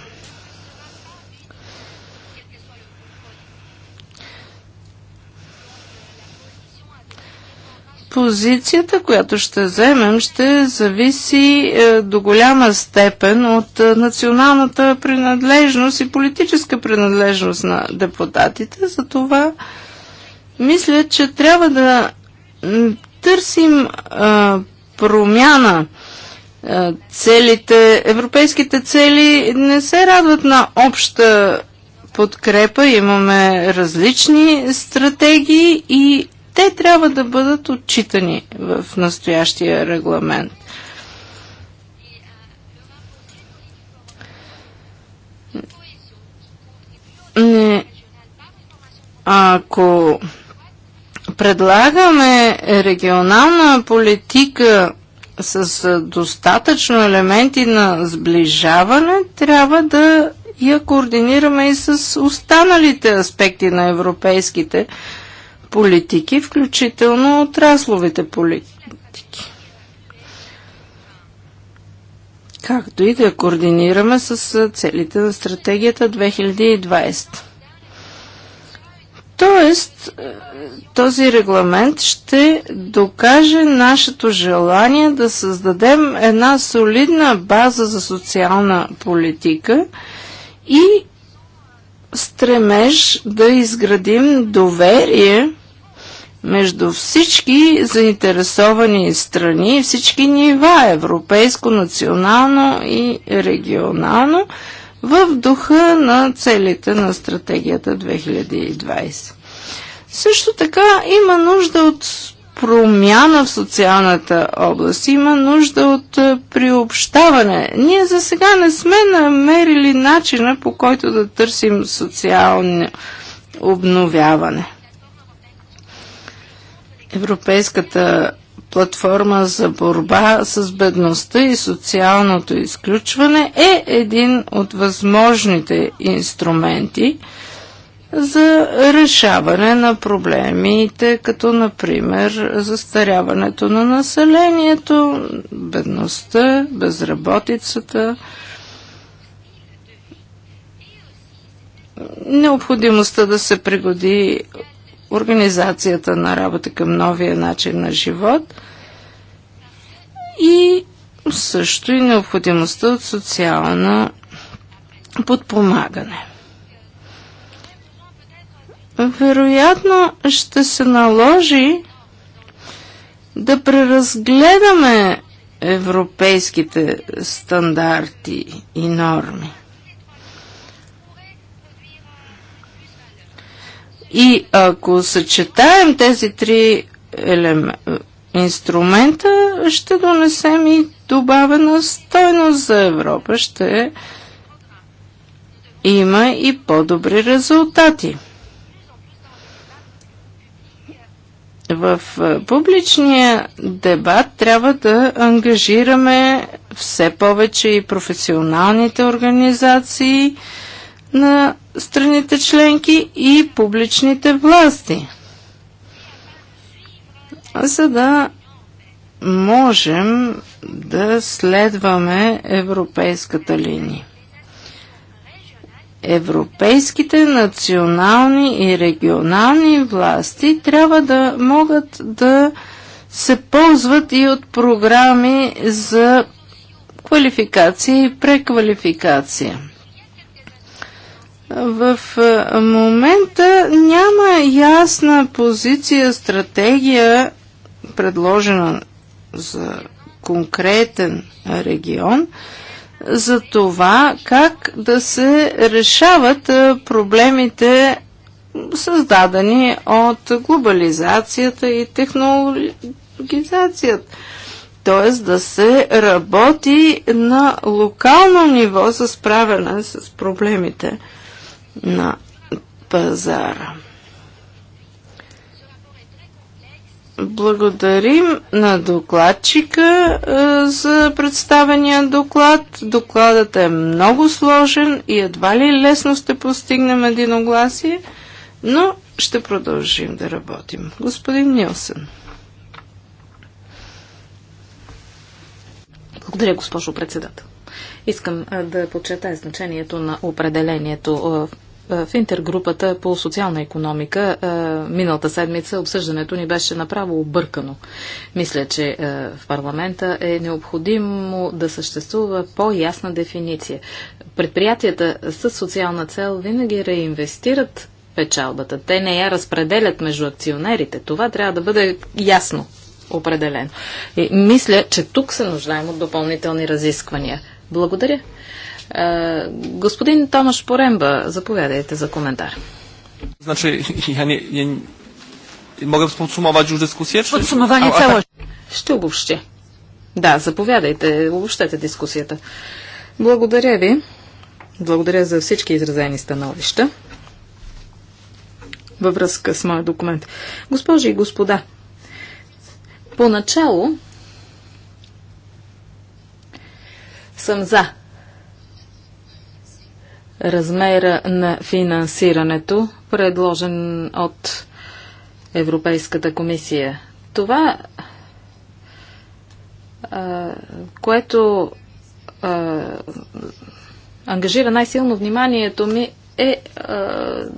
позицията, която ще вземем, ще зависи е, до голяма степен от е, националната принадлежност и политическа принадлежност на депутатите. Затова мисля, че трябва да търсим е, промяна. Целите, европейските цели не се радват на обща подкрепа, имаме различни стратегии и те трябва да бъдат отчитани в настоящия регламент. Не, ако предлагаме регионална политика с достатъчно елементи на сближаване, трябва да я координираме и с останалите аспекти на европейските политики, включително отрасловите политики. Както и да координираме с целите на стратегията 2020. Тоест, този регламент ще докаже нашето желание да създадем една солидна база за социална политика и стремеж да изградим доверие между всички заинтересовани страни, всички нива, европейско, национално и регионално, в духа на целите на стратегията 2020. Също така има нужда от промяна в социалната област, има нужда от е, приобщаване. Ние за сега не сме намерили начина по който да търсим социално обновяване. Европейската платформа за борба с бедността и социалното изключване е един от възможните инструменти – за решаване на проблемите, като например застаряването на населението, бедността, безработицата, необходимостта да се пригоди организацията на работа към новия начин на живот и също и необходимостта от социално подпомагане вероятно ще се наложи да преразгледаме европейските стандарти и норми. И ако съчетаем тези три инструмента, ще донесем и добавена стойност за Европа. Ще има и по-добри резултати. в е, публичния дебат трябва да ангажираме все повече и професионалните организации на страните членки и публичните власти, за да можем да следваме европейската линия европейските национални и регионални власти трябва да могат да се ползват и от програми за квалификация и преквалификация. В момента няма ясна позиция, стратегия, предложена за конкретен регион – за това как да се решават е, проблемите създадени от глобализацията и технологизацията. Т.е. да се работи на локално ниво за справяне с проблемите на пазара. Благодарим на докладчика а, за представения доклад. Докладът е много сложен и едва ли лесно ще постигнем единогласие, но ще продължим да работим. Господин Нилсен. Благодаря, госпожо председател. Искам а, да подчертая значението на определението е, в интергрупата по социална економика е, миналата седмица обсъждането ни беше направо объркано. Мисля, че е, в парламента е необходимо да съществува по-ясна дефиниция. Предприятията с социална цел винаги реинвестират печалбата. Те не я разпределят между акционерите. Това трябва да бъде ясно определено. И мисля, че тук се нуждаем от допълнителни разисквания. Благодаря. Е, господин Томаш Поремба, заповядайте за коментар. Значи, я не, я Мога да подсумовать уж дискусия? Че... Подсумование цяло. Ще обобщи. Да, заповядайте, обобщете дискусията. Благодаря ви. Благодаря за всички изразени становища във връзка с моя документ. Госпожи и господа, поначало съм за размера на финансирането, предложен от Европейската комисия. Това, което ангажира най-силно вниманието ми, е, е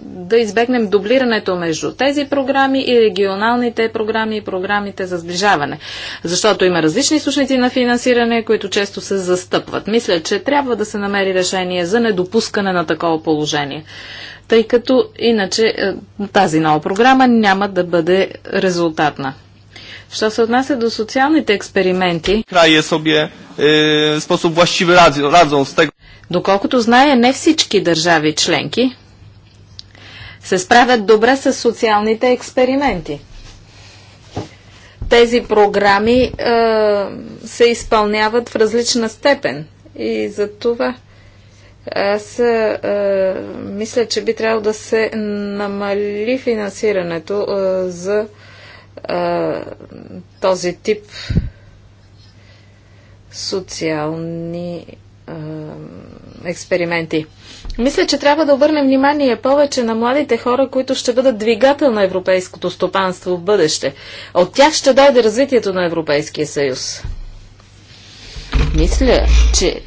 да избегнем дублирането между тези програми и регионалните програми и програмите за сближаване. Защото има различни източници на финансиране, които често се застъпват. Мисля, че трябва да се намери решение за недопускане на такова положение. Тъй като иначе е, тази нова програма няма да бъде резултатна. Що се отнася до социалните експерименти, kraje е, w sposób właściwy radzą с тега. Доколкото знае, не всички държави членки се справят добре с социалните експерименти. Тези програми е, се изпълняват в различна степен и за това аз е, мисля, че би трябвало да се намали финансирането е, за е, този тип социални е, експерименти. Мисля, че трябва да обърнем внимание повече на младите хора, които ще бъдат двигател на европейското стопанство в бъдеще. От тях ще дойде развитието на Европейския съюз. Мисля, че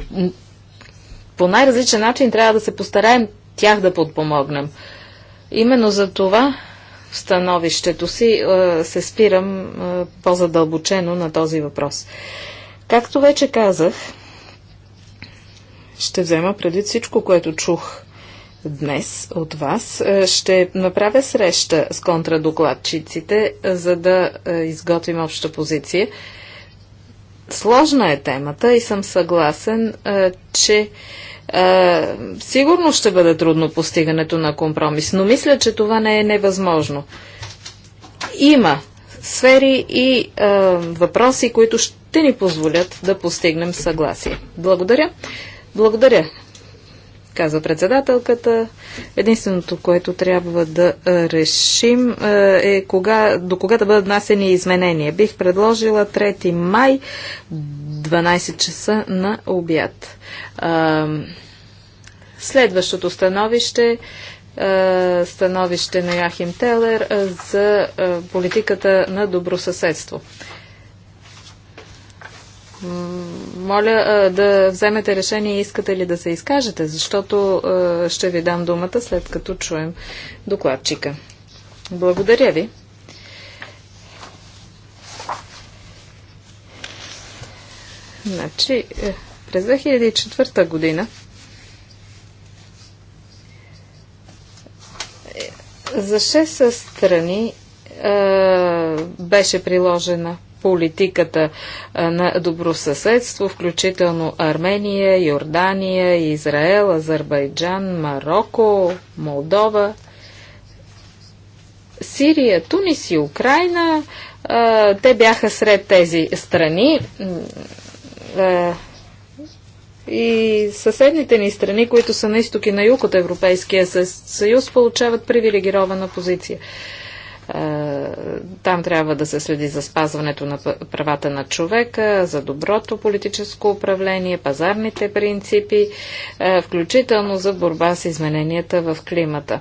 по най-различен начин трябва да се постараем тях да подпомогнем. Именно за това в становището си е, се спирам е, по-задълбочено на този въпрос. Както вече казах, ще взема преди всичко, което чух днес от вас. Е, ще направя среща с контрадокладчиците, е, за да е, изготвим обща позиция. Сложна е темата и съм съгласен, че сигурно ще бъде трудно постигането на компромис, но мисля, че това не е невъзможно. Има сфери и въпроси, които ще ни позволят да постигнем съгласие. Благодаря. Благодаря, каза председателката. Единственото, което трябва да решим е кога, до кога да бъдат насени изменения. Бих предложила 3 май 12 часа на обяд. Следващото становище становище на Яхим Телер за политиката на добросъседство. Моля да вземете решение, искате ли да се изкажете, защото ще ви дам думата след като чуем докладчика. Благодаря ви. Значи, е, през 2004 година е, за 6 страни беше приложена политиката на добросъседство, включително Армения, Йордания, Израел, Азербайджан, Марокко, Молдова, Сирия, Тунис и Украина. Те бяха сред тези страни и съседните ни страни, които са на изток и на юг от Европейския съюз, получават привилегирована позиция. Е, там трябва да се следи за спазването на правата на човека, за доброто политическо управление, пазарните принципи, е, включително за борба с измененията в климата.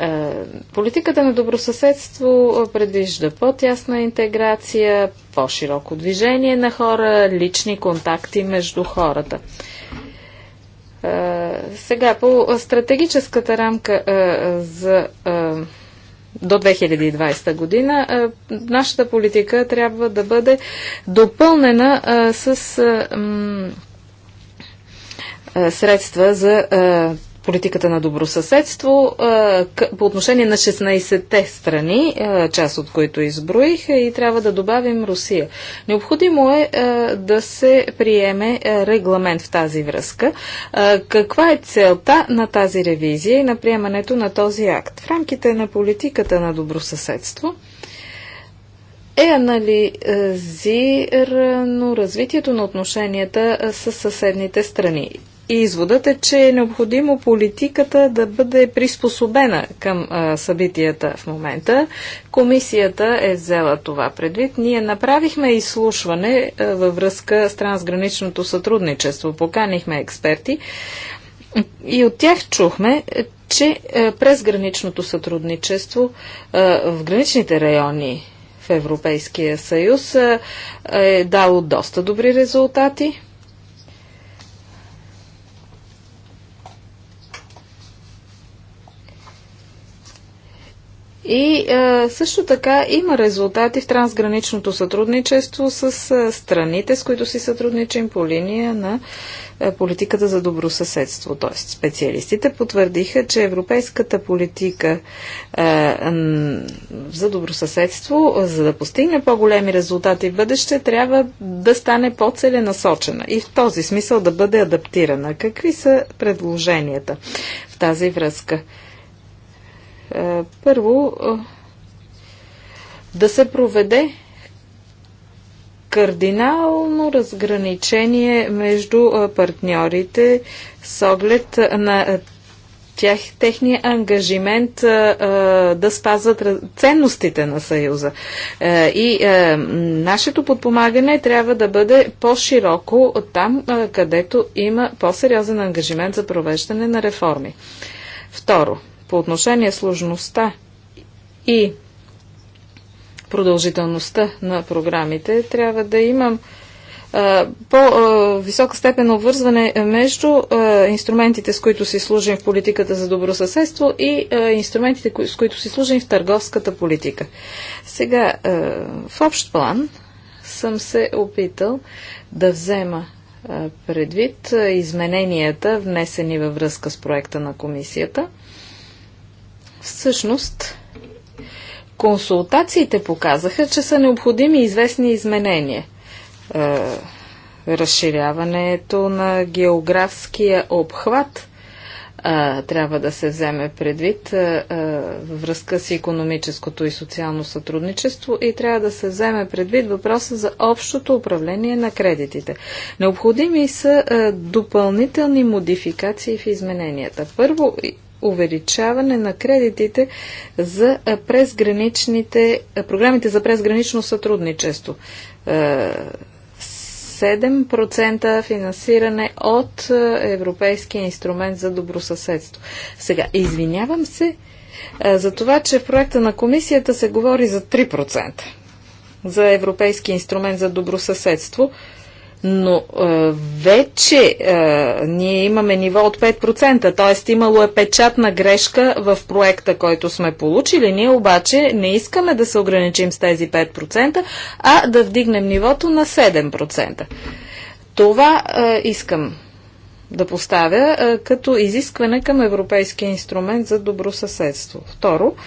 Е, политиката на добросъседство предвижда по-тясна интеграция, по-широко движение на хора, лични контакти между хората. Сега по стратегическата рамка за до 2020 година, нашата политика трябва да бъде допълнена с средства за политиката на добросъседство по отношение на 16-те страни, част от които изброих, е, и трябва да добавим Русия. Необходимо е да се приеме регламент в тази връзка. Каква е целта на тази ревизия и на приемането на този акт? В рамките на политиката на добросъседство е анализирано развитието на отношенията с съседните страни. И изводът е, че е необходимо политиката да бъде приспособена към а, събитията в момента. Комисията е взела това предвид. Ние направихме изслушване а, във връзка с трансграничното сътрудничество. Поканихме експерти и от тях чухме, че а, през граничното сътрудничество а, в граничните райони в Европейския съюз а, е дало доста добри резултати И е, също така има резултати в трансграничното сътрудничество с е, страните, с които си сътрудничим по линия на е, политиката за добросъседство. Тоест, специалистите потвърдиха, че европейската политика е, за добросъседство, за да постигне по-големи резултати в бъдеще, трябва да стане по-целенасочена и в този смисъл да бъде адаптирана. Какви са предложенията в тази връзка? Е, първо, е, да се проведе кардинално разграничение между е, партньорите с оглед на тях, техния ангажимент а, да спазват ценностите на Съюза. А, и а, нашето подпомагане трябва да бъде по-широко от там, а, където има по-сериозен ангажимент за провеждане на реформи. Второ, по отношение сложността и продължителността на програмите, трябва да имам по-висока степен обвързване между инструментите, с които си служим в политиката за добро съседство и инструментите, с които си служим в търговската политика. Сега, в общ план съм се опитал да взема предвид измененията, внесени във връзка с проекта на комисията – Всъщност, консултациите показаха, че са необходими известни изменения. Е, разширяването на географския обхват е, трябва да се вземе предвид е, във връзка с економическото и социално сътрудничество и трябва да се вземе предвид въпроса за общото управление на кредитите. Необходими са допълнителни модификации в измененията. Първо, увеличаване на кредитите за презграничните, програмите за презгранично сътрудничество. 7% финансиране от Европейския инструмент за добросъседство. Сега, извинявам се за това, че в проекта на комисията се говори за 3% за Европейския инструмент за добросъседство но а, вече а, ние имаме ниво от 5%, т.е. имало е печатна грешка в проекта, който сме получили. Ние обаче не искаме да се ограничим с тези 5%, а да вдигнем нивото на 7%. Това а, искам да поставя а, като изискване към Европейския инструмент за добросъседство. Второ, а,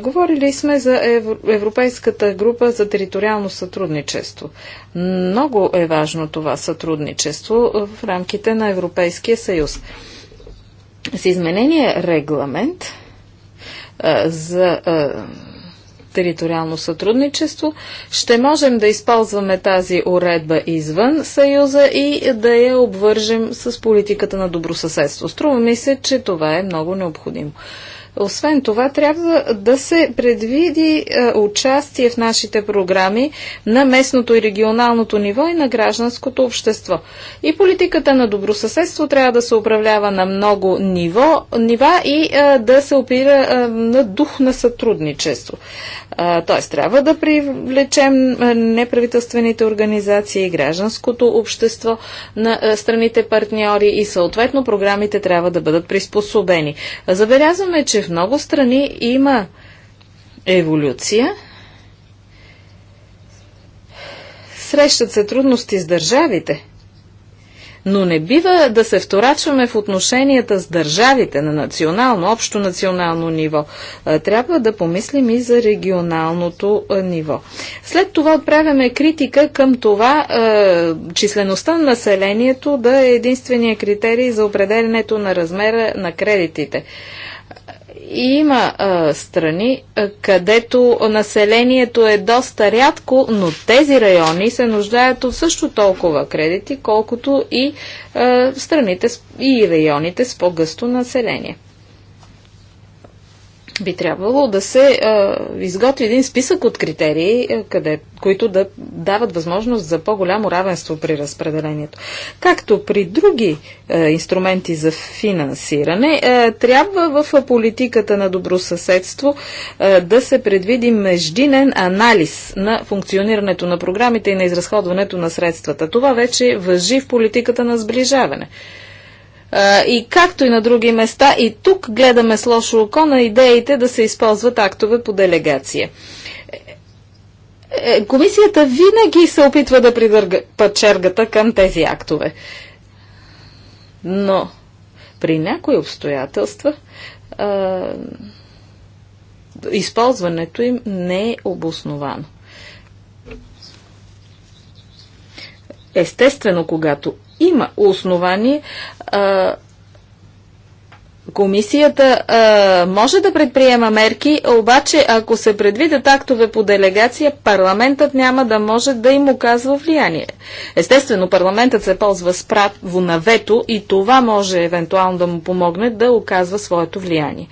Говорили сме за Европейската група за териториално сътрудничество. Много е важно това сътрудничество в рамките на Европейския съюз. С изменения регламент за териториално сътрудничество, ще можем да използваме тази уредба извън Съюза и да я обвържем с политиката на добросъседство. Струва ми се, че това е много необходимо. Освен това, трябва да се предвиди е, участие в нашите програми на местното и регионалното ниво и на гражданското общество. И политиката на добросъседство трябва да се управлява на много ниво, нива и е, да се опира е, на дух на сътрудничество. Т.е. трябва да привлечем неправителствените организации, гражданското общество на страните партньори и съответно програмите трябва да бъдат приспособени. Забелязваме, че в много страни има еволюция. Срещат се трудности с държавите, но не бива да се вторачваме в отношенията с държавите на национално, общо национално ниво. Трябва да помислим и за регионалното ниво. След това отправяме критика към това числеността на населението да е единствения критерий за определенето на размера на кредитите. Има а, страни, а, където населението е доста рядко, но тези райони се нуждаят от също толкова кредити, колкото и а, страните и районите с по-гъсто население би трябвало да се а, изготви един списък от критерии, къде, които да дават възможност за по-голямо равенство при разпределението. Както при други а, инструменти за финансиране, а, трябва в политиката на добросъседство а, да се предвиди междинен анализ на функционирането на програмите и на изразходването на средствата. Това вече въжи в политиката на сближаване. И както и на други места, и тук гледаме с лошо око на идеите да се използват актове по делегация. Е, е, комисията винаги се опитва да придърга чергата към тези актове. Но при някои обстоятелства а, използването им не е обосновано. Естествено, когато има основание. А, Комисията а, може да предприема мерки, обаче ако се предвидят актове по делегация, парламентът няма да може да им оказва влияние. Естествено, парламентът се ползва с право на вето и това може евентуално да му помогне да оказва своето влияние.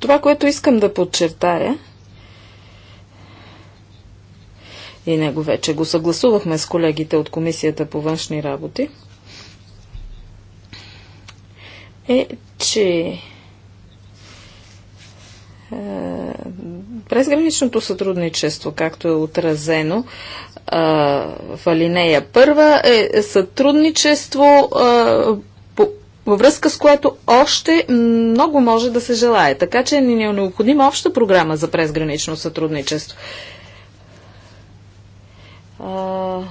Това, което искам да подчертая, и него вече го съгласувахме с колегите от Комисията по външни работи, е, че е, презграничното сътрудничество, както е отразено е, в алинея първа, е сътрудничество е, по, във връзка с което още много може да се желае. Така че ни е необходима обща програма за презгранично сътрудничество. А,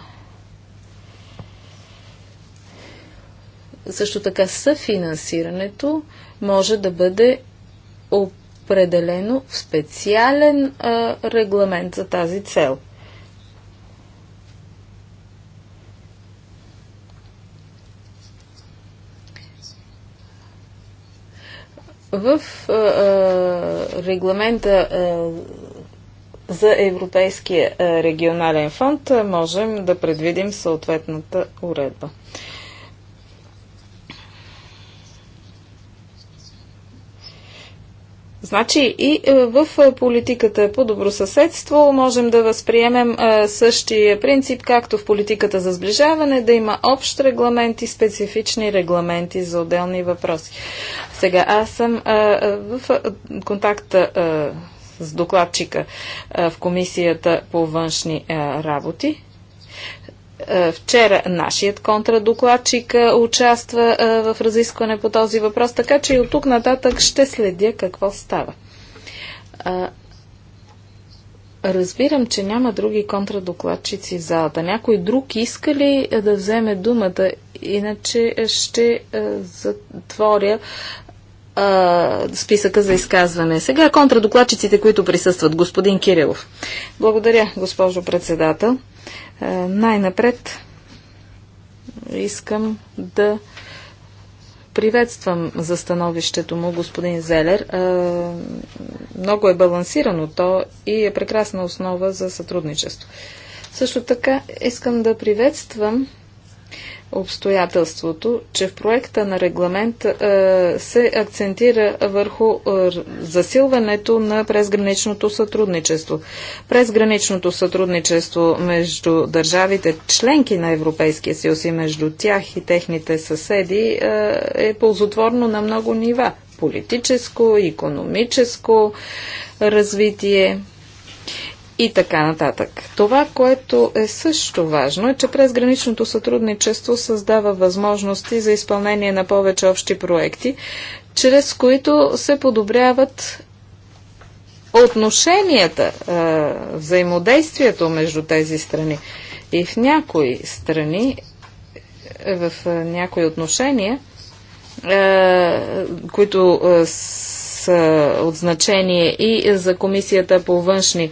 също така съфинансирането може да бъде определено в специален а, регламент за тази цел. В а, а, регламента а, за Европейския е, регионален фонд е, можем да предвидим съответната уредба. Значи и е, в политиката по добросъседство можем да възприемем същия принцип, както в политиката за сближаване, да има общ регламент и специфични регламенти за отделни въпроси. Сега аз съм в контакта с докладчика в Комисията по външни работи. Вчера нашият контрадокладчик участва в разискване по този въпрос, така че и от тук нататък ще следя какво става. Разбирам, че няма други контрадокладчици в залата. Някой друг иска ли да вземе думата? Иначе ще затворя а, списъка за изказване. Сега контрадокладчиците, които присъстват. Господин Кирилов. Благодаря, госпожо председател. най-напред искам да приветствам за становището му господин Зелер. Много е балансирано то и е прекрасна основа за сътрудничество. Също така искам да приветствам обстоятелството, че в проекта на регламент е, се акцентира върху е, засилването на презграничното сътрудничество. Презграничното сътрудничество между държавите членки на Европейския съюз и между тях и техните съседи е, е ползотворно на много нива. Политическо, економическо развитие и така нататък. Това, което е също важно, е, че през граничното сътрудничество създава възможности за изпълнение на повече общи проекти, чрез които се подобряват отношенията, взаимодействието между тези страни. И в някои страни, в някои отношения, които са от значение и за Комисията по външни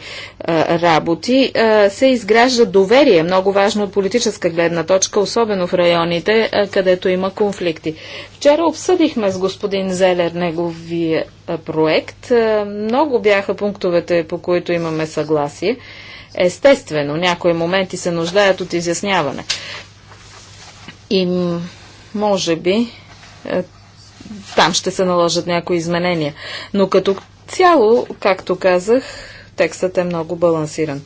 работи, се изгражда доверие, много важно от политическа гледна точка, особено в районите, където има конфликти. Вчера обсъдихме с господин Зелер неговия проект. Много бяха пунктовете, по които имаме съгласие. Естествено, някои моменти се нуждаят от изясняване. И може би там ще се наложат някои изменения. Но като цяло, както казах, текстът е много балансиран.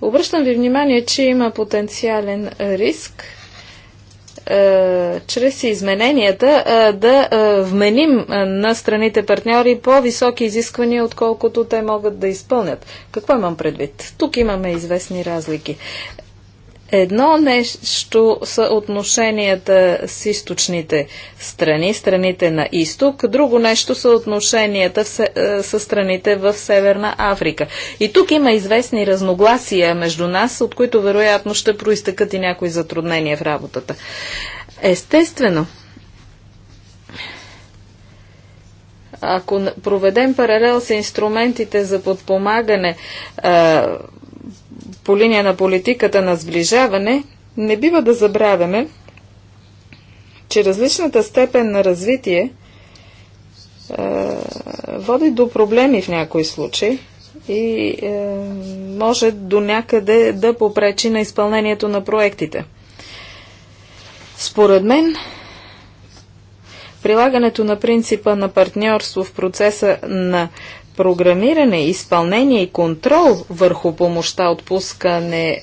Обръщам ви внимание, че има потенциален риск е, чрез измененията е, да е, вменим на страните партньори по-високи изисквания, отколкото те могат да изпълнят. Какво имам предвид? Тук имаме известни разлики. Едно нещо са отношенията с източните страни, страните на изток, друго нещо са отношенията е, с, страните в Северна Африка. И тук има известни разногласия между нас, от които вероятно ще проистъкат и някои затруднения в работата. Естествено, ако проведем паралел с инструментите за подпомагане, е, по линия на политиката на сближаване, не бива да забравяме, че различната степен на развитие е, води до проблеми в някои случаи и е, може до някъде да попречи на изпълнението на проектите. Според мен, прилагането на принципа на партньорство в процеса на програмиране, изпълнение и контрол върху помощта отпускане,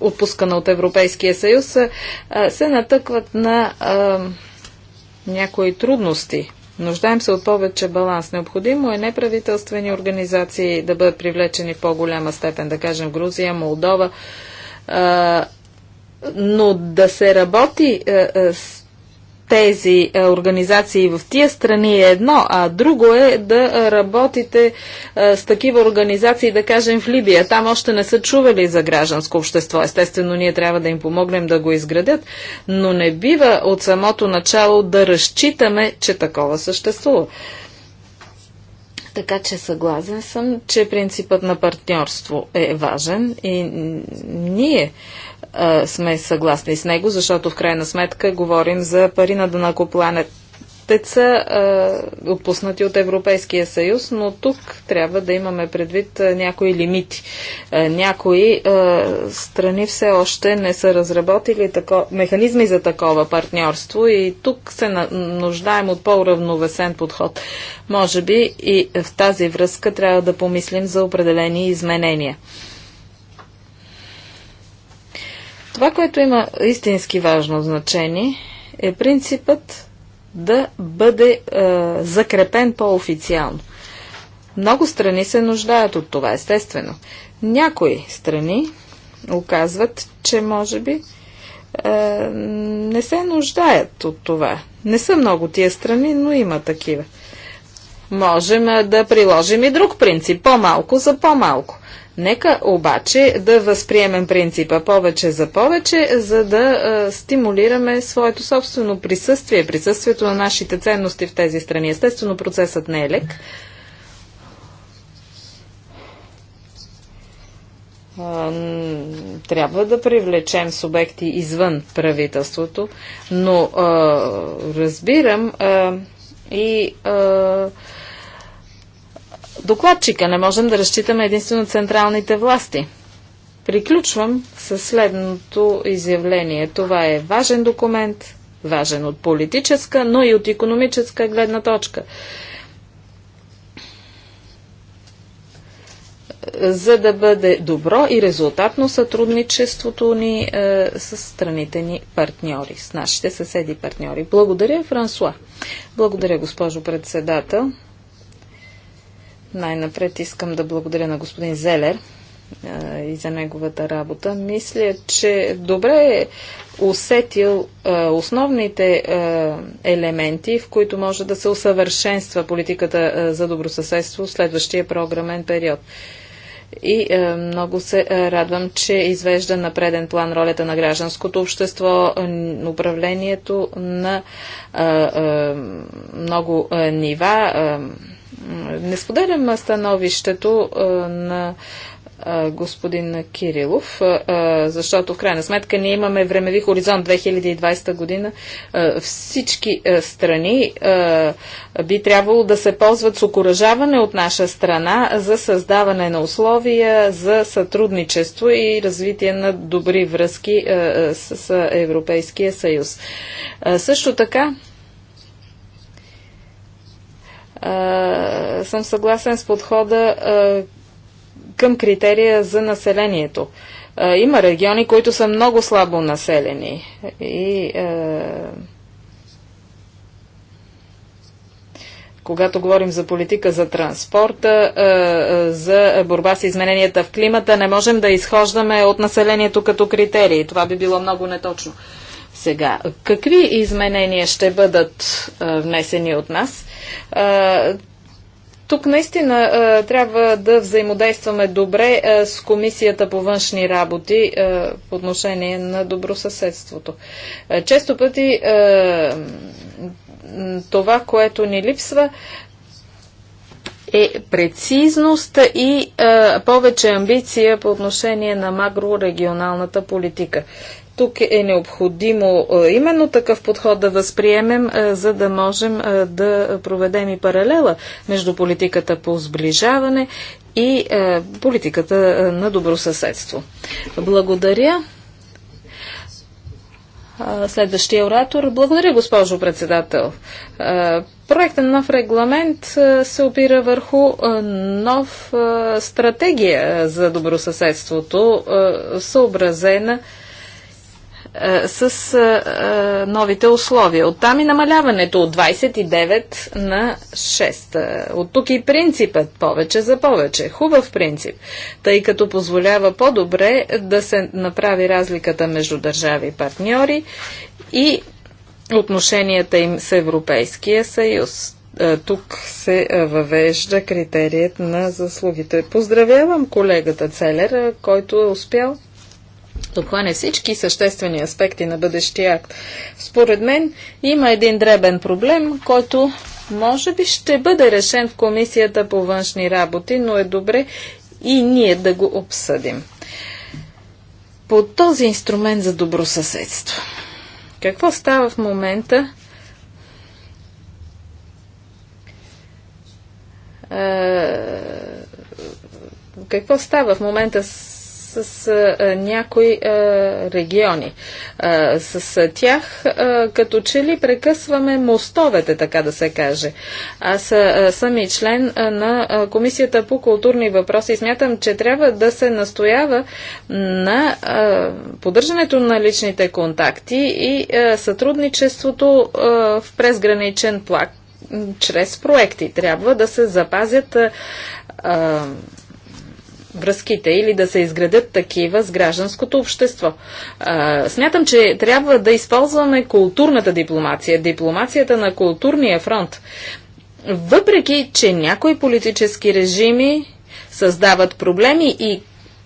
отпускана от Европейския съюз се натъкват на а, някои трудности. Нуждаем се от повече баланс. Необходимо е неправителствени организации да бъдат привлечени в по-голяма степен, да кажем Грузия, Молдова, а, но да се работи а, с тези е, организации в тия страни е едно, а друго е да е, работите е, с такива организации, да кажем в Либия. Там още не са чували за гражданско общество. Естествено, ние трябва да им помогнем да го изградят, но не бива от самото начало да разчитаме, че такова съществува. Така че съгласен съм, че принципът на партньорство е важен и ние а, сме съгласни с него, защото в крайна сметка говорим за пари на дънакопланетеца, а, отпуснати от Европейския съюз, но тук трябва да имаме предвид а, някои лимити. А, някои а, страни все още не са разработили тако, механизми за такова партньорство и тук се на, нуждаем от по-равновесен подход. Може би и в тази връзка трябва да помислим за определени изменения. Това, което има истински важно значение, е принципът да бъде е, закрепен по-официално. Много страни се нуждаят от това, естествено. Някои страни оказват, че може би е, не се нуждаят от това. Не са много тия страни, но има такива. Можем е, да приложим и друг принцип. По-малко за по-малко. Нека обаче да възприемем принципа повече за повече, за да стимулираме своето собствено присъствие, присъствието на нашите ценности в тези страни. Естествено, процесът не е лек. трябва да привлечем субекти извън правителството, но а, разбирам а, и а, докладчика. Не можем да разчитаме единствено централните власти. Приключвам с следното изявление. Това е важен документ, важен от политическа, но и от економическа гледна точка. За да бъде добро и резултатно сътрудничеството ни е, с страните ни партньори, с нашите съседи партньори. Благодаря, Франсуа. Благодаря, госпожо председател. Най-напред искам да благодаря на господин Зелер а, и за неговата работа. Мисля, че добре е усетил а, основните а, елементи, в които може да се усъвършенства политиката за добросъседство в следващия програмен период. И е, много се е, радвам, че извежда на преден план ролята на гражданското общество, управлението на е, е, много е, нива. Е, не споделям становището на господин Кирилов, защото в крайна сметка ние имаме времеви хоризонт 2020 година. Всички страни би трябвало да се ползват с окоръжаване от наша страна за създаване на условия за сътрудничество и развитие на добри връзки с Европейския съюз. Също така, съм съгласен с подхода а, към критерия за населението. А, има региони, които са много слабо населени и когато говорим за политика за транспорта, за борба с измененията в климата, не можем да изхождаме от населението като критерии. Това би било много неточно. Сега, какви изменения ще бъдат а, внесени от нас? А, тук наистина а, трябва да взаимодействаме добре а, с Комисията по външни работи а, по отношение на добросъседството. А, често пъти а, това, което ни липсва, е прецизност и а, повече амбиция по отношение на макрорегионалната политика. Тук е необходимо е, именно такъв подход да възприемем, е, за да можем е, да проведем и паралела между политиката по сближаване и политиката на добросъседство. Благодаря. Следващия оратор. Благодаря, госпожо председател. Проектът на нов регламент се опира върху нов стратегия за добросъседството, съобразена е, с а, е, е, новите условия. Оттам и намаляването от 29 на 6. От тук и принципът повече за повече. Хубав принцип, тъй като позволява по-добре да се направи разликата между държави и партньори и отношенията им с Европейския съюз. Тук се въвежда критерият на заслугите. Поздравявам колегата Целер, който е успял обхване всички съществени аспекти на бъдещия акт. Според мен има един дребен проблем, който може би ще бъде решен в Комисията по външни работи, но е добре и ние да го обсъдим. По този инструмент за добросъседство. Какво става в момента? Е, какво става в момента с с а, някои а, региони. А, с тях а, като че ли прекъсваме мостовете, така да се каже. Аз а, съм и член а, на а, Комисията по културни въпроси и смятам, че трябва да се настоява на а, поддържането на личните контакти и а, сътрудничеството а, в презграничен плак чрез проекти. Трябва да се запазят а, връзките или да се изградят такива с гражданското общество. А, смятам, че трябва да използваме културната дипломация, дипломацията на културния фронт. Въпреки, че някои политически режими създават проблеми и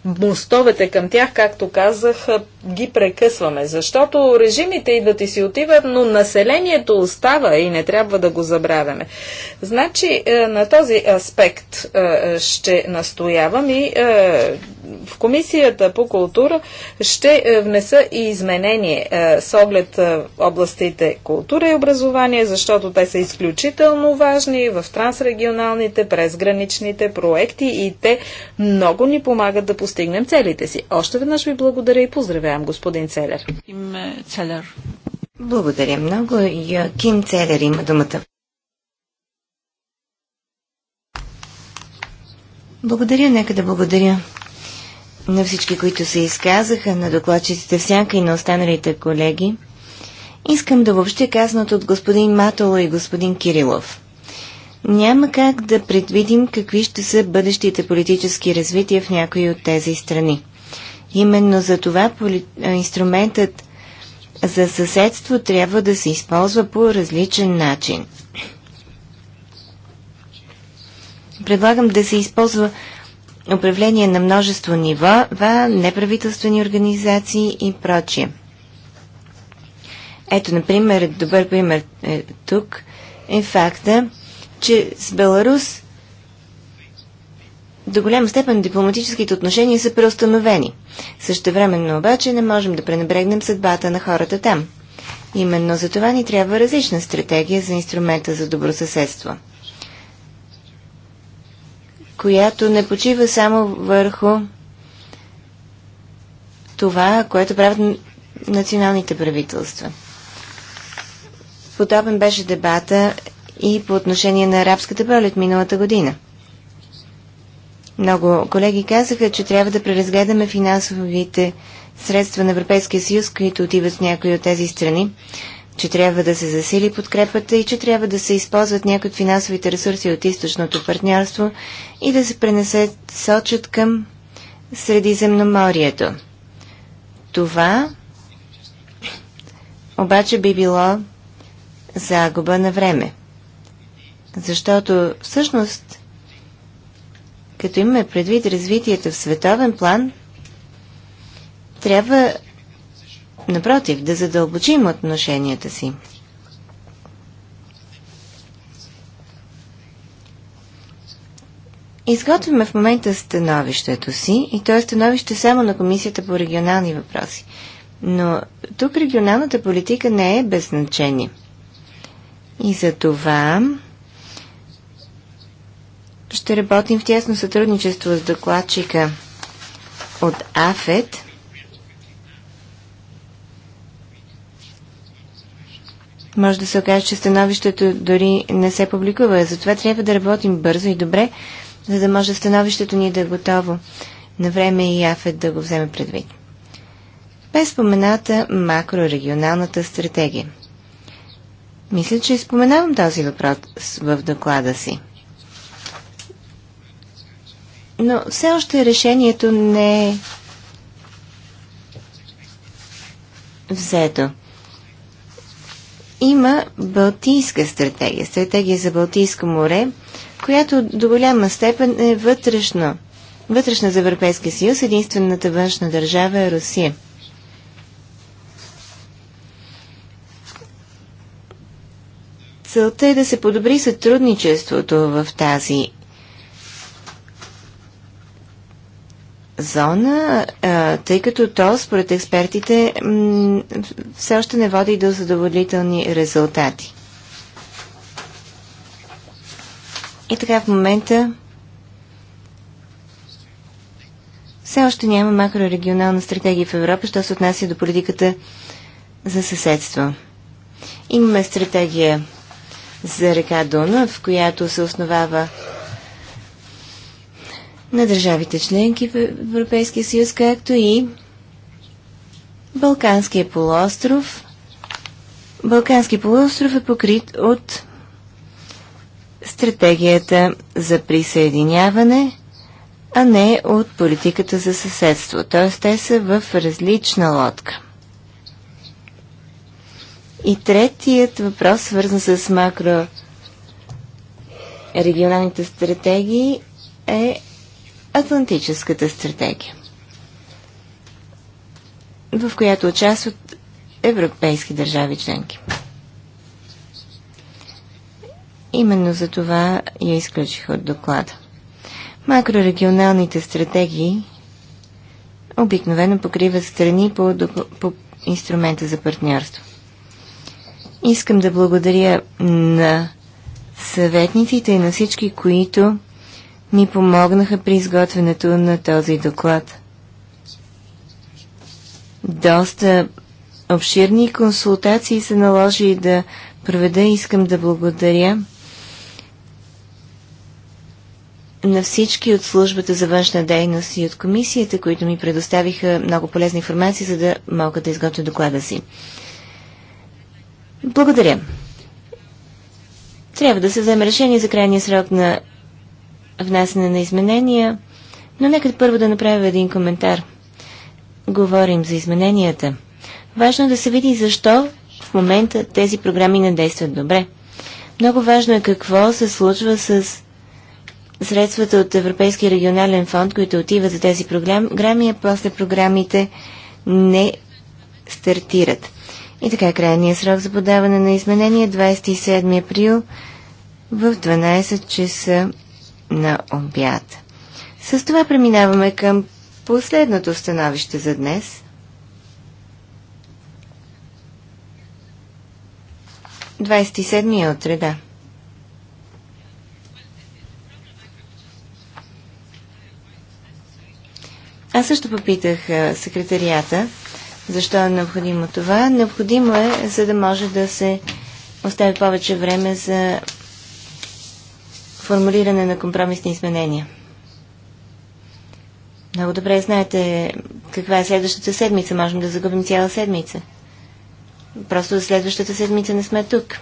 мостовете към тях, както казах, ги прекъсваме. Защото режимите идват и си отиват, но населението остава и не трябва да го забравяме. Значи е, на този аспект е, е, ще настоявам и в Комисията по култура ще е, внеса и изменение е, с оглед е, областите култура и образование, защото те са изключително важни в трансрегионалните, презграничните проекти и те много ни помагат да постигнем целите си. Още веднъж ви благодаря и поздравявам господин Целер. Целер. Благодаря много. и Ким Целер има думата. Благодаря, нека да благодаря на всички, които се изказаха, на докладчиците всяка и на останалите колеги. Искам да въобще казнат от господин Матоло и господин Кирилов. Няма как да предвидим какви ще са бъдещите политически развития в някои от тези страни. Именно за това поли... инструментът за съседство трябва да се използва по различен начин. Предлагам да се използва управление на множество нива, неправителствени организации и прочие. Ето, например, добър пример е, тук е факта, че с Беларус до голяма степен дипломатическите отношения са преустановени. Същевременно обаче не можем да пренебрегнем съдбата на хората там. Именно за това ни трябва различна стратегия за инструмента за добросъседство която не почива само върху това, което правят националните правителства. Подобен беше дебата и по отношение на арабската пролет миналата година. Много колеги казаха, че трябва да преразгледаме финансовите средства на Европейския съюз, които отиват с някои от тези страни, че трябва да се засили подкрепата и че трябва да се използват някои от финансовите ресурси от източното партньорство и да се пренесе сочат към Средиземноморието. Това обаче би било загуба на време. Защото всъщност, като имаме предвид развитието в световен план, трябва Напротив, да задълбочим отношенията си. Изготвяме в момента становището си и то е становище само на Комисията по регионални въпроси. Но тук регионалната политика не е без значение. И за това ще работим в тясно сътрудничество с докладчика от АФЕД. може да се окаже, че становището дори не се публикува. Затова трябва да работим бързо и добре, за да може становището ни да е готово на време и Афет да го вземе предвид. Бе спомената макрорегионалната стратегия. Мисля, че споменавам този въпрос в доклада си. Но все още решението не е взето има Балтийска стратегия, стратегия за Балтийско море, която до голяма степен е вътрешна. Вътрешна за Европейския съюз единствената външна държава е Русия. Целта е да се подобри сътрудничеството в тази зона, тъй като то, според експертите, все още не води до задоволителни резултати. И така в момента все още няма макрорегионална стратегия в Европа, що се отнася до политиката за съседство. Имаме стратегия за река Дуна, в която се основава на държавите членки в Европейския съюз, както и Балканския полуостров. Балканския полуостров е покрит от стратегията за присъединяване, а не от политиката за съседство. Т.е. те са в различна лодка. И третият въпрос, свързан с макро регионалните стратегии, е Атлантическата стратегия, в която участват европейски държави членки. Именно за това я изключих от доклада. Макрорегионалните стратегии обикновено покриват страни по, по инструмента за партньорство. Искам да благодаря на съветниците и на всички, които ми помогнаха при изготвянето на този доклад. Доста обширни консултации се наложи да проведа. и Искам да благодаря на всички от службата за външна дейност и от комисията, които ми предоставиха много полезна информация, за да мога да изготвя доклада си. Благодаря. Трябва да се вземе решение за крайния срок на внасяне на изменения, но нека първо да направя един коментар. Говорим за измененията. Важно е да се види защо в момента тези програми не действат добре. Много важно е какво се случва с средствата от Европейския регионален фонд, които отиват за тези програми, а после програмите не стартират. И така, крайният срок за подаване на изменения 27 е април в 12 часа на обяд. С това преминаваме към последното становище за днес. Двадесет и седми е от реда. Аз също попитах секретарията, защо е необходимо това. Необходимо е, за да може да се остави повече време за формулиране на компромисни изменения. Много добре знаете каква е следващата седмица. Можем да загубим цяла седмица. Просто за следващата седмица не сме тук.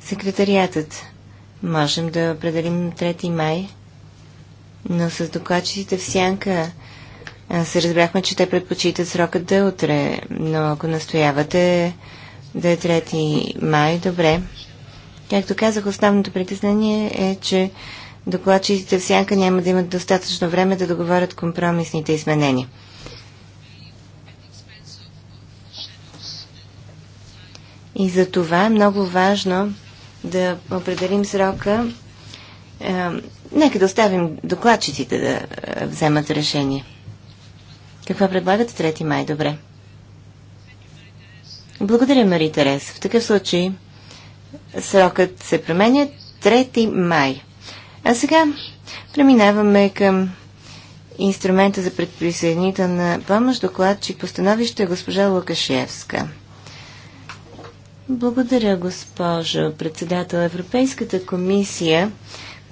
Секретариатът. Можем да определим 3 май, но с докладчиците в сянка се разбрахме, че те предпочитат срокът да е утре, но ако настоявате да е 3 май, добре. Както казах, основното притеснение е, че докладчиците в сянка няма да имат достатъчно време да договорят компромисните изменения. И за това е много важно да определим срока. нека да оставим докладчиците да е, вземат решение. Каква предлагате 3 май? Добре. Благодаря, Мари Терес. В такъв случай срокът се променя 3 май. А сега преминаваме към инструмента за предприсъединителна помощ, докладчик по становище е госпожа Лукашевска. Благодаря, госпожо председател. Европейската комисия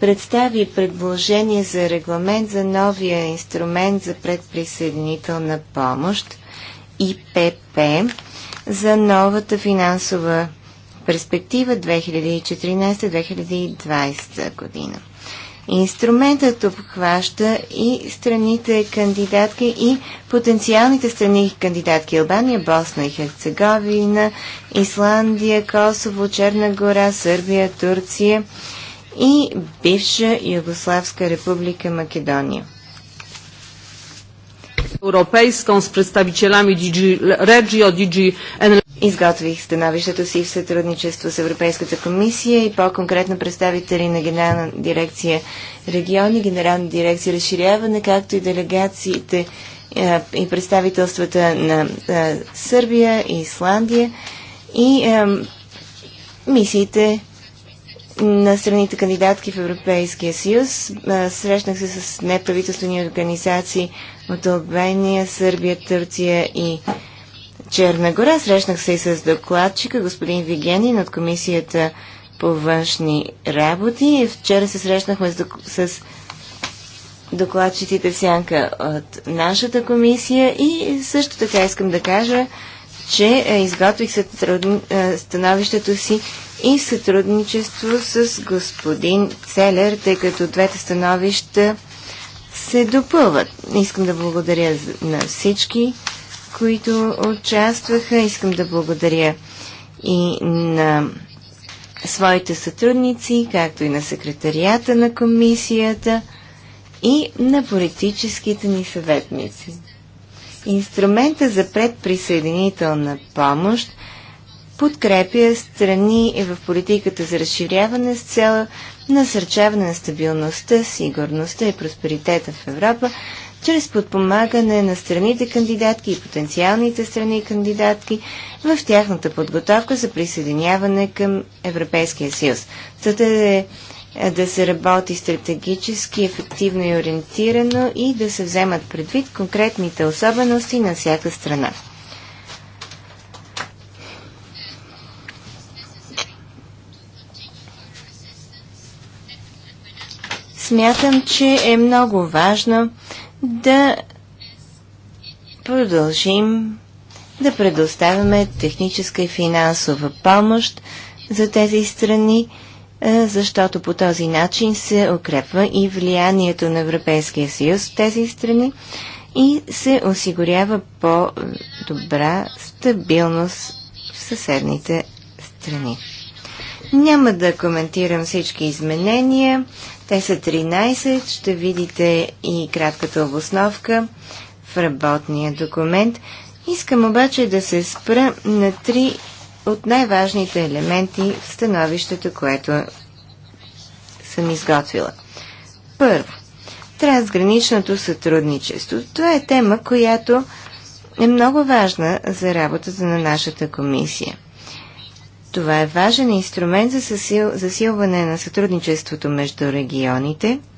представи предложение за регламент за новия инструмент за предприсъединителна помощ ИПП за новата финансова перспектива 2014-2020 година. Инструментът обхваща и страните кандидатки и потенциалните страни кандидатки Албания, Босна и Херцеговина, Исландия, Косово, Черна гора, Сърбия, Турция и бивша Югославска република Македония. Европейском с представителями DG Regio, DG Изготвих становището си в сътрудничество с Европейската комисия и по-конкретно представители на Генерална дирекция региони, Генерална дирекция разширяване, както и делегациите е, и представителствата на е, Сърбия и Исландия и мисиите на страните кандидатки в Европейския съюз. Срещнах се с неправителствени организации от Албания, Сърбия, Турция и Черна гора. Срещнах се и с докладчика господин Вигенин от Комисията по външни работи. Вчера се срещнахме с, докладчиците сянка от нашата комисия и също така искам да кажа, че е, изготвих е, становището си и сътрудничество с господин Целер, тъй като двете становища се допълват. Искам да благодаря на всички, които участваха. Искам да благодаря и на своите сътрудници, както и на секретарията на комисията и на политическите ни съветници. Инструмента за предприсъединителна помощ подкрепя страни в политиката за разширяване с цел насърчаване на стабилността, сигурността и просперитета в Европа, чрез подпомагане на страните кандидатки и потенциалните страни кандидатки в тяхната подготовка за присъединяване към Европейския съюз. Целта е е, да се работи стратегически, ефективно и ориентирано и да се вземат предвид конкретните особености на всяка страна. Смятам, че е много важно да продължим да предоставяме техническа и финансова помощ за тези страни, е, защото по този начин се укрепва и влиянието на Европейския съюз в тези страни и се осигурява по-добра стабилност в съседните страни. Няма да коментирам всички изменения. Те са 13. Ще видите и кратката обосновка в работния документ. Искам обаче да се спра на три от най-важните елементи в становището, което съм изготвила. Първо, трансграничното сътрудничество. Това е тема, която е много важна за работата на нашата комисия. Това е важен инструмент за засилване на сътрудничеството между регионите –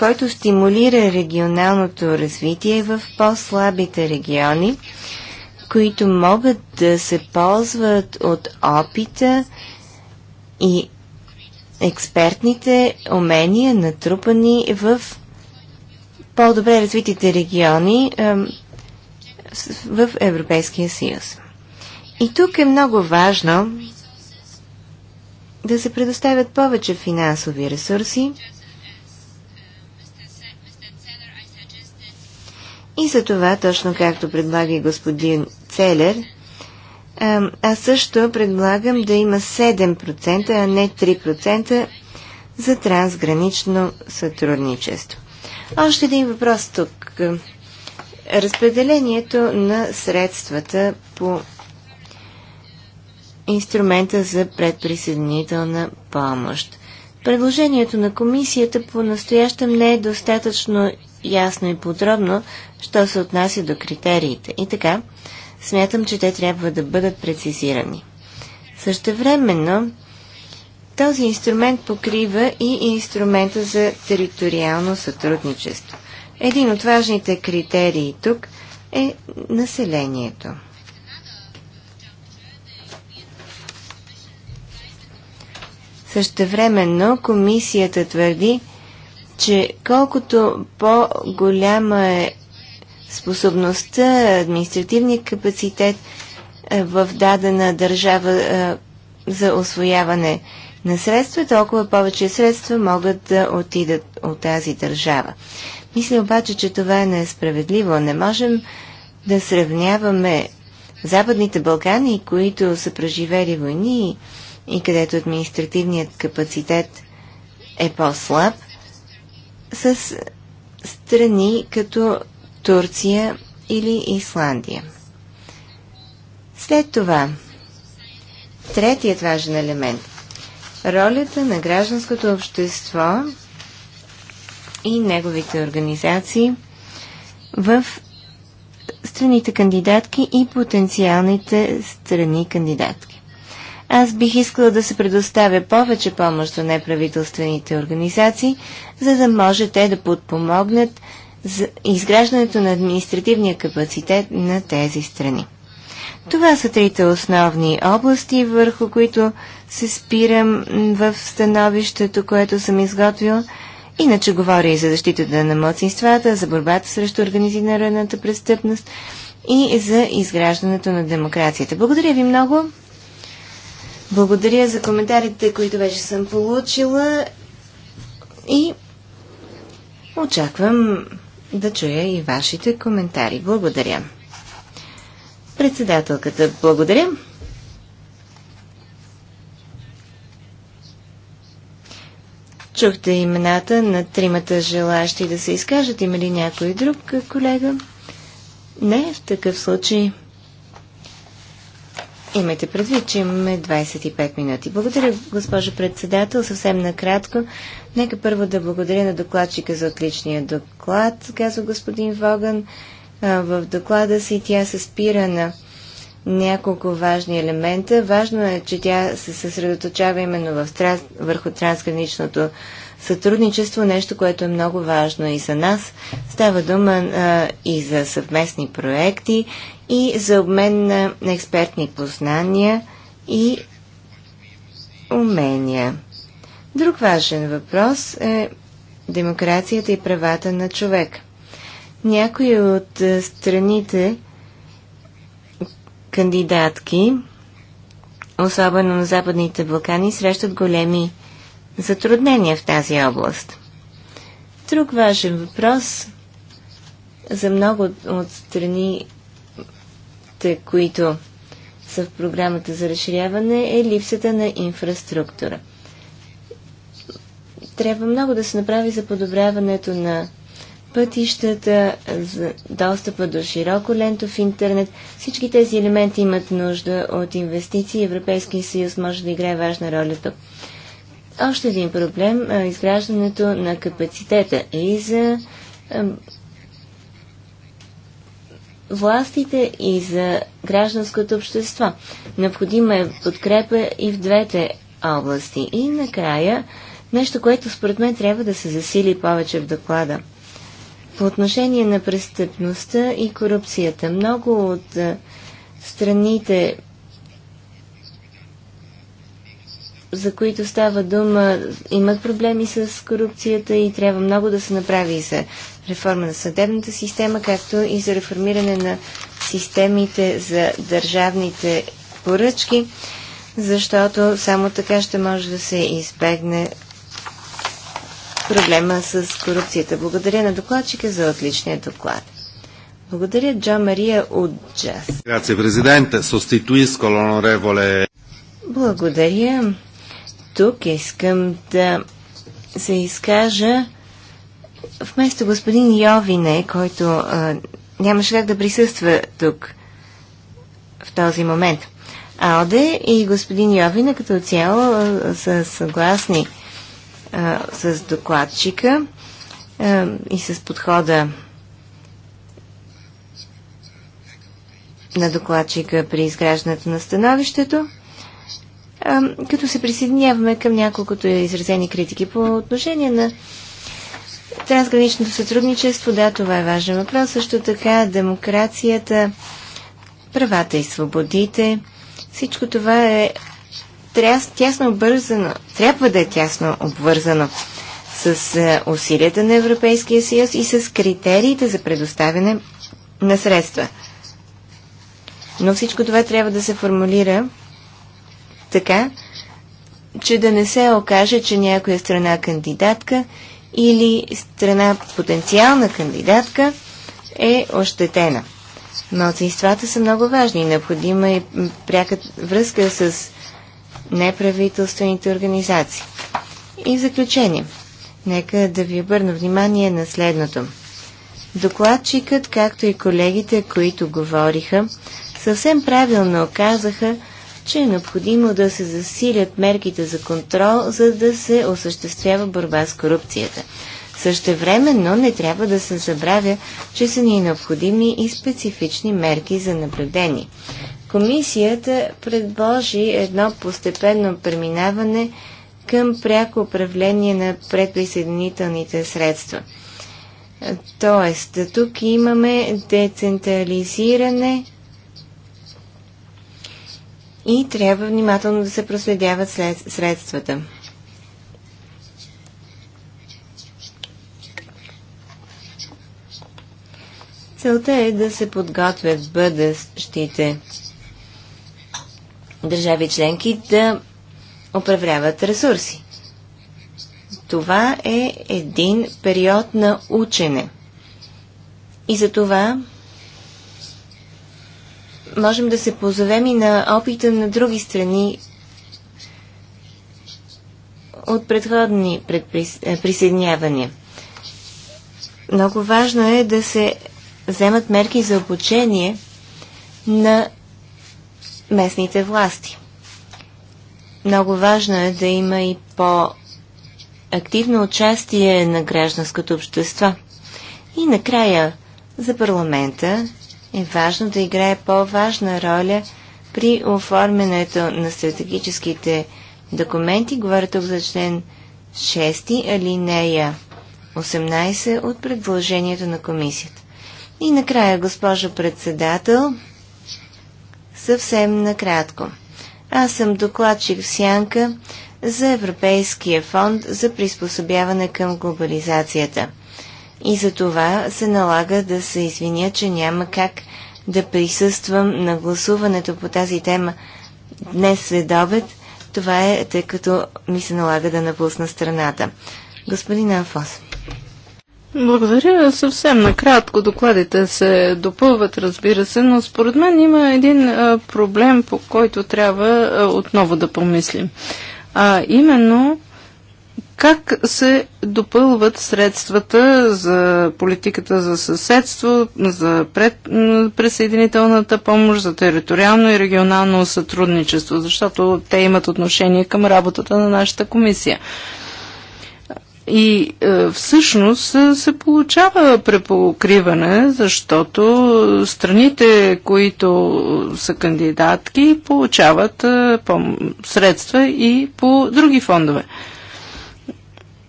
който стимулира регионалното развитие в по-слабите региони, които могат да се ползват от опита и експертните умения, натрупани в по-добре развитите региони в Европейския съюз. И тук е много важно да се предоставят повече финансови ресурси, И за това, точно както предлага и господин Целер, аз също предлагам да има 7%, а не 3% за трансгранично сътрудничество. Още един въпрос тук. Разпределението на средствата по инструмента за предприсъединителна помощ. Предложението на комисията по настоящем не е достатъчно ясно и подробно, що се отнася до критериите. И така, смятам, че те трябва да бъдат прецизирани. Същевременно, този инструмент покрива и инструмента за териториално сътрудничество. Един от важните критерии тук е населението. Същевременно комисията твърди, че колкото по-голяма е способността, административния капацитет е, в дадена държава е, за освояване на средства, толкова повече средства могат да отидат от тази държава. Мисля обаче, че това е несправедливо. Не можем да сравняваме Западните Балкани, които са преживели войни и където административният капацитет е по-слаб – с страни като Турция или Исландия. След това, третият важен елемент – ролята на гражданското общество и неговите организации в страните кандидатки и потенциалните страни кандидатки. Аз бих искала да се предоставя повече помощ за неправителствените организации, за да може те да подпомогнат за изграждането на административния капацитет на тези страни. Това са трите основни области, върху които се спирам в становището, което съм изготвил. Иначе говоря и за защитата на младсинствата, за борбата срещу организираната престъпност и за изграждането на демокрацията. Благодаря ви много. Благодаря за коментарите, които вече съм получила и очаквам да чуя и вашите коментари. Благодаря. Председателката, благодаря. Чухте имената на тримата желащи да се изкажат. Има ли някой друг колега? Не, в такъв случай. Имайте предвид, че имаме 25 минути. Благодаря, госпожо председател. Съвсем накратко. Нека първо да благодаря на докладчика за отличния доклад, казва господин Воган. В доклада си тя се спира на няколко важни елемента. Важно е, че тя се съсредоточава именно в транс... върху трансграничното сътрудничество, нещо, което е много важно и за нас. Става дума а, и за съвместни проекти, и за обмен на експертни познания и умения. Друг важен въпрос е демокрацията и правата на човек. Някои от е, страните кандидатки, особено на Западните Балкани, срещат големи затруднения в тази област. Друг важен въпрос за много от страни проблемите, които са в програмата за разширяване, е липсата на инфраструктура. Трябва много да се направи за подобряването на пътищата, за достъпа до широко лентов интернет. Всички тези елементи имат нужда от инвестиции. Европейския съюз може да играе важна роля тук. Още един проблем е – изграждането на капацитета и за властите и за гражданското общество. Необходима е подкрепа и в двете области. И накрая, нещо, което според мен трябва да се засили повече в доклада. По отношение на престъпността и корупцията, много от страните, за които става дума, имат проблеми с корупцията и трябва много да се направи за реформа на съдебната система, както и за реформиране на системите за държавните поръчки, защото само така ще може да се избегне проблема с корупцията. Благодаря на докладчика за отличния доклад. Благодаря Джо Мария от Джаз. Грация, президент. Соституиско Благодаря. Тук искам да се изкажа Вместо господин Йовине, който а, нямаше как да присъства тук в този момент, Алде и господин Йовина като цяло са съгласни а, с докладчика а, и с подхода на докладчика при изграждането на становището, като се присъединяваме към няколкото изразени критики по отношение на Трансграничното сътрудничество, да, това е важен въпрос. Също така демокрацията, правата и свободите, всичко това е тясно обвързано, трябва да е тясно обвързано с е, усилията на Европейския съюз и с критериите за предоставяне на средства. Но всичко това трябва да се формулира така, че да не се окаже, че някоя страна е кандидатка или страна потенциална кандидатка е ощетена. Малцинствата са много важни. Необходима е пряка връзка с неправителствените организации. И в заключение, нека да ви обърна внимание на следното. Докладчикът, както и колегите, които говориха, съвсем правилно оказаха, че е необходимо да се засилят мерките за контрол, за да се осъществява борба с корупцията. Същевременно не трябва да се забравя, че са ни необходими и специфични мерки за наблюдение. Комисията предложи едно постепенно преминаване към пряко управление на предприсъединителните средства. Тоест, тук имаме децентрализиране и трябва внимателно да се проследяват след средствата. Целта е да се подготвят бъдещите държави членки да управляват ресурси. Това е един период на учене. И за това можем да се позовем и на опита на други страни от предходни е, присъединявания. Много важно е да се вземат мерки за обучение на местните власти. Много важно е да има и по-активно участие на гражданското общество. И накрая за парламента е важно да играе по-важна роля при оформянето на стратегическите документи. Говоря тук за член 6, алинея 18 от предложението на комисията. И накрая, госпожо председател, съвсем накратко. Аз съм докладчик в Сянка за Европейския фонд за приспособяване към глобализацията и за това се налага да се извиня, че няма как да присъствам на гласуването по тази тема днес след обед. Това е тъй като ми се налага да напусна страната. Господин Афос. Благодаря. Съвсем накратко докладите се допълват, разбира се, но според мен има един проблем, по който трябва отново да помислим. А именно как се допълват средствата за политиката за съседство, за пред, присъединителната помощ, за териториално и регионално сътрудничество, защото те имат отношение към работата на нашата комисия. И е, всъщност е, се получава препокриване, защото страните, които са кандидатки, получават е, средства и по други фондове.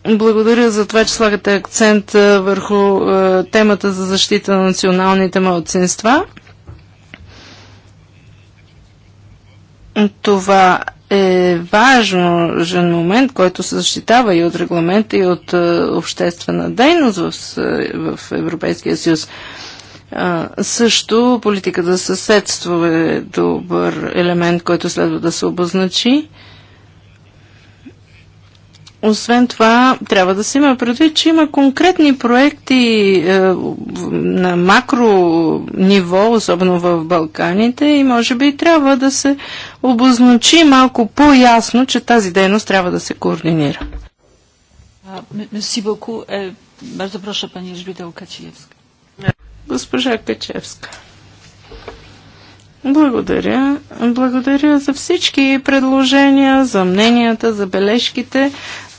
Благодаря за това, че слагате акцент върху е, темата за защита на националните малцинства. Това е важно жен момент, който се защитава и от регламента, и от е, обществена дейност в, в Европейския съюз. също политиката за съседство е добър елемент, който следва да се обозначи. Освен това, трябва да се има предвид, че има конкретни проекти е, на макро ниво, особено в Балканите, и може би трябва да се обозначи малко по-ясно, че тази дейност трябва да се координира. Е, бързо проша, пани Госпожа Качевска. Благодаря. Благодаря за всички предложения, за мненията, за бележките.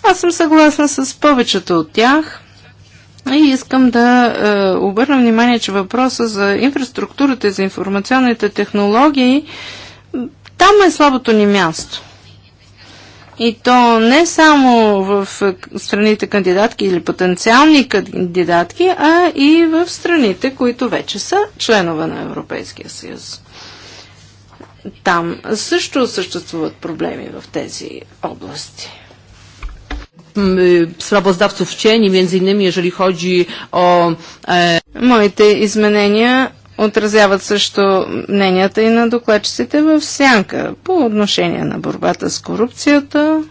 Аз съм съгласна с повечето от тях. И искам да е, обърна внимание, че въпроса за инфраструктурата и за информационните технологии, там е слабото ни място. И то не само в страните кандидатки или потенциални кандидатки, а и в страните, които вече са членове на Европейския съюз. Там също съществуват проблеми в тези области sprawozdawców w cieni, między innymi jeżeli chodzi o... E, Моите изменения отразяват също мненията и на докладчиците в сянка по отношение на борбата с корупцията,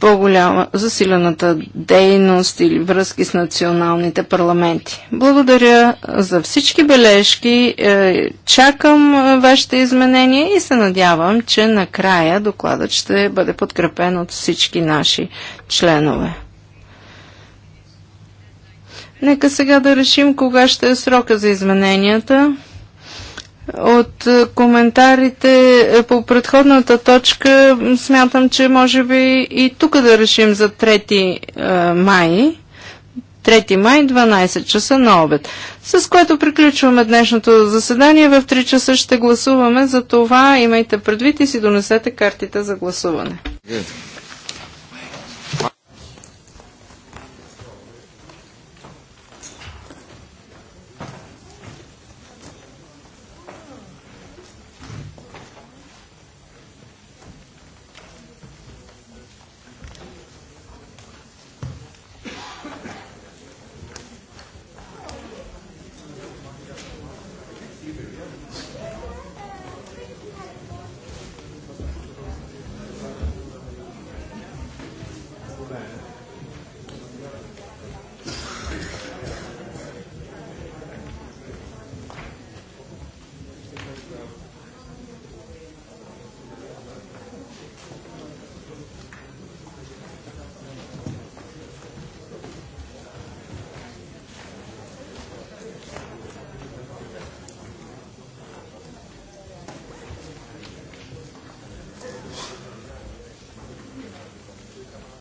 по-голяма засилената дейност или връзки с националните парламенти. Благодаря за всички бележки. Е, чакам е, вашите изменения и се надявам, че накрая докладът ще бъде подкрепен от всички наши членове. Нека сега да решим кога ще е срока за измененията. От е, коментарите е, по предходната точка смятам, че може би и тук да решим за 3 е, май. 3 май, 12 часа на обед. С което приключваме днешното заседание. В 3 часа ще гласуваме. За това имайте предвид и си донесете картите за гласуване.